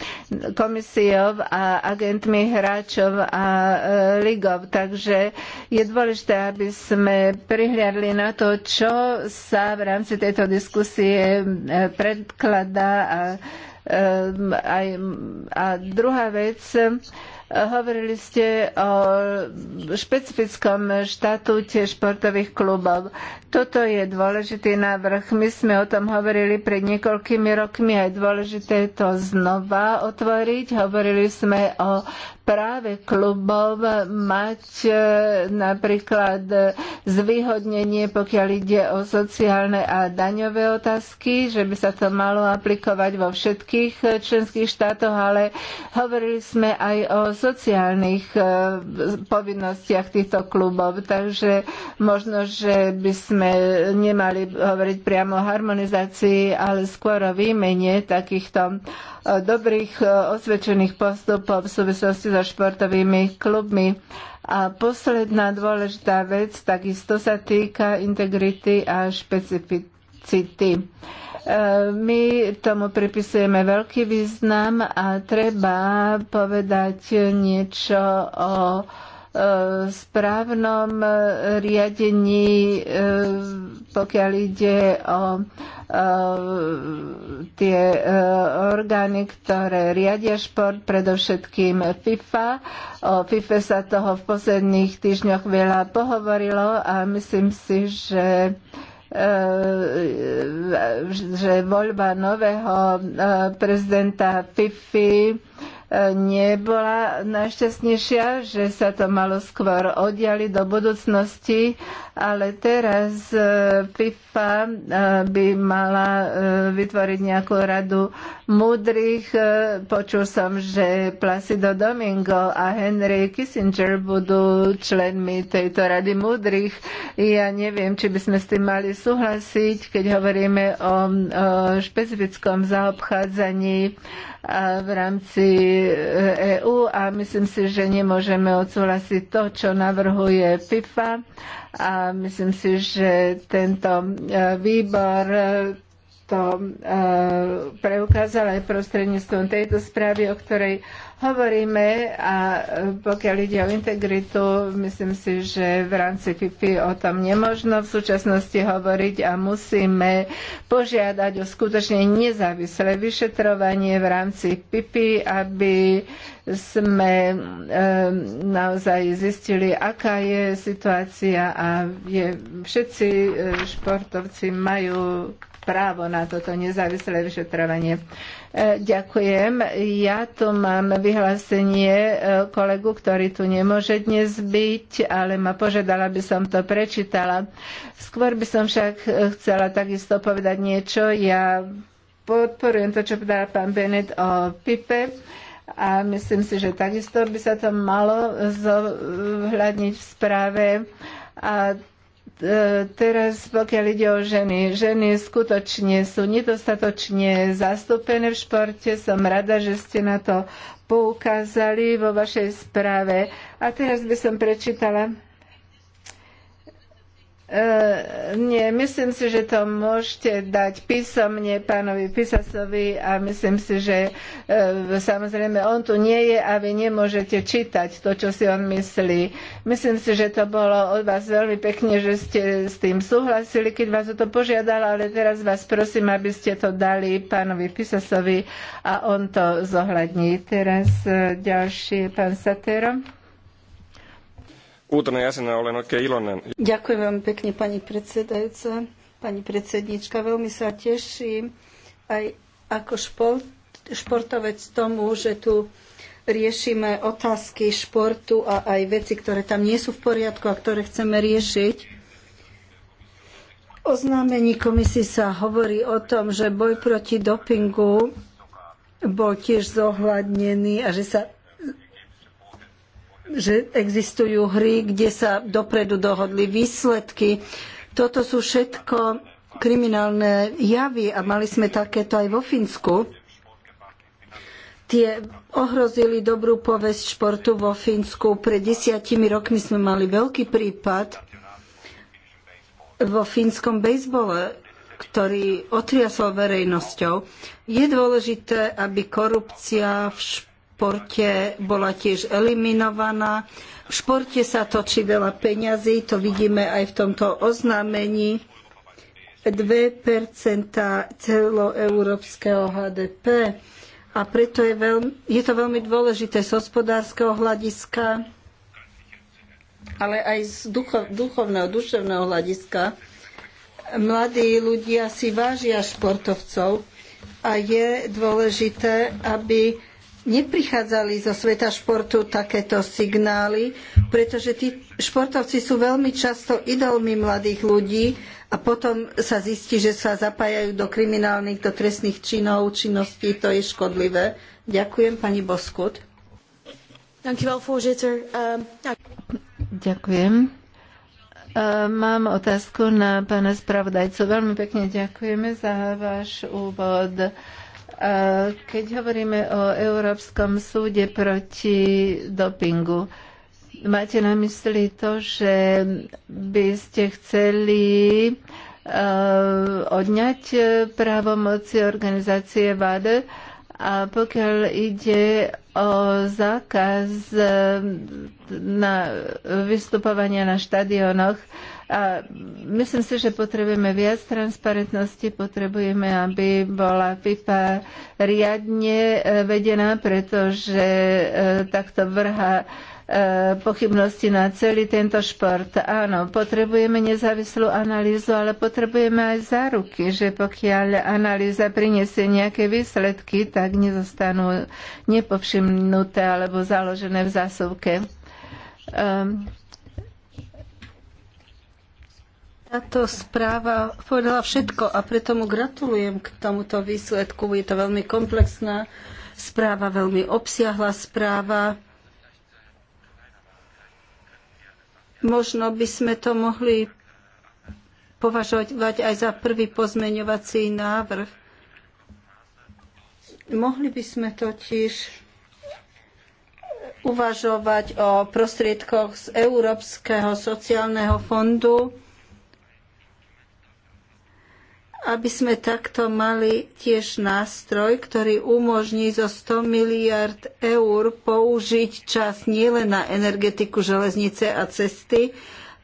komisiou a agentmi hráčov a e, ligov. Takže je dôležité, aby sme prihliadli na to, čo čo sa v rámci tejto diskusie eh, predkladá a, eh, a, a druhá vec, eh, Hovorili ste o špecifickom štatúte športových klubov. Toto je dôležitý návrh. My sme o tom hovorili pred niekoľkými rokmi a je dôležité to znova otvoriť. Hovorili sme o práve klubov mať e, napríklad e, zvýhodnenie, pokiaľ ide o sociálne a daňové otázky, že by sa to malo aplikovať vo všetkých e, členských štátoch, ale hovorili sme aj o sociálnych povinnostiach týchto klubov, takže možno, že by sme nemali hovoriť priamo o harmonizácii, ale skôr o výmene takýchto dobrých e, osvedčených postupov v súvislosti so športovými klubmi. A posledná dôležitá vec takisto sa týka integrity a špecificity. E, my tomu pripisujeme veľký význam a treba povedať niečo o správnom riadení, eh, pokiaľ ide o eh, tie eh, orgány, ktoré riadia šport, predovšetkým FIFA. O FIFA sa toho v posledných týždňoch veľa pohovorilo a myslím si, že že voľba nového prezidenta FIFI nebola najšťastnejšia, že sa to malo skôr oddiali do budúcnosti, ale teraz eh, FIFA eh, by mala eh, vytvoriť nejakú radu múdrych. E, počul som, že Placido Domingo a Henry Kissinger budú členmi tejto rady múdrych. Ja neviem, či by sme s tým mali súhlasiť, keď hovoríme o, o špecifickom zaobchádzaní a e, v rámci EÚ e a myslím si, že nemôžeme odsúhlasiť to, čo navrhuje FIFA a myslím si, že tento výbor to e, preukázal aj prostredníctvom tejto správy, o ktorej hovoríme a e, pokiaľ ide o integritu, myslím si, že v rámci FIFI o tom nemožno v súčasnosti hovoriť a musíme požiadať o skutočne nezávislé vyšetrovanie v rámci FIFI, aby sme e, naozaj zistili, aká je situácia a je, všetci športovci majú právo na toto nezávislé vyšetrovanie. E, ďakujem. Ja tu mám vyhlásenie e, kolegu, ktorý tu nemôže dnes byť, ale ma požiadala, aby som to prečítala. Skôr by som však e, chcela takisto povedať niečo. Ja podporujem to, čo povedal pán Bennett o PIPE a myslím si, že takisto by sa to malo zohľadniť v správe. A E, teraz, pokiaľ ide o ženy, ženy skutočne sú nedostatočne zastúpené v športe. Som rada, že ste na to poukázali vo vašej správe. A teraz by som prečítala E, nie, myslím si, že to môžete dať písomne pánovi Pisasovi a myslím si, že e, samozrejme on tu nie je a vy nemôžete čítať to, čo si on myslí. Myslím si, že to bolo od vás veľmi pekne, že ste s tým súhlasili, keď vás o to požiadala, ale teraz vás prosím, aby ste to dali pánovi Pisasovi a on to zohľadní. Teraz e, ďalšie, pán Satero olen no, iloinen. Ďakujem veľmi pekne, pani predsedajúca, pani predsednička. Veľmi sa teším aj ako šport, športovec tomu, že tu riešime otázky športu a aj veci, ktoré tam nie sú v poriadku a ktoré chceme riešiť. Oznámení komisie sa hovorí o tom, že boj proti dopingu bol tiež zohľadnený a že sa že existujú hry, kde sa dopredu dohodli výsledky. Toto sú všetko kriminálne javy a mali sme takéto aj vo Fínsku. Tie ohrozili dobrú povesť športu vo Fínsku. Pred desiatimi rokmi sme mali veľký prípad vo fínskom bejzbole, ktorý otriasol verejnosťou. Je dôležité, aby korupcia v športe športe bola tiež eliminovaná. V športe sa točí veľa peňazí, to vidíme aj v tomto oznámení. 2% celoeurópskeho HDP a preto je, veľmi, je to veľmi dôležité z hospodárskeho hľadiska, ale aj z ducho, duchovného, duševného hľadiska. Mladí ľudia si vážia športovcov a je dôležité, aby neprichádzali zo sveta športu takéto signály, pretože tí športovci sú veľmi často idolmi mladých ľudí a potom sa zistí, že sa zapájajú do kriminálnych, do trestných činov, činností, to je škodlivé. Ďakujem, pani Boskut. Ehm, Ďakujem. Ehm, mám otázku na pána spravodajcu. Veľmi pekne ďakujeme za váš úvod. Keď hovoríme o Európskom súde proti dopingu, máte na mysli to, že by ste chceli eh, odňať právomoci organizácie VAD a pokiaľ ide o zákaz eh, na vystupovania na štadionoch, a myslím si, že potrebujeme viac transparentnosti, potrebujeme, aby bola FIFA riadne e, vedená, pretože e, takto vrha e, pochybnosti na celý tento šport. Áno, potrebujeme nezávislú analýzu, ale potrebujeme aj záruky, že pokiaľ analýza priniesie nejaké výsledky, tak nezostanú nepovšimnuté alebo založené v zásuvke. Um, Táto správa povedala všetko a preto mu gratulujem k tomuto výsledku. Je to veľmi komplexná správa, veľmi obsiahla správa. Možno by sme to mohli považovať aj za prvý pozmeňovací návrh. Mohli by sme totiž uvažovať o prostriedkoch z Európskeho sociálneho fondu aby sme takto mali tiež nástroj, ktorý umožní zo 100 miliard eur použiť čas nielen na energetiku železnice a cesty,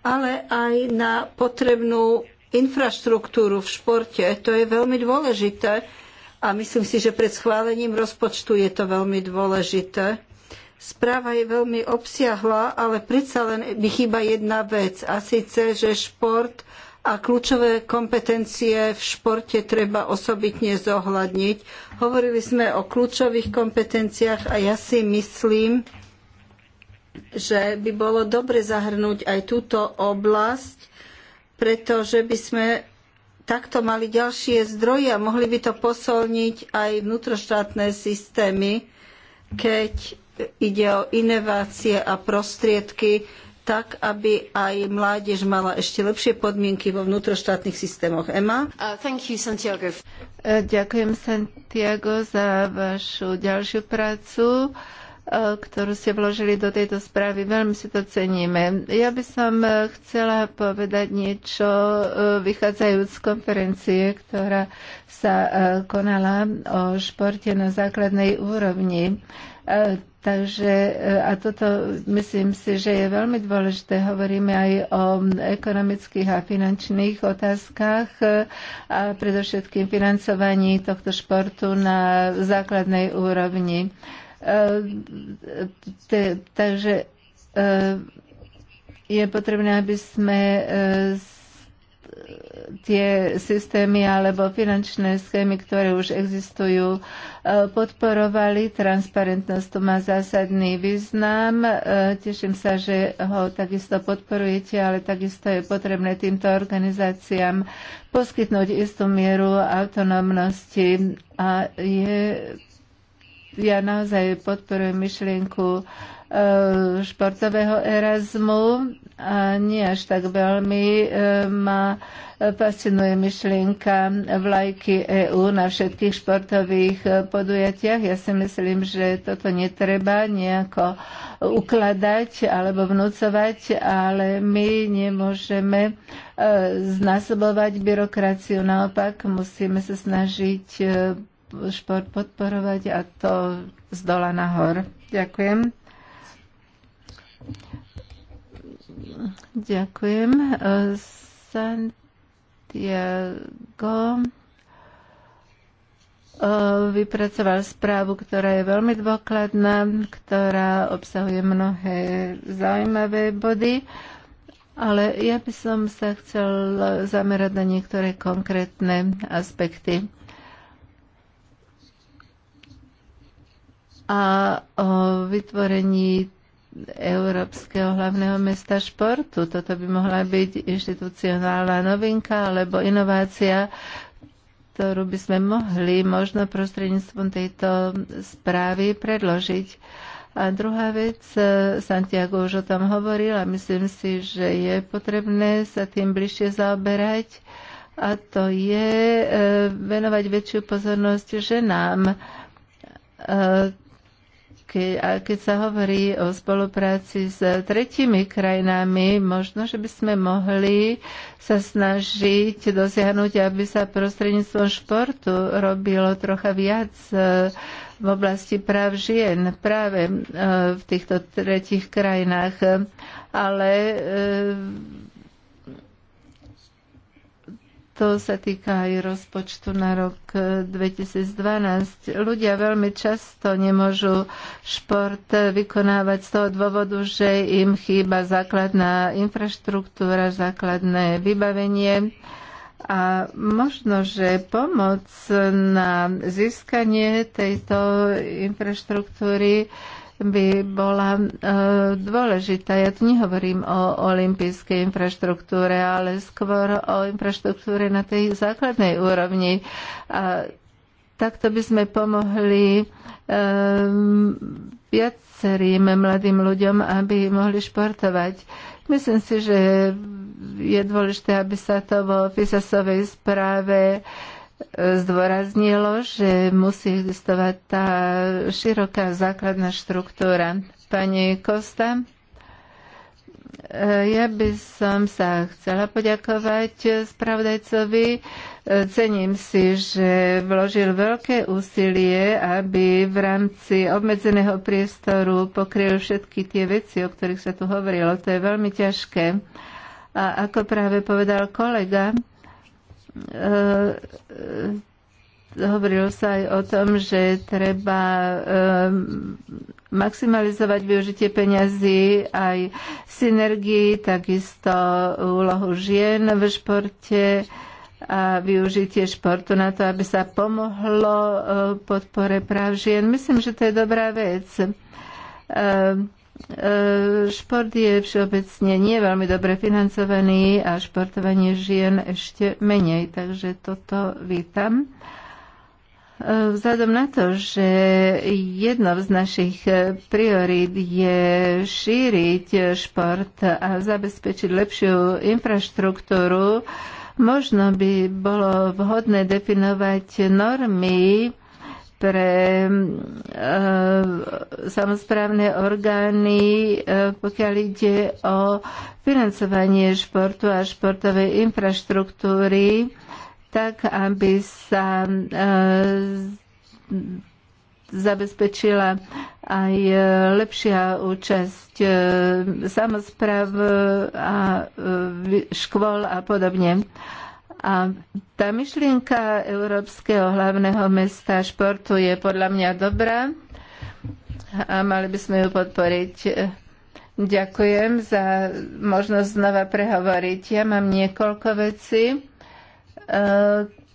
ale aj na potrebnú infraštruktúru v športe. To je veľmi dôležité a myslím si, že pred schválením rozpočtu je to veľmi dôležité. Správa je veľmi obsiahla, ale predsa len mi chýba jedna vec a síce, že šport a kľúčové kompetencie v športe treba osobitne zohľadniť. Hovorili sme o kľúčových kompetenciách a ja si myslím, že by bolo dobre zahrnúť aj túto oblasť, pretože by sme takto mali ďalšie zdroje a mohli by to posolniť aj vnútroštátne systémy, keď ide o inovácie a prostriedky, tak aby aj mládež mala ešte lepšie podmienky vo vnútroštátnych systémoch EMA. Uh, you, Santiago. Uh, ďakujem, Santiago, za vašu ďalšiu prácu uh, ktorú ste vložili do tejto správy. Veľmi si to ceníme. Ja by som uh, chcela povedať niečo vychádzajúc z konferencie, ktorá sa konala o športe na základnej úrovni Takže e, a toto myslím si, že je veľmi dôležité. Hovoríme aj o ekonomických a finančných otázkach e, a predovšetkým financovaní tohto športu na základnej úrovni. E, takže je potrebné, aby sme tie systémy alebo finančné schémy, ktoré už existujú, e, podporovali. Transparentnosť tu má zásadný význam. E, teším sa, že ho takisto podporujete, ale takisto je potrebné týmto organizáciám poskytnúť istú mieru autonómnosti a je ja naozaj podporujem myšlienku uh, Eh, športového Erasmu a nie až tak veľmi eh, ma fascinuje myšlienka vlajky EÚ na všetkých športových eh, podujatiach. Ja si myslím, že toto netreba nejako ukladať alebo vnúcovať, ale my nemôžeme znásobovať byrokraciu. Naopak musíme sa snažiť šport podporovať a to z dola nahor. Ďakujem. Ďakujem. Santiago e, vypracoval správu, ktorá je veľmi dôkladná, ktorá obsahuje mnohé zaujímavé body, ale ja by som sa chcel zamerať na niektoré konkrétne aspekty. A o vytvorení Európskeho hlavného mesta športu. Toto by mohla byť inštitucionálna novinka alebo inovácia, ktorú by sme mohli možno prostredníctvom tejto správy predložiť. A druhá vec, e, Santiago už o tom hovoril a myslím si, že je potrebné sa tým bližšie zaoberať a to je e, venovať väčšiu pozornosť ženám, e, Ke, a keď sa hovorí o spolupráci s tretimi krajinami, možno, že by sme mohli sa snažiť dosiahnuť, aby sa prostredníctvom športu robilo trocha viac e, v oblasti práv žien práve e, v týchto tretich krajinách. Ale e, to sa týka aj rozpočtu na rok 2012. E, Ľudia veľmi často nemôžu šport vykonávať z toho dôvodu, že im chýba základná infraštruktúra, základné vybavenie. A možno, že pomoc na získanie tejto infraštruktúry by bola e, dôležitá. Ja tu nehovorím o olympijskej infraštruktúre, ale skôr o infraštruktúre na tej základnej úrovni. A takto by sme pomohli e, viacerým mladým ľuďom, aby mohli športovať. Myslím si, že je dôležité, aby sa to vo FISASovej správe zdôraznilo, že musí existovať tá široká základná štruktúra. Pani Kosta, e, ja by som sa chcela poďakovať spravodajcovi. E, cením si, že vložil veľké úsilie, aby v rámci obmedzeného priestoru pokryl všetky tie veci, o ktorých sa tu hovorilo. To je veľmi ťažké. A ako práve povedal kolega, E, e, hovorilo sa aj o tom, že treba e, maximalizovať využitie peňazí aj synergii, takisto úlohu žien v športe a využitie športu na to, aby sa pomohlo podpore práv žien. Myslím, že to je dobrá vec Ehm, šport je všeobecne nie veľmi dobre financovaný a športovanie žien ešte menej, takže toto vítam. Ehm, vzhľadom na to, že jedno z našich e, priorít je šíriť šport a zabezpečiť lepšiu infraštruktúru, možno by bolo vhodné definovať normy, pre eh, samozprávne orgány, eh, pokiaľ ide o financovanie športu a športovej infraštruktúry, tak aby sa eh, zabezpečila aj lepšia účasť samozpráv a škôl a podobne. A tá myšlienka Európskeho hlavného mesta športu je podľa mňa dobrá a mali by sme ju podporiť. Ďakujem za možnosť znova prehovoriť. Ja mám niekoľko vecí, e,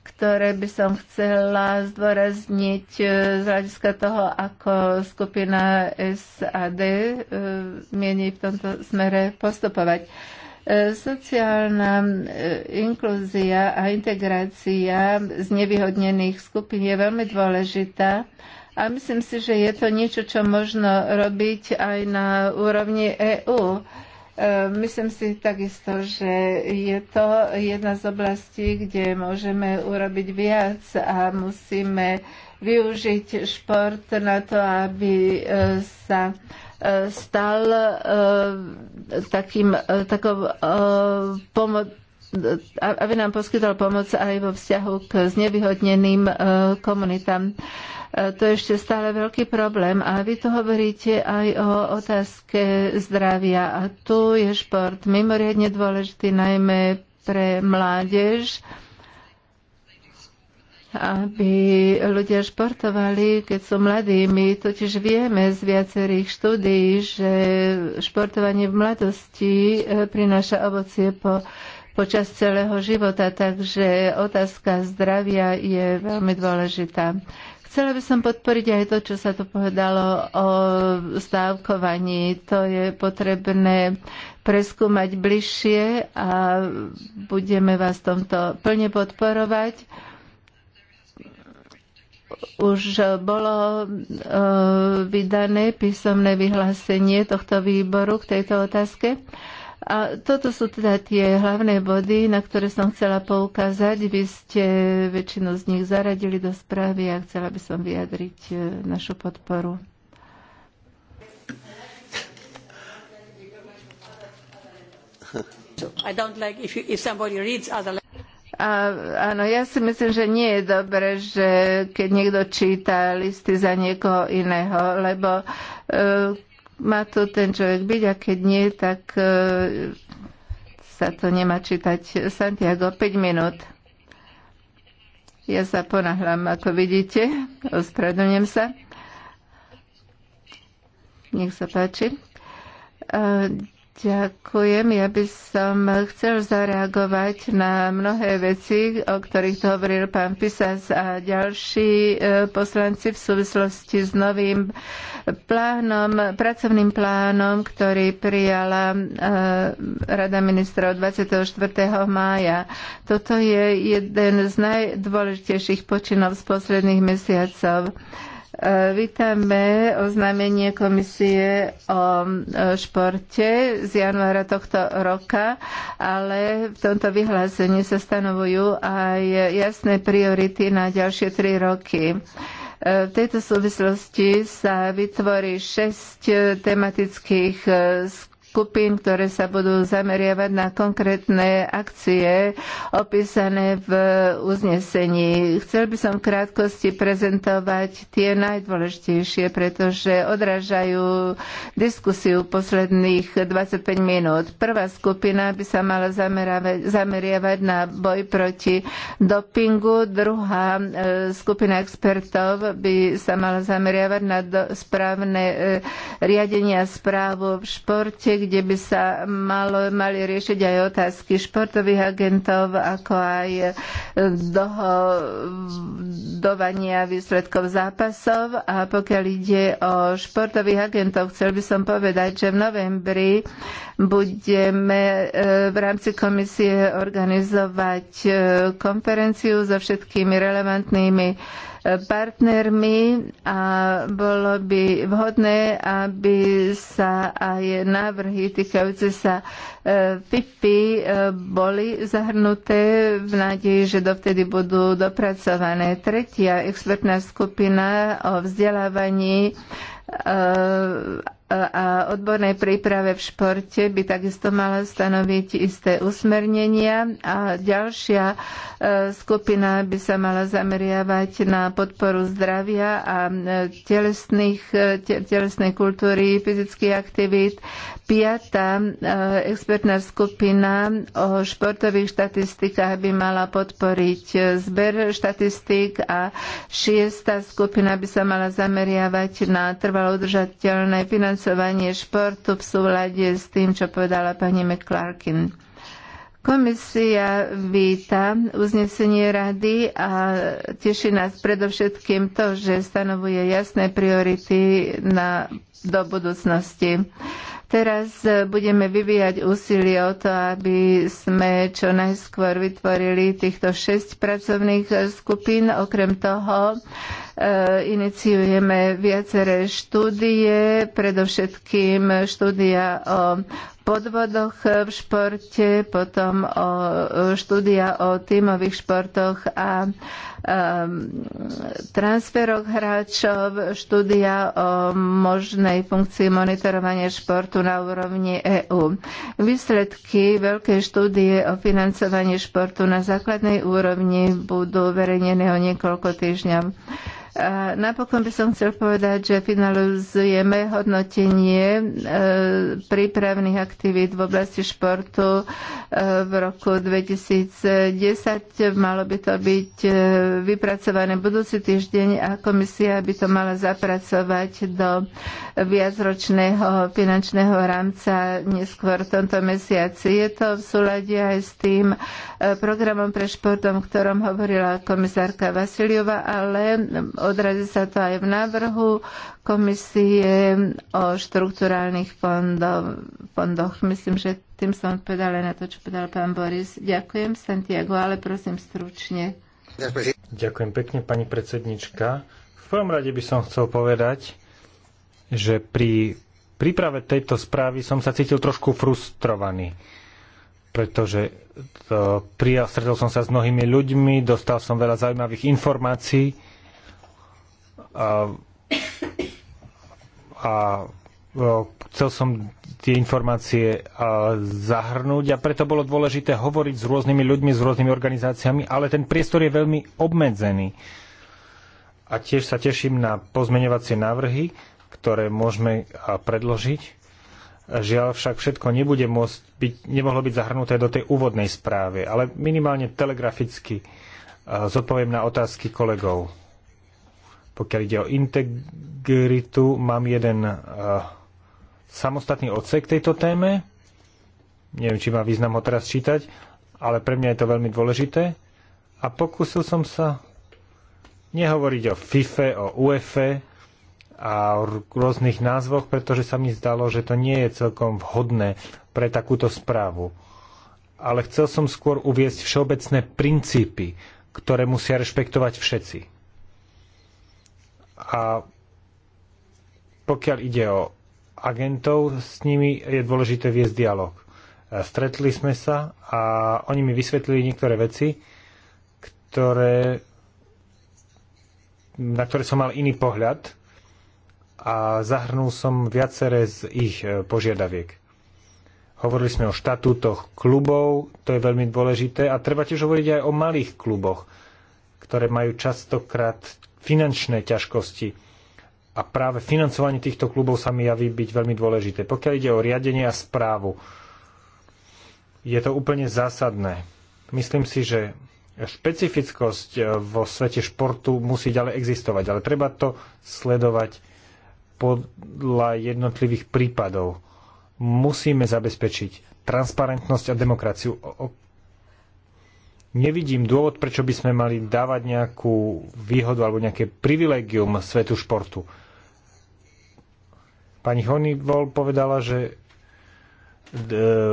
ktoré by som chcela zdôrazniť e, z hľadiska toho, ako skupina SAD e, mieni v tomto smere postupovať. E, sociálna e, inklúzia a integrácia znevýhodnených skupín je veľmi dôležitá a myslím si, že je to niečo, čo možno robiť aj na úrovni EÚ. E, myslím si takisto, že je to jedna z oblastí, kde môžeme urobiť viac a musíme využiť šport na to, aby sa stal e, takým, e, takou e, pomoc, aby nám poskytol pomoc aj vo vzťahu k znevýhodneným komunitám. To je ešte stále veľký problém a vy tu hovoríte aj o otázke zdravia a tu je šport mimoriadne dôležitý najmä pre mládež aby ľudia športovali, keď sú mladí. My totiž vieme z viacerých štúdií, že športovanie v mladosti e, prináša ovocie po, počas celého života, takže otázka zdravia je veľmi dôležitá. Chcela by som podporiť aj to, čo sa tu povedalo o stávkovaní. To je potrebné preskúmať bližšie a budeme vás tomto plne podporovať už bolo eh, vydané písomné vyhlásenie tohto výboru k tejto otázke. A toto sú teda tie hlavné body, na ktoré som chcela poukázať. Vy ste väčšinu z nich zaradili do správy a chcela by som vyjadriť eh, našu podporu. I don't like if, you, if somebody reads other a, áno, ja si myslím, že nie je dobré, že keď niekto číta listy za niekoho iného, lebo e, má to ten človek byť a keď nie, tak e, sa to nemá čítať. Santiago, 5 minút. Ja sa ponahlám, ako vidíte. Ospravedlňujem sa. Nech sa páči. E, Ďakujem. Ja by som chcel zareagovať na mnohé veci, o ktorých to hovoril pán Pisas a ďalší e, poslanci v súvislosti s novým plánom, pracovným plánom, ktorý prijala e, Rada ministrov 24. mája. Toto je jeden z najdôležitejších počinov z posledných mesiacov. Eh, vítame oznámenie komisie o eh, športe z januára tohto roka, ale v tomto vyhlásení sa stanovujú aj jasné priority na ďalšie tri roky. Eh, v tejto súvislosti sa vytvorí šesť tematických skupín skupín, ktoré sa budú zameriavať na konkrétne akcie opísané v uznesení. Chcel by som v krátkosti prezentovať tie najdôležitejšie, pretože odrážajú diskusiu posledných 25 minút. Prvá skupina by sa mala zameriavať na boj proti dopingu, druhá e, skupina expertov by sa mala zameriavať na správne e, riadenie a správu v športe, kde by sa malo, mali riešiť aj otázky športových agentov, ako aj e, dohodovania výsledkov zápasov. A pokiaľ ide o športových agentov, chcel by som povedať, že v novembri budeme e, v rámci komisie organizovať e, konferenciu so všetkými relevantnými partnermi a bolo by vhodné, aby sa aj návrhy týkajúce sa FIFI e, e, boli zahrnuté v nádeji, že dovtedy budú dopracované. Tretia expertná skupina o vzdelávaní a odbornej príprave v športe by takisto mala stanoviť isté usmernenia a ďalšia e, skupina by sa mala zameriavať na podporu zdravia a e, telesných, e, telesnej kultúry, fyzických aktivít. Piatá expertná skupina o športových štatistikách by mala podporiť zber štatistik a šiesta skupina by sa mala zameriavať na trvalé trvalo udržateľné financovanie športu v súlade s tým, čo povedala pani McClarkin. Komisia víta uznesenie rady a teší nás predovšetkým to, že stanovuje jasné priority na, do budúcnosti. Teraz budeme vyvíjať úsilie o to, aby sme čo najskôr vytvorili týchto šesť pracovných skupín. Okrem toho E, iniciujeme viaceré štúdie, predovšetkým štúdia o podvodoch e, v športe, potom o e, štúdia o tímových športoch a transferoch hráčov, štúdia o možnej funkcii monitorovania športu na úrovni EÚ. Výsledky veľkej štúdie o financovaní športu na základnej úrovni budú verejnené o niekoľko týždňov. A napokon by som chcel povedať, že finalizujeme hodnotenie e, prípravných aktivít v oblasti športu e, v roku 2010. Malo by to byť e, vypracované budúci týždeň a komisia by to mala zapracovať do viacročného finančného rámca neskôr v tomto mesiaci. Je to v súlade aj s tým programom pre športom, o ktorom hovorila komisárka Vasiliova, ale Odrazí sa to aj v návrhu komisie o štruktúrálnych fondov, fondoch. Myslím, že tým som odpovedala na to, čo povedal pán Boris. Ďakujem, Santiago, ale prosím stručne. Ďakujem pekne, pani predsednička. V prvom rade by som chcel povedať, že pri príprave tejto správy som sa cítil trošku frustrovaný pretože to, prijal, stretol som sa s mnohými ľuďmi, dostal som veľa zaujímavých informácií a, a e, chcel som tie informácie e, zahrnúť a preto bolo dôležité hovoriť s rôznymi ľuďmi, s rôznymi organizáciami, ale ten priestor je veľmi obmedzený. A tiež sa teším na pozmeňovacie návrhy, ktoré môžeme predložiť. Žiaľ však všetko nebude môcť byť, nemohlo byť zahrnuté do tej úvodnej správy, ale minimálne telegraficky e, zodpoviem na otázky kolegov. Pokiaľ ide o integritu, mám jeden uh, samostatný odsek tejto téme. Neviem, či má význam ho teraz čítať, ale pre mňa je to veľmi dôležité. A pokúsil som sa nehovoriť o FIFE, o UEFE a o rôznych názvoch, pretože sa mi zdalo, že to nie je celkom vhodné pre takúto správu. Ale chcel som skôr uviesť všeobecné princípy, ktoré musia rešpektovať všetci. A pokiaľ ide o agentov, s nimi je dôležité viesť dialog. E, stretli sme sa a oni mi vysvetlili niektoré veci, ktoré, na ktoré som mal iný pohľad a zahrnul som viaceré z ich e, požiadaviek. Hovorili sme o štatútoch klubov, to je veľmi dôležité a treba tiež hovoriť aj o malých kluboch, ktoré majú častokrát finančné ťažkosti. A práve financovanie týchto klubov sa mi javí byť veľmi dôležité. Pokiaľ ide o riadenie a správu, je to úplne zásadné. Myslím si, že špecifickosť eh, vo svete športu musí ďalej existovať, ale treba to sledovať podľa jednotlivých prípadov. Musíme zabezpečiť transparentnosť a demokraciu. O nevidím dôvod, prečo by sme mali dávať nejakú výhodu alebo nejaké privilegium svetu športu. Pani Honeywell povedala, že e,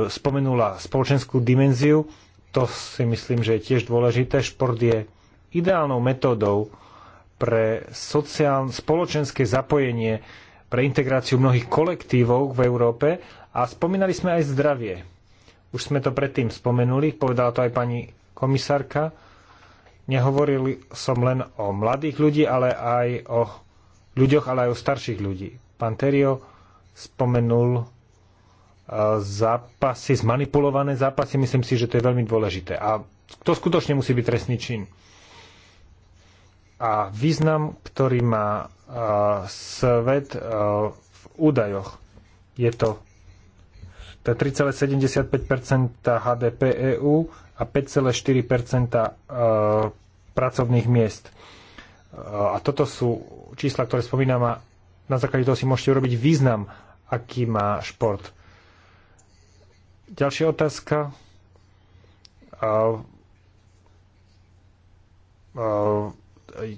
spomenula spoločenskú dimenziu. To si myslím, že je tiež dôležité. Šport je ideálnou metódou pre sociál, spoločenské zapojenie, pre integráciu mnohých kolektívov v Európe a spomínali sme aj zdravie. Už sme to predtým spomenuli, povedala to aj pani komisárka. Nehovoril som len o mladých ľudí, ale aj o ľuďoch, ale aj o starších ľudí. Pán Terio spomenul e, zápasy, zmanipulované zápasy, myslím si, že to je veľmi dôležité. A to skutočne musí byť trestný čin. A význam, ktorý má uh, svet uh, v údajoch, je to 3,75 HDP EU a 5,4 e, pracovných miest. E, a toto sú čísla, ktoré spomínam a na základe toho si môžete urobiť význam, aký má šport. Ďalšia otázka. E,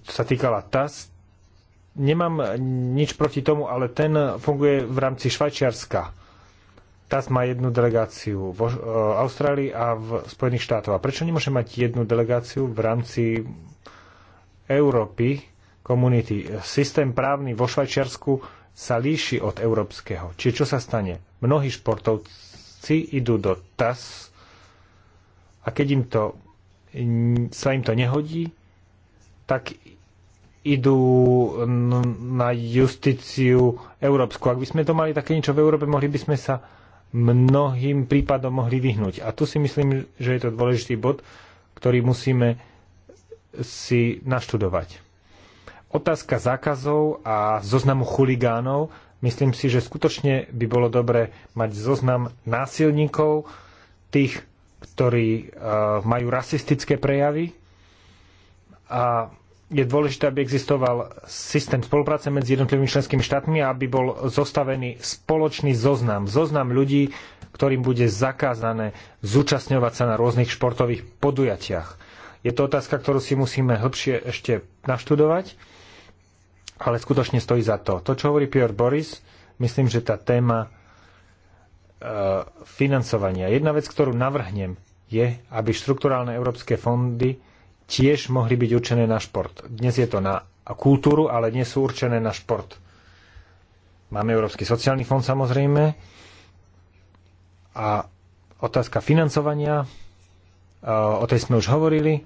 sa týkala TAS. Nemám nič proti tomu, ale ten funguje v rámci Švajčiarska TAS má jednu delegáciu v e, Austrálii a v Spojených štátoch. A prečo nemôže mať jednu delegáciu v rámci Európy, komunity? Systém právny vo Švajčiarsku sa líši od európskeho. Čiže čo sa stane? Mnohí športovci idú do TAS a keď im to, sa im to nehodí, tak idú na justíciu európsku. Ak by sme to mali také niečo v Európe, mohli by sme sa mnohým prípadom mohli vyhnúť. A tu si myslím, že je to dôležitý bod, ktorý musíme si naštudovať. Otázka zákazov a zoznamu chuligánov. Myslím si, že skutočne by bolo dobre mať zoznam násilníkov, tých, ktorí eh, majú rasistické prejavy a je dôležité, aby existoval systém spolupráce medzi jednotlivými členskými štátmi a aby bol zostavený spoločný zoznam. Zoznam ľudí, ktorým bude zakázané zúčastňovať sa na rôznych športových podujatiach. Je to otázka, ktorú si musíme hĺbšie ešte naštudovať, ale skutočne stojí za to. To, čo hovorí Pior Boris, myslím, že tá téma e, financovania. Jedna vec, ktorú navrhnem, je, aby štrukturálne európske fondy tiež mohli byť určené na šport. Dnes je to na kultúru, ale nie sú určené na šport. Máme Európsky sociálny fond samozrejme a otázka financovania, o tej sme už hovorili.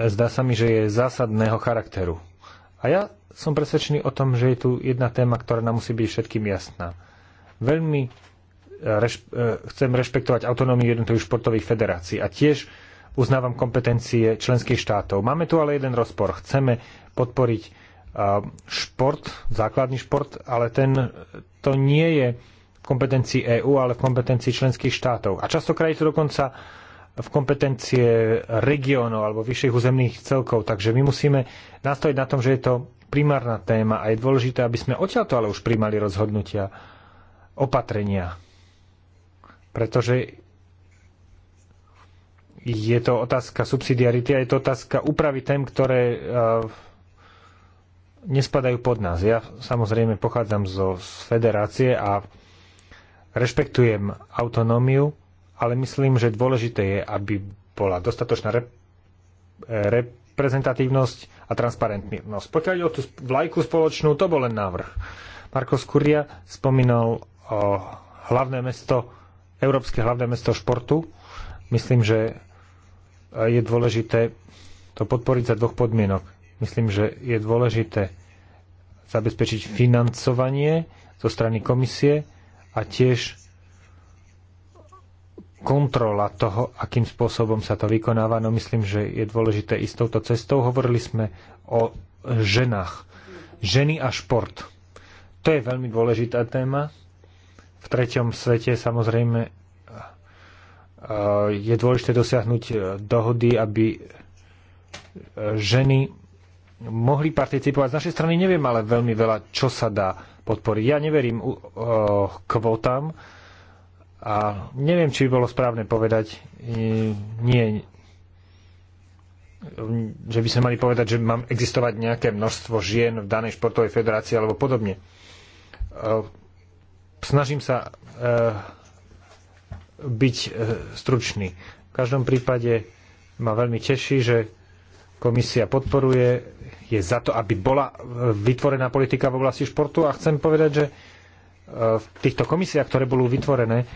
Zdá sa mi, že je zásadného charakteru. A ja som presvedčený o tom, že je tu jedna téma, ktorá nám musí byť všetkým jasná. Veľmi reš, e, chcem rešpektovať autonómiu jednotlivých športových federácií a tiež uznávam kompetencie členských štátov. Máme tu ale jeden rozpor. Chceme podporiť e, šport, základný šport, ale ten, to nie je v kompetencii EÚ, ale v kompetencii členských štátov. A častokrát je to dokonca v kompetencie regiónov alebo vyšších územných celkov. Takže my musíme nastojiť na tom, že je to primárna téma a je dôležité, aby sme odtiaľto ale už primali rozhodnutia, opatrenia pretože je to otázka subsidiarity a je to otázka úpravy tém, ktoré e, nespadajú pod nás. Ja samozrejme pochádzam zo federácie a rešpektujem autonómiu, ale myslím, že dôležité je, aby bola dostatočná rep- e, reprezentatívnosť a transparentnosť. Pokiaľ o tú vlajku spoločnú, to bol len návrh. Marko Skuria spomínal o hlavné mesto Európske hlavné mesto športu. Myslím, že je dôležité to podporiť za dvoch podmienok. Myslím, že je dôležité zabezpečiť financovanie zo strany komisie a tiež kontrola toho, akým spôsobom sa to vykonáva. No myslím, že je dôležité ísť touto cestou. Hovorili sme o ženách. Ženy a šport. To je veľmi dôležitá téma v treťom svete samozrejme e, je dôležité dosiahnuť e, dohody, aby e, ženy mohli participovať. Z našej strany neviem ale veľmi veľa, čo sa dá podporiť. Ja neverím kvótam a neviem, či by bolo správne povedať nie, že by sme mali povedať, že mám existovať nejaké množstvo žien v danej športovej federácii alebo podobne snažím sa eh, byť eh, stručný. V každom prípade ma veľmi teší, že komisia podporuje, je za to, aby bola eh, vytvorená politika v oblasti športu a chcem povedať, že v týchto komisiách, ktoré budú vytvorené,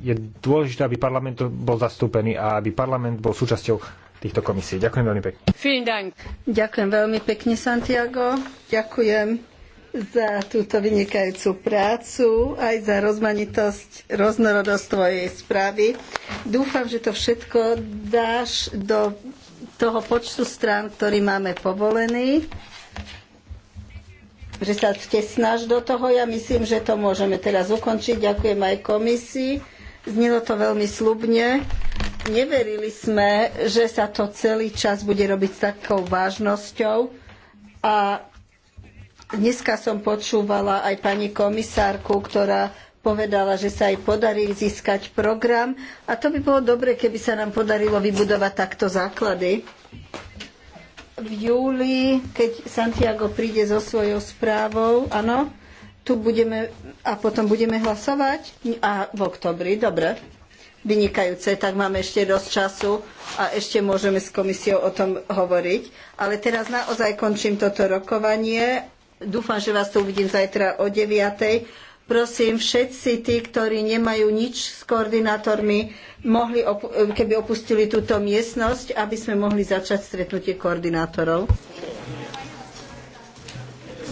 je dôležité, aby parlament bol zastúpený a aby parlament bol súčasťou týchto komisií. Ďakujem veľmi pekne. Ďakujem veľmi pekne, Santiago. Ďakujem za túto vynikajúcu prácu, aj za rozmanitosť, roznorodosť tvojej správy. Dúfam, že to všetko dáš do toho počtu strán, ktorý máme povolený že sa vtesnáš do toho. Ja myslím, že to môžeme teraz ukončiť. Ďakujem aj komisii. Znilo to veľmi slubne. Neverili sme, že sa to celý čas bude robiť s takou vážnosťou a Dneska som počúvala aj pani komisárku, ktorá povedala, že sa aj podarí získať program a to by bolo dobre, keby sa nám podarilo vybudovať takto základy. V júli, keď Santiago príde so svojou správou, áno, tu budeme a potom budeme hlasovať a v oktobri, dobre. Vynikajúce, tak máme ešte dosť času a ešte môžeme s komisiou o tom hovoriť. Ale teraz naozaj končím toto rokovanie Dúfam, že vás tu uvidím zajtra o 9. Prosím, všetci tí, ktorí nemajú nič s koordinátormi, mohli op- keby opustili túto miestnosť, aby sme mohli začať stretnutie koordinátorov.